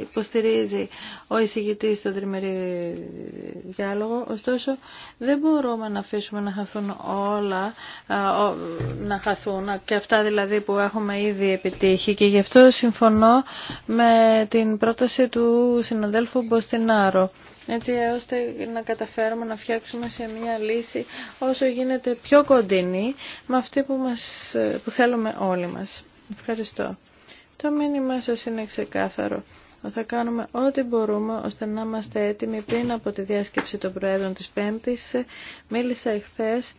υποστηρίζει ο εισηγητής στον τριμερή διάλογο. Ωστόσο, δεν μπορούμε να αφήσουμε να χαθούν όλα, να χαθούν και αυτά δηλαδή που έχουμε ήδη επιτύχει. Και γι' αυτό συμφωνώ με την πρόταση του συναδέλφου Μποστινάρο έτσι ώστε να καταφέρουμε να φτιάξουμε σε μια λύση όσο γίνεται πιο κοντινή με αυτή που, μας, που θέλουμε όλοι μας. Ευχαριστώ. Το μήνυμα σας είναι ξεκάθαρο. Θα κάνουμε ό,τι μπορούμε ώστε να είμαστε έτοιμοι πριν από τη διάσκεψη των Προέδρων της Πέμπτης. Μίλησα εχθές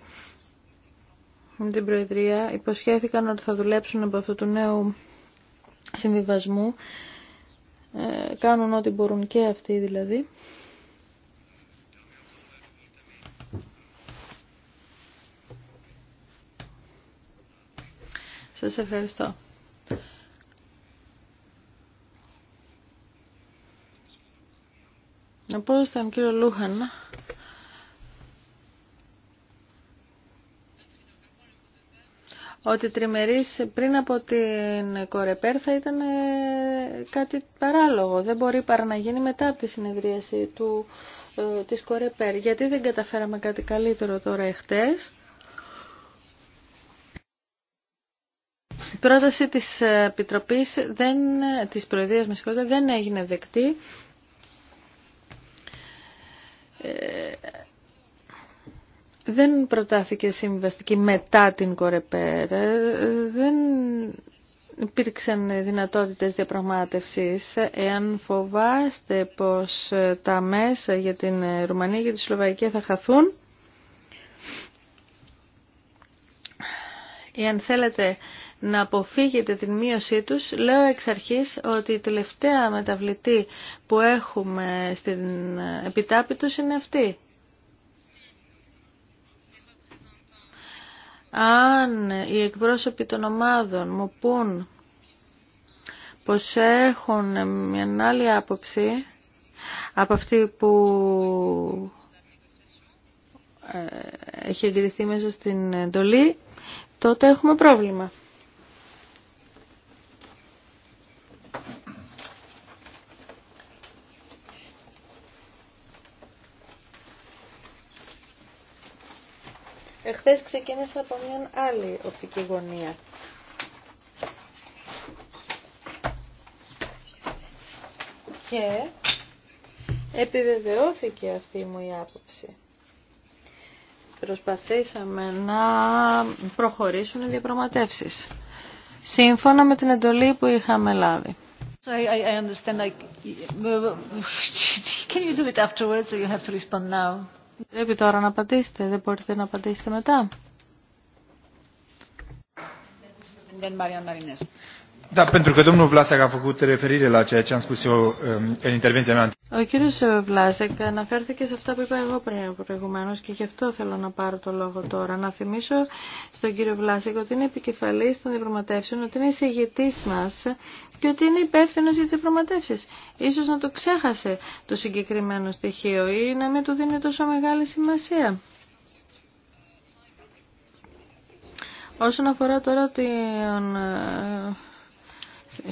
με την Προεδρία. Υποσχέθηκαν ότι θα δουλέψουν από αυτού του νέου συμβιβασμού. Ε, κάνουν ό,τι μπορούν και αυτοί δηλαδή. Σας ευχαριστώ. Να πω στον κύριο Λούχαν ότι τριμερίς πριν από την Κορεπέρ θα ήταν ε, κάτι παράλογο. Δεν μπορεί παρά να γίνει μετά από τη συνεδρίαση του, ε, της Κορεπέρ. Γιατί δεν καταφέραμε κάτι καλύτερο τώρα εχθές. πρόταση της Επιτροπής, δεν, της Προεδρίας με δεν έγινε δεκτή. Ε, δεν προτάθηκε συμβαστική μετά την Κορεπέρ. Ε, δεν υπήρξαν δυνατότητες διαπραγμάτευσης. Εάν φοβάστε πως τα μέσα για την Ρουμανία και τη Σλοβαϊκή θα χαθούν, εάν θέλετε να αποφύγετε την μείωσή τους, λέω εξ αρχής ότι η τελευταία μεταβλητή που έχουμε στην επιτάπη τους είναι αυτή. Αν οι εκπρόσωποι των ομάδων μου πούν πως έχουν μια άλλη άποψη από αυτή που ε, έχει εγκριθεί μέσα στην εντολή, τότε έχουμε πρόβλημα. Χθες ξεκίνησα από μια άλλη οπτική γωνία. Και επιβεβαιώθηκε αυτή μου η άποψη. Προσπαθήσαμε να προχωρήσουν οι διαπραγματεύσεις. Σύμφωνα με την εντολή που είχαμε λάβει. Can you do it afterwards, or you have to respond now? Πρέπει τώρα να απαντήσετε, δεν μπορείτε να απαντήσετε μετά. Ο κύριο Βλάσεκ αναφέρθηκε σε αυτά που είπα εγώ πριν προηγουμένως και γι' αυτό θέλω να πάρω το λόγο τώρα. Να θυμίσω στον κύριο Βλάσεκ ότι είναι επικεφαλή των διαπραγματεύσεων, ότι είναι εισηγητής μα και ότι είναι υπεύθυνο για τι διαπραγματεύσει. Ίσως να το ξέχασε το συγκεκριμένο στοιχείο ή να μην του δίνει τόσο μεγάλη σημασία. Όσον αφορά τώρα την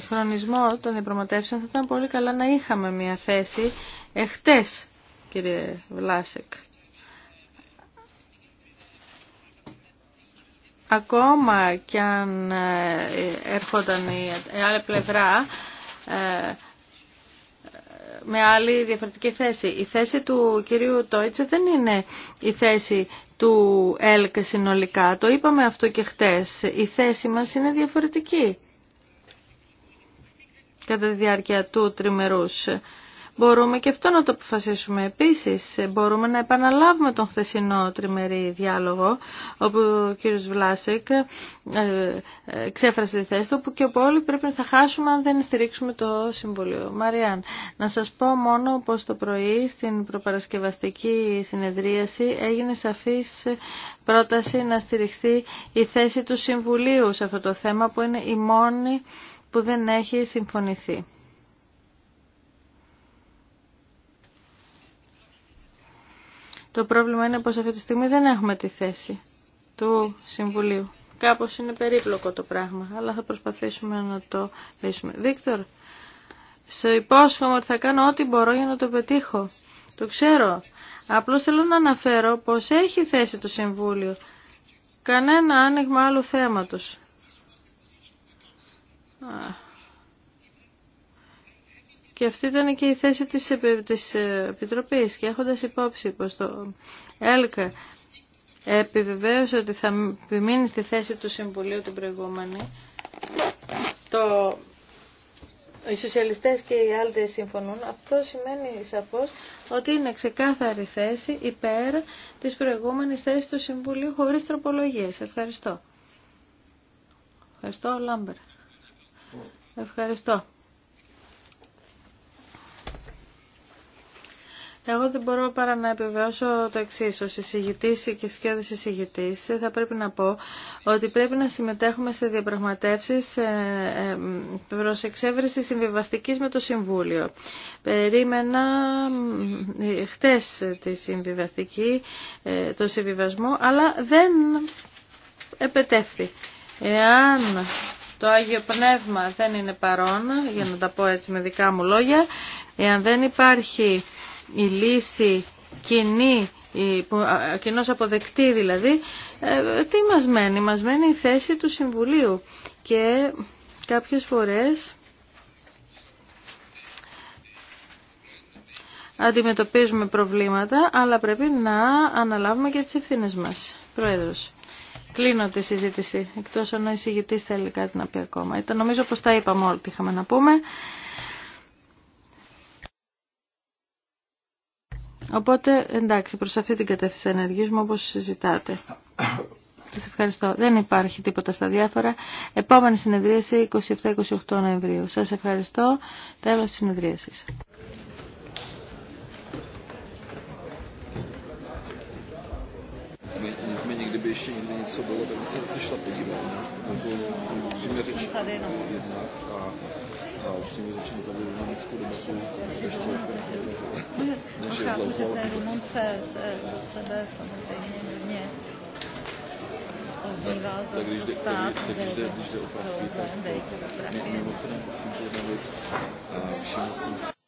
χρονισμό των διαπραγματεύσεων θα ήταν πολύ καλά να είχαμε μια θέση εχθές, κύριε Βλάσεκ. Ακόμα κι αν ε, έρχονταν η άλλη πλευρά, ε, με άλλη διαφορετική θέση. Η θέση του κυρίου Τόιτσε δεν είναι η θέση του ΕΛΚ συνολικά. Το είπαμε αυτό και χτες. Η θέση μας είναι διαφορετική κατά τη διάρκεια του τριμερούς. Μπορούμε και αυτό να το αποφασίσουμε επίσης. Μπορούμε να επαναλάβουμε τον χθεσινό τριμερή διάλογο όπου ο κύριος Βλάσεκ ε, ε, ξέφρασε τη θέση του που και όπου όλοι πρέπει να θα χάσουμε αν δεν στηρίξουμε το Συμβουλίο. Μαριάν, να σας πω μόνο πως το πρωί στην προπαρασκευαστική συνεδρίαση έγινε σαφής πρόταση να στηριχθεί η θέση του Συμβουλίου σε αυτό το θέμα που είναι η μόνη που δεν έχει συμφωνηθεί. Το πρόβλημα είναι πως αυτή τη στιγμή δεν έχουμε τη θέση του Συμβουλίου. Κάπως είναι περίπλοκο το πράγμα, αλλά θα προσπαθήσουμε να το λύσουμε. Βίκτορ, σε υπόσχομαι ότι θα κάνω ό,τι μπορώ για να το πετύχω. Το ξέρω. Απλώς θέλω να αναφέρω πως έχει θέση το Συμβούλιο. Κανένα άνοιγμα άλλου θέματος. Και αυτή ήταν και η θέση της, της Επιτροπής και έχοντας υπόψη πως το ΕΛΚΑ επιβεβαίωσε ότι θα επιμείνει στη θέση του Συμβουλίου την προηγούμενη, το οι σοσιαλιστές και οι άλλοι συμφωνούν. Αυτό σημαίνει σαφώς ότι είναι ξεκάθαρη θέση υπέρ της προηγούμενης θέσης του Συμβουλίου χωρίς τροπολογίες. Ευχαριστώ. Ευχαριστώ, Λάμπερ. Ευχαριστώ. Εγώ δεν μπορώ παρά να επιβεβαιώσω το εξή. Ω εισηγητή και σκέδε εισηγητή, ε, θα πρέπει να πω ότι πρέπει να συμμετέχουμε σε διαπραγματεύσει ε, ε, προ εξέβρεση συμβιβαστική με το Συμβούλιο. Περίμενα χτε τη συμβιβαστική, το συμβιβασμό, αλλά δεν επετεύθη. Εάν το Άγιο Πνεύμα δεν είναι παρόν, για να τα πω έτσι με δικά μου λόγια, εάν δεν υπάρχει η λύση κοινή, κοινός αποδεκτή δηλαδή, ε, τι μας μένει, μας μένει η θέση του Συμβουλίου και κάποιες φορές αντιμετωπίζουμε προβλήματα, αλλά πρέπει να αναλάβουμε και τις ευθύνες μας. Πρόεδρος. Κλείνω τη συζήτηση, εκτός αν ο εισηγητής θέλει κάτι να πει ακόμα. Ήταν, νομίζω πως τα είπαμε όλοι τι είχαμε να πούμε. Οπότε, εντάξει, προς αυτή την κατεύθυνση μου, όπως συζητάτε. Σας ευχαριστώ. Δεν υπάρχει τίποτα στα διάφορα. Επόμενη συνεδρίαση 27-28 Νοεμβρίου. Σας ευχαριστώ. Τέλος της συνεδρίασης. ještě někdy něco bylo, tak jsem se šla podívat. Jako, upřímně řečeno, a, a upřímně řečeno tady rumuneckou debatu ještě než je chápu, že té Rumunce ze sebe samozřejmě hodně tak, když jde, stát, tak, když jde, když jde o prachy, tak to, mimochodem, prosím, jedna věc, všiml jsem si,